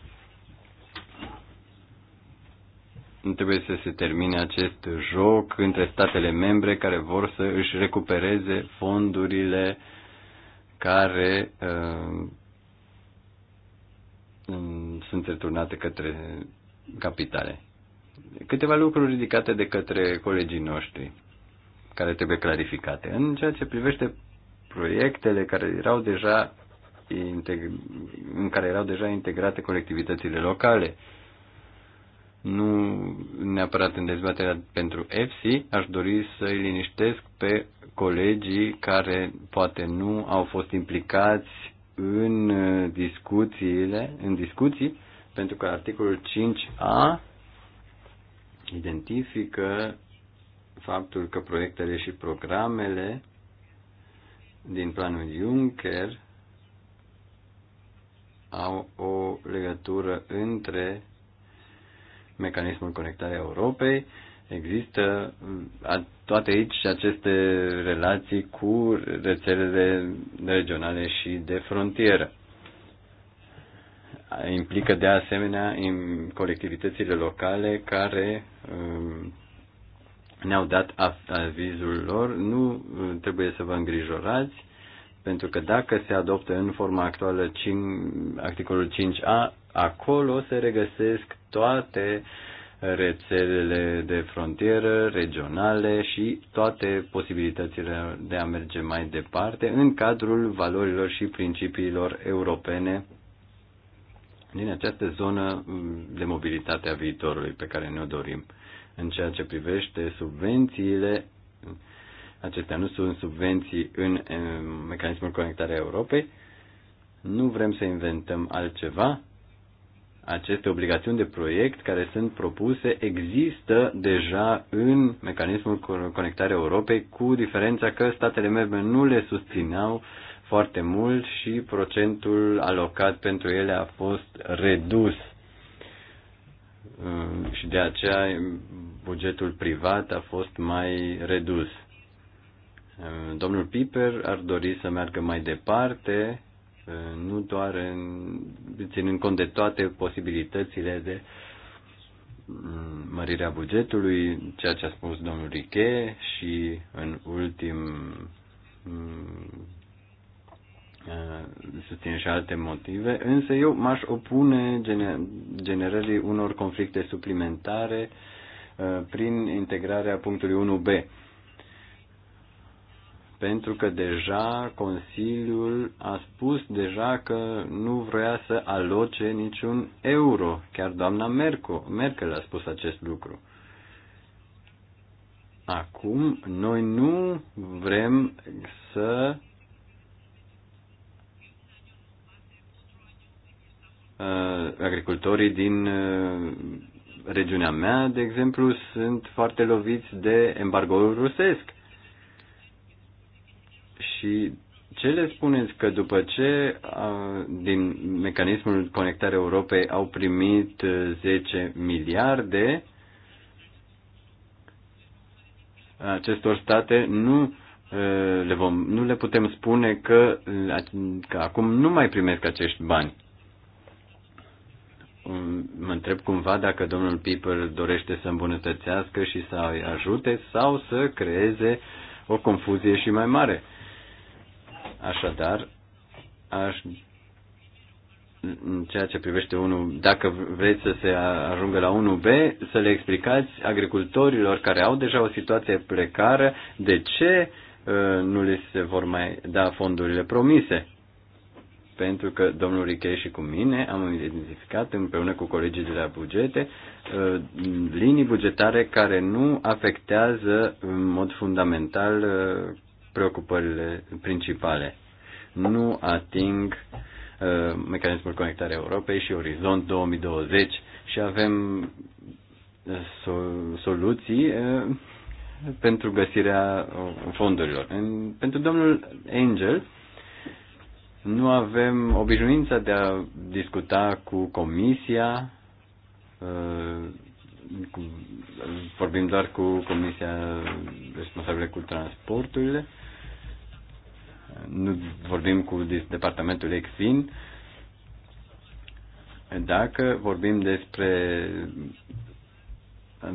Nu trebuie să se termine acest joc între statele membre care vor să își recupereze fondurile uh, care uh, um, sunt returnate către capitale. Câteva lucruri ridicate de către colegii noștri, care trebuie clarificate. În ceea ce privește proiectele care erau deja în care erau deja integrate colectivitățile locale, uh, nu neapărat în dezbaterea pentru EFSI, aș dori să-i liniștesc pe colegii care poate nu au fost implicați în discuțiile, în discuții, pentru că articolul 5a identifică faptul că proiectele și programele din planul Juncker au o legătură între mecanismul conectarea Europei, există toate aici aceste relații cu rețelele regionale și de frontieră. Implică de asemenea în colectivitățile locale care um, ne-au dat avizul lor. Nu uh, trebuie să vă îngrijorați, pentru că dacă se adoptă în forma actuală articolul 5a, acolo se regăsesc toate rețelele de frontieră regionale și toate posibilitățile de a merge mai departe în cadrul valorilor și principiilor europene din această zonă de mobilitate a viitorului pe care ne-o dorim. În ceea ce privește subvențiile, acestea nu sunt subvenții în mecanismul conectarea Europei, nu vrem să inventăm altceva, aceste obligațiuni de proiect care sunt propuse există deja în mecanismul conectare Europei, cu diferența că statele membre nu le susțineau foarte mult și procentul alocat pentru ele a fost redus. Și de aceea bugetul privat a fost mai redus. Domnul Piper ar dori să meargă mai departe nu doar în, ținând cont de toate posibilitățile de mm, mărirea bugetului, ceea ce a spus domnul Riche și în ultim mm, eh, susțin și alte motive, însă eu m-aș opune generării unor conflicte suplimentare eh, prin integrarea punctului 1b pentru că deja Consiliul a spus deja că nu vrea să aloce niciun euro. Chiar doamna Merkel a spus acest lucru. Acum, noi nu vrem să uh, agricultorii din uh, regiunea mea, de exemplu, sunt foarte loviți de embargoul rusesc și ce le spuneți că după ce din mecanismul Conectare Europei au primit 10 uh, miliarde, acestor state nu uh, le, vom, nu le putem spune că, că acum nu mai primesc acești bani. Um, mă întreb cumva dacă domnul Piper dorește să îmbunătățească și să ajute sau să creeze o confuzie și mai mare. Așadar, aș în ceea ce privește unul, dacă vreți să se ajungă la 1B, să le explicați agricultorilor care au deja o situație precară de ce uh, nu le se vor mai da fondurile promise. Pentru că domnul Richei și cu mine am identificat împreună cu colegii de la bugete uh, linii bugetare care nu afectează în mod fundamental uh, preocupările principale. Nu ating uh, mecanismul conectare Europei și Orizont 2020 și avem uh, so- soluții uh, pentru găsirea uh, fondurilor. În, pentru domnul Angel, nu avem obișnuința de a discuta cu comisia, uh, cu, vorbim doar cu comisia responsabilă cu transporturile nu vorbim cu departamentul EXIN, dacă vorbim despre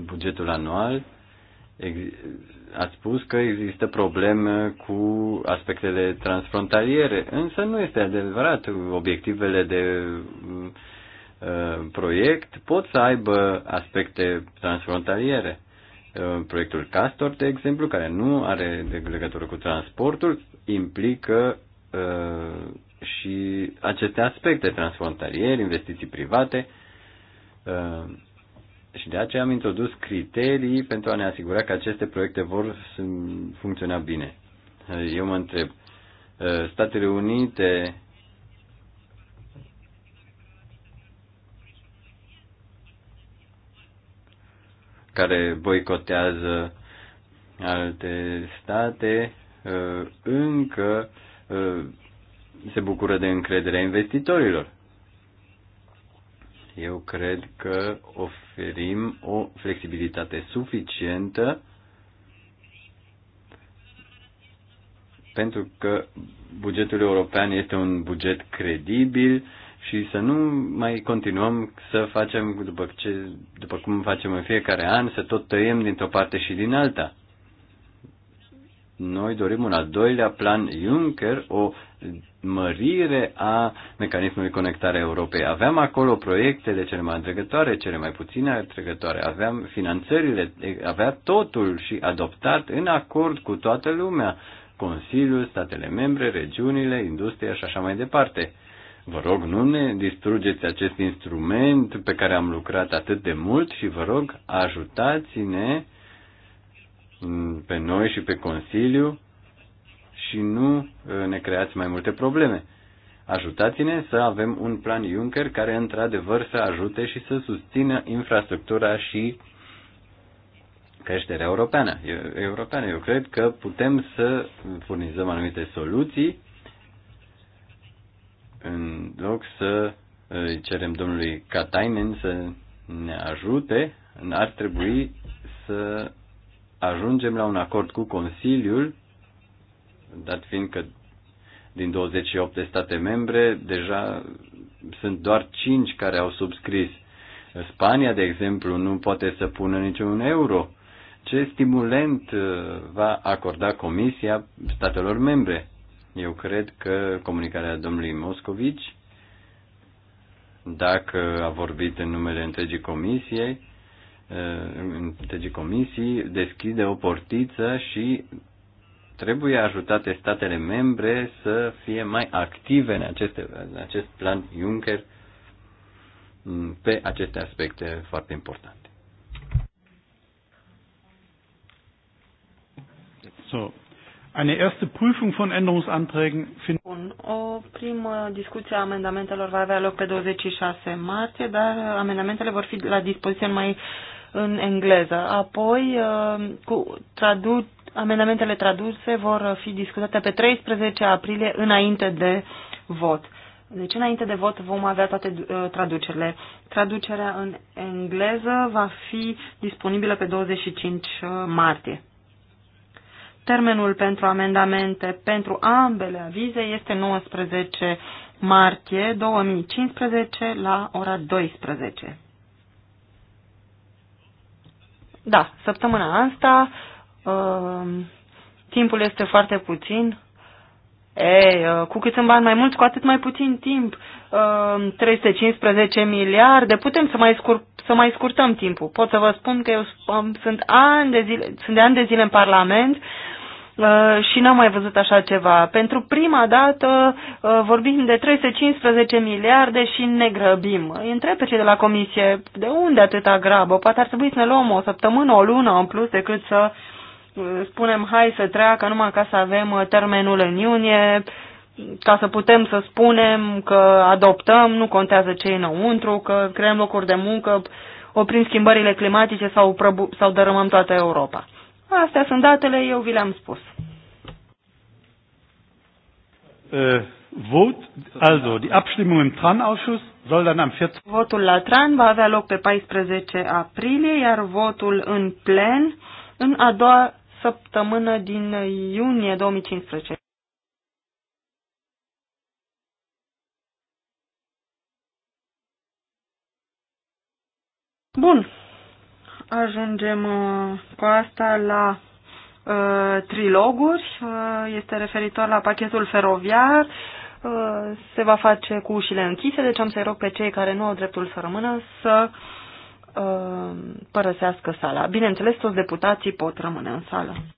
bugetul anual, a spus că există probleme cu aspectele transfrontaliere, însă nu este adevărat. Obiectivele de uh, proiect pot să aibă aspecte transfrontaliere. Uh, proiectul Castor, de exemplu, care nu are legătură cu transportul, implică uh, și aceste aspecte transfrontaliere, investiții private uh, și de aceea am introdus criterii pentru a ne asigura că aceste proiecte vor funcționa bine. Uh, eu mă întreb, uh, Statele Unite care boicotează alte state uh, încă uh, se bucură de încrederea investitorilor. Eu cred că oferim o flexibilitate suficientă pentru că bugetul european este un buget credibil, și să nu mai continuăm să facem, după, ce, după cum facem în fiecare an, să tot tăiem dintr-o parte și din alta. Noi dorim un al doilea plan Juncker, o mărire a mecanismului conectare Europei. Aveam acolo proiectele cele mai atrăgătoare, cele mai puține atrăgătoare, aveam finanțările, avea totul și adoptat în acord cu toată lumea, Consiliul, statele membre, regiunile, industria și așa mai departe Vă rog, nu ne distrugeți acest instrument pe care am lucrat atât de mult și vă rog, ajutați-ne pe noi și pe Consiliu și nu uh, ne creați mai multe probleme. Ajutați-ne să avem un plan Juncker care într-adevăr să ajute și să susțină infrastructura și creșterea europeană. europeană. Eu cred că putem să furnizăm anumite soluții în loc să uh, îi cerem domnului Katainen să ne ajute, ar trebui să ajungem la un acord cu Consiliul, dat fiind că din 28 de state membre, deja sunt doar 5 care au subscris. Spania, de exemplu, nu poate să pună niciun euro. Ce stimulent uh, va acorda Comisia statelor membre? Eu cred că comunicarea domnului Moscovici, dacă a vorbit în numele întregii comisiei, eh, întregii comisii, deschide o portiță și trebuie ajutate statele membre să fie mai active în, aceste, în acest plan Juncker mm, pe aceste aspecte foarte importante. So, Eine erste Prüfung von Änderungsanträgen findet. Bun, o primă discuție a amendamentelor va avea loc pe 26 martie, dar amendamentele vor fi la dispoziție mai în engleză. Apoi, ă, cu tradu amendamentele traduse vor fi discutate pe 13 aprilie înainte de vot. Deci înainte de vot vom avea toate ă, traducerile. Traducerea în engleză va fi disponibilă pe 25 ă, martie. Termenul pentru amendamente pentru ambele avize este 19 martie 2015 la ora 12. Da, săptămâna asta uh, timpul este foarte puțin. Ei, uh, cu cât sunt bani mai mulți, cu atât mai puțin timp. Uh, 315 miliarde, putem să mai, scur- să mai scurtăm timpul. Pot să vă spun că eu sunt, ani de zile, sunt de ani de zile în Parlament Uh, și n-am mai văzut așa ceva. Pentru prima dată uh, vorbim de 315 miliarde și ne grăbim. Întreb pe cei de la comisie, de unde atâta grabă? Poate ar trebui să ne luăm o săptămână, o lună în plus decât să uh, spunem hai să treacă numai ca să avem termenul în iunie, ca să putem să spunem că adoptăm, nu contează ce înăuntru, că creăm locuri de muncă, oprim schimbările climatice sau, prăbu- sau dărâmăm toată Europa. Astea sunt datele, eu vi le-am spus. Uh, äh, vot, also, die Abstimmung im TRAN-Ausschuss soll dann am 14... Votul la TRAN va avea loc pe 14 aprilie, iar votul în plen în a doua săptămână din iunie 2015. Bun ajungem uh, cu asta la uh, triloguri. Uh, este referitor la pachetul feroviar. Uh, se va face cu ușile închise, deci am să-i rog pe cei care nu au dreptul să rămână să uh, părăsească sala. Bineînțeles, toți deputații pot rămâne în sală.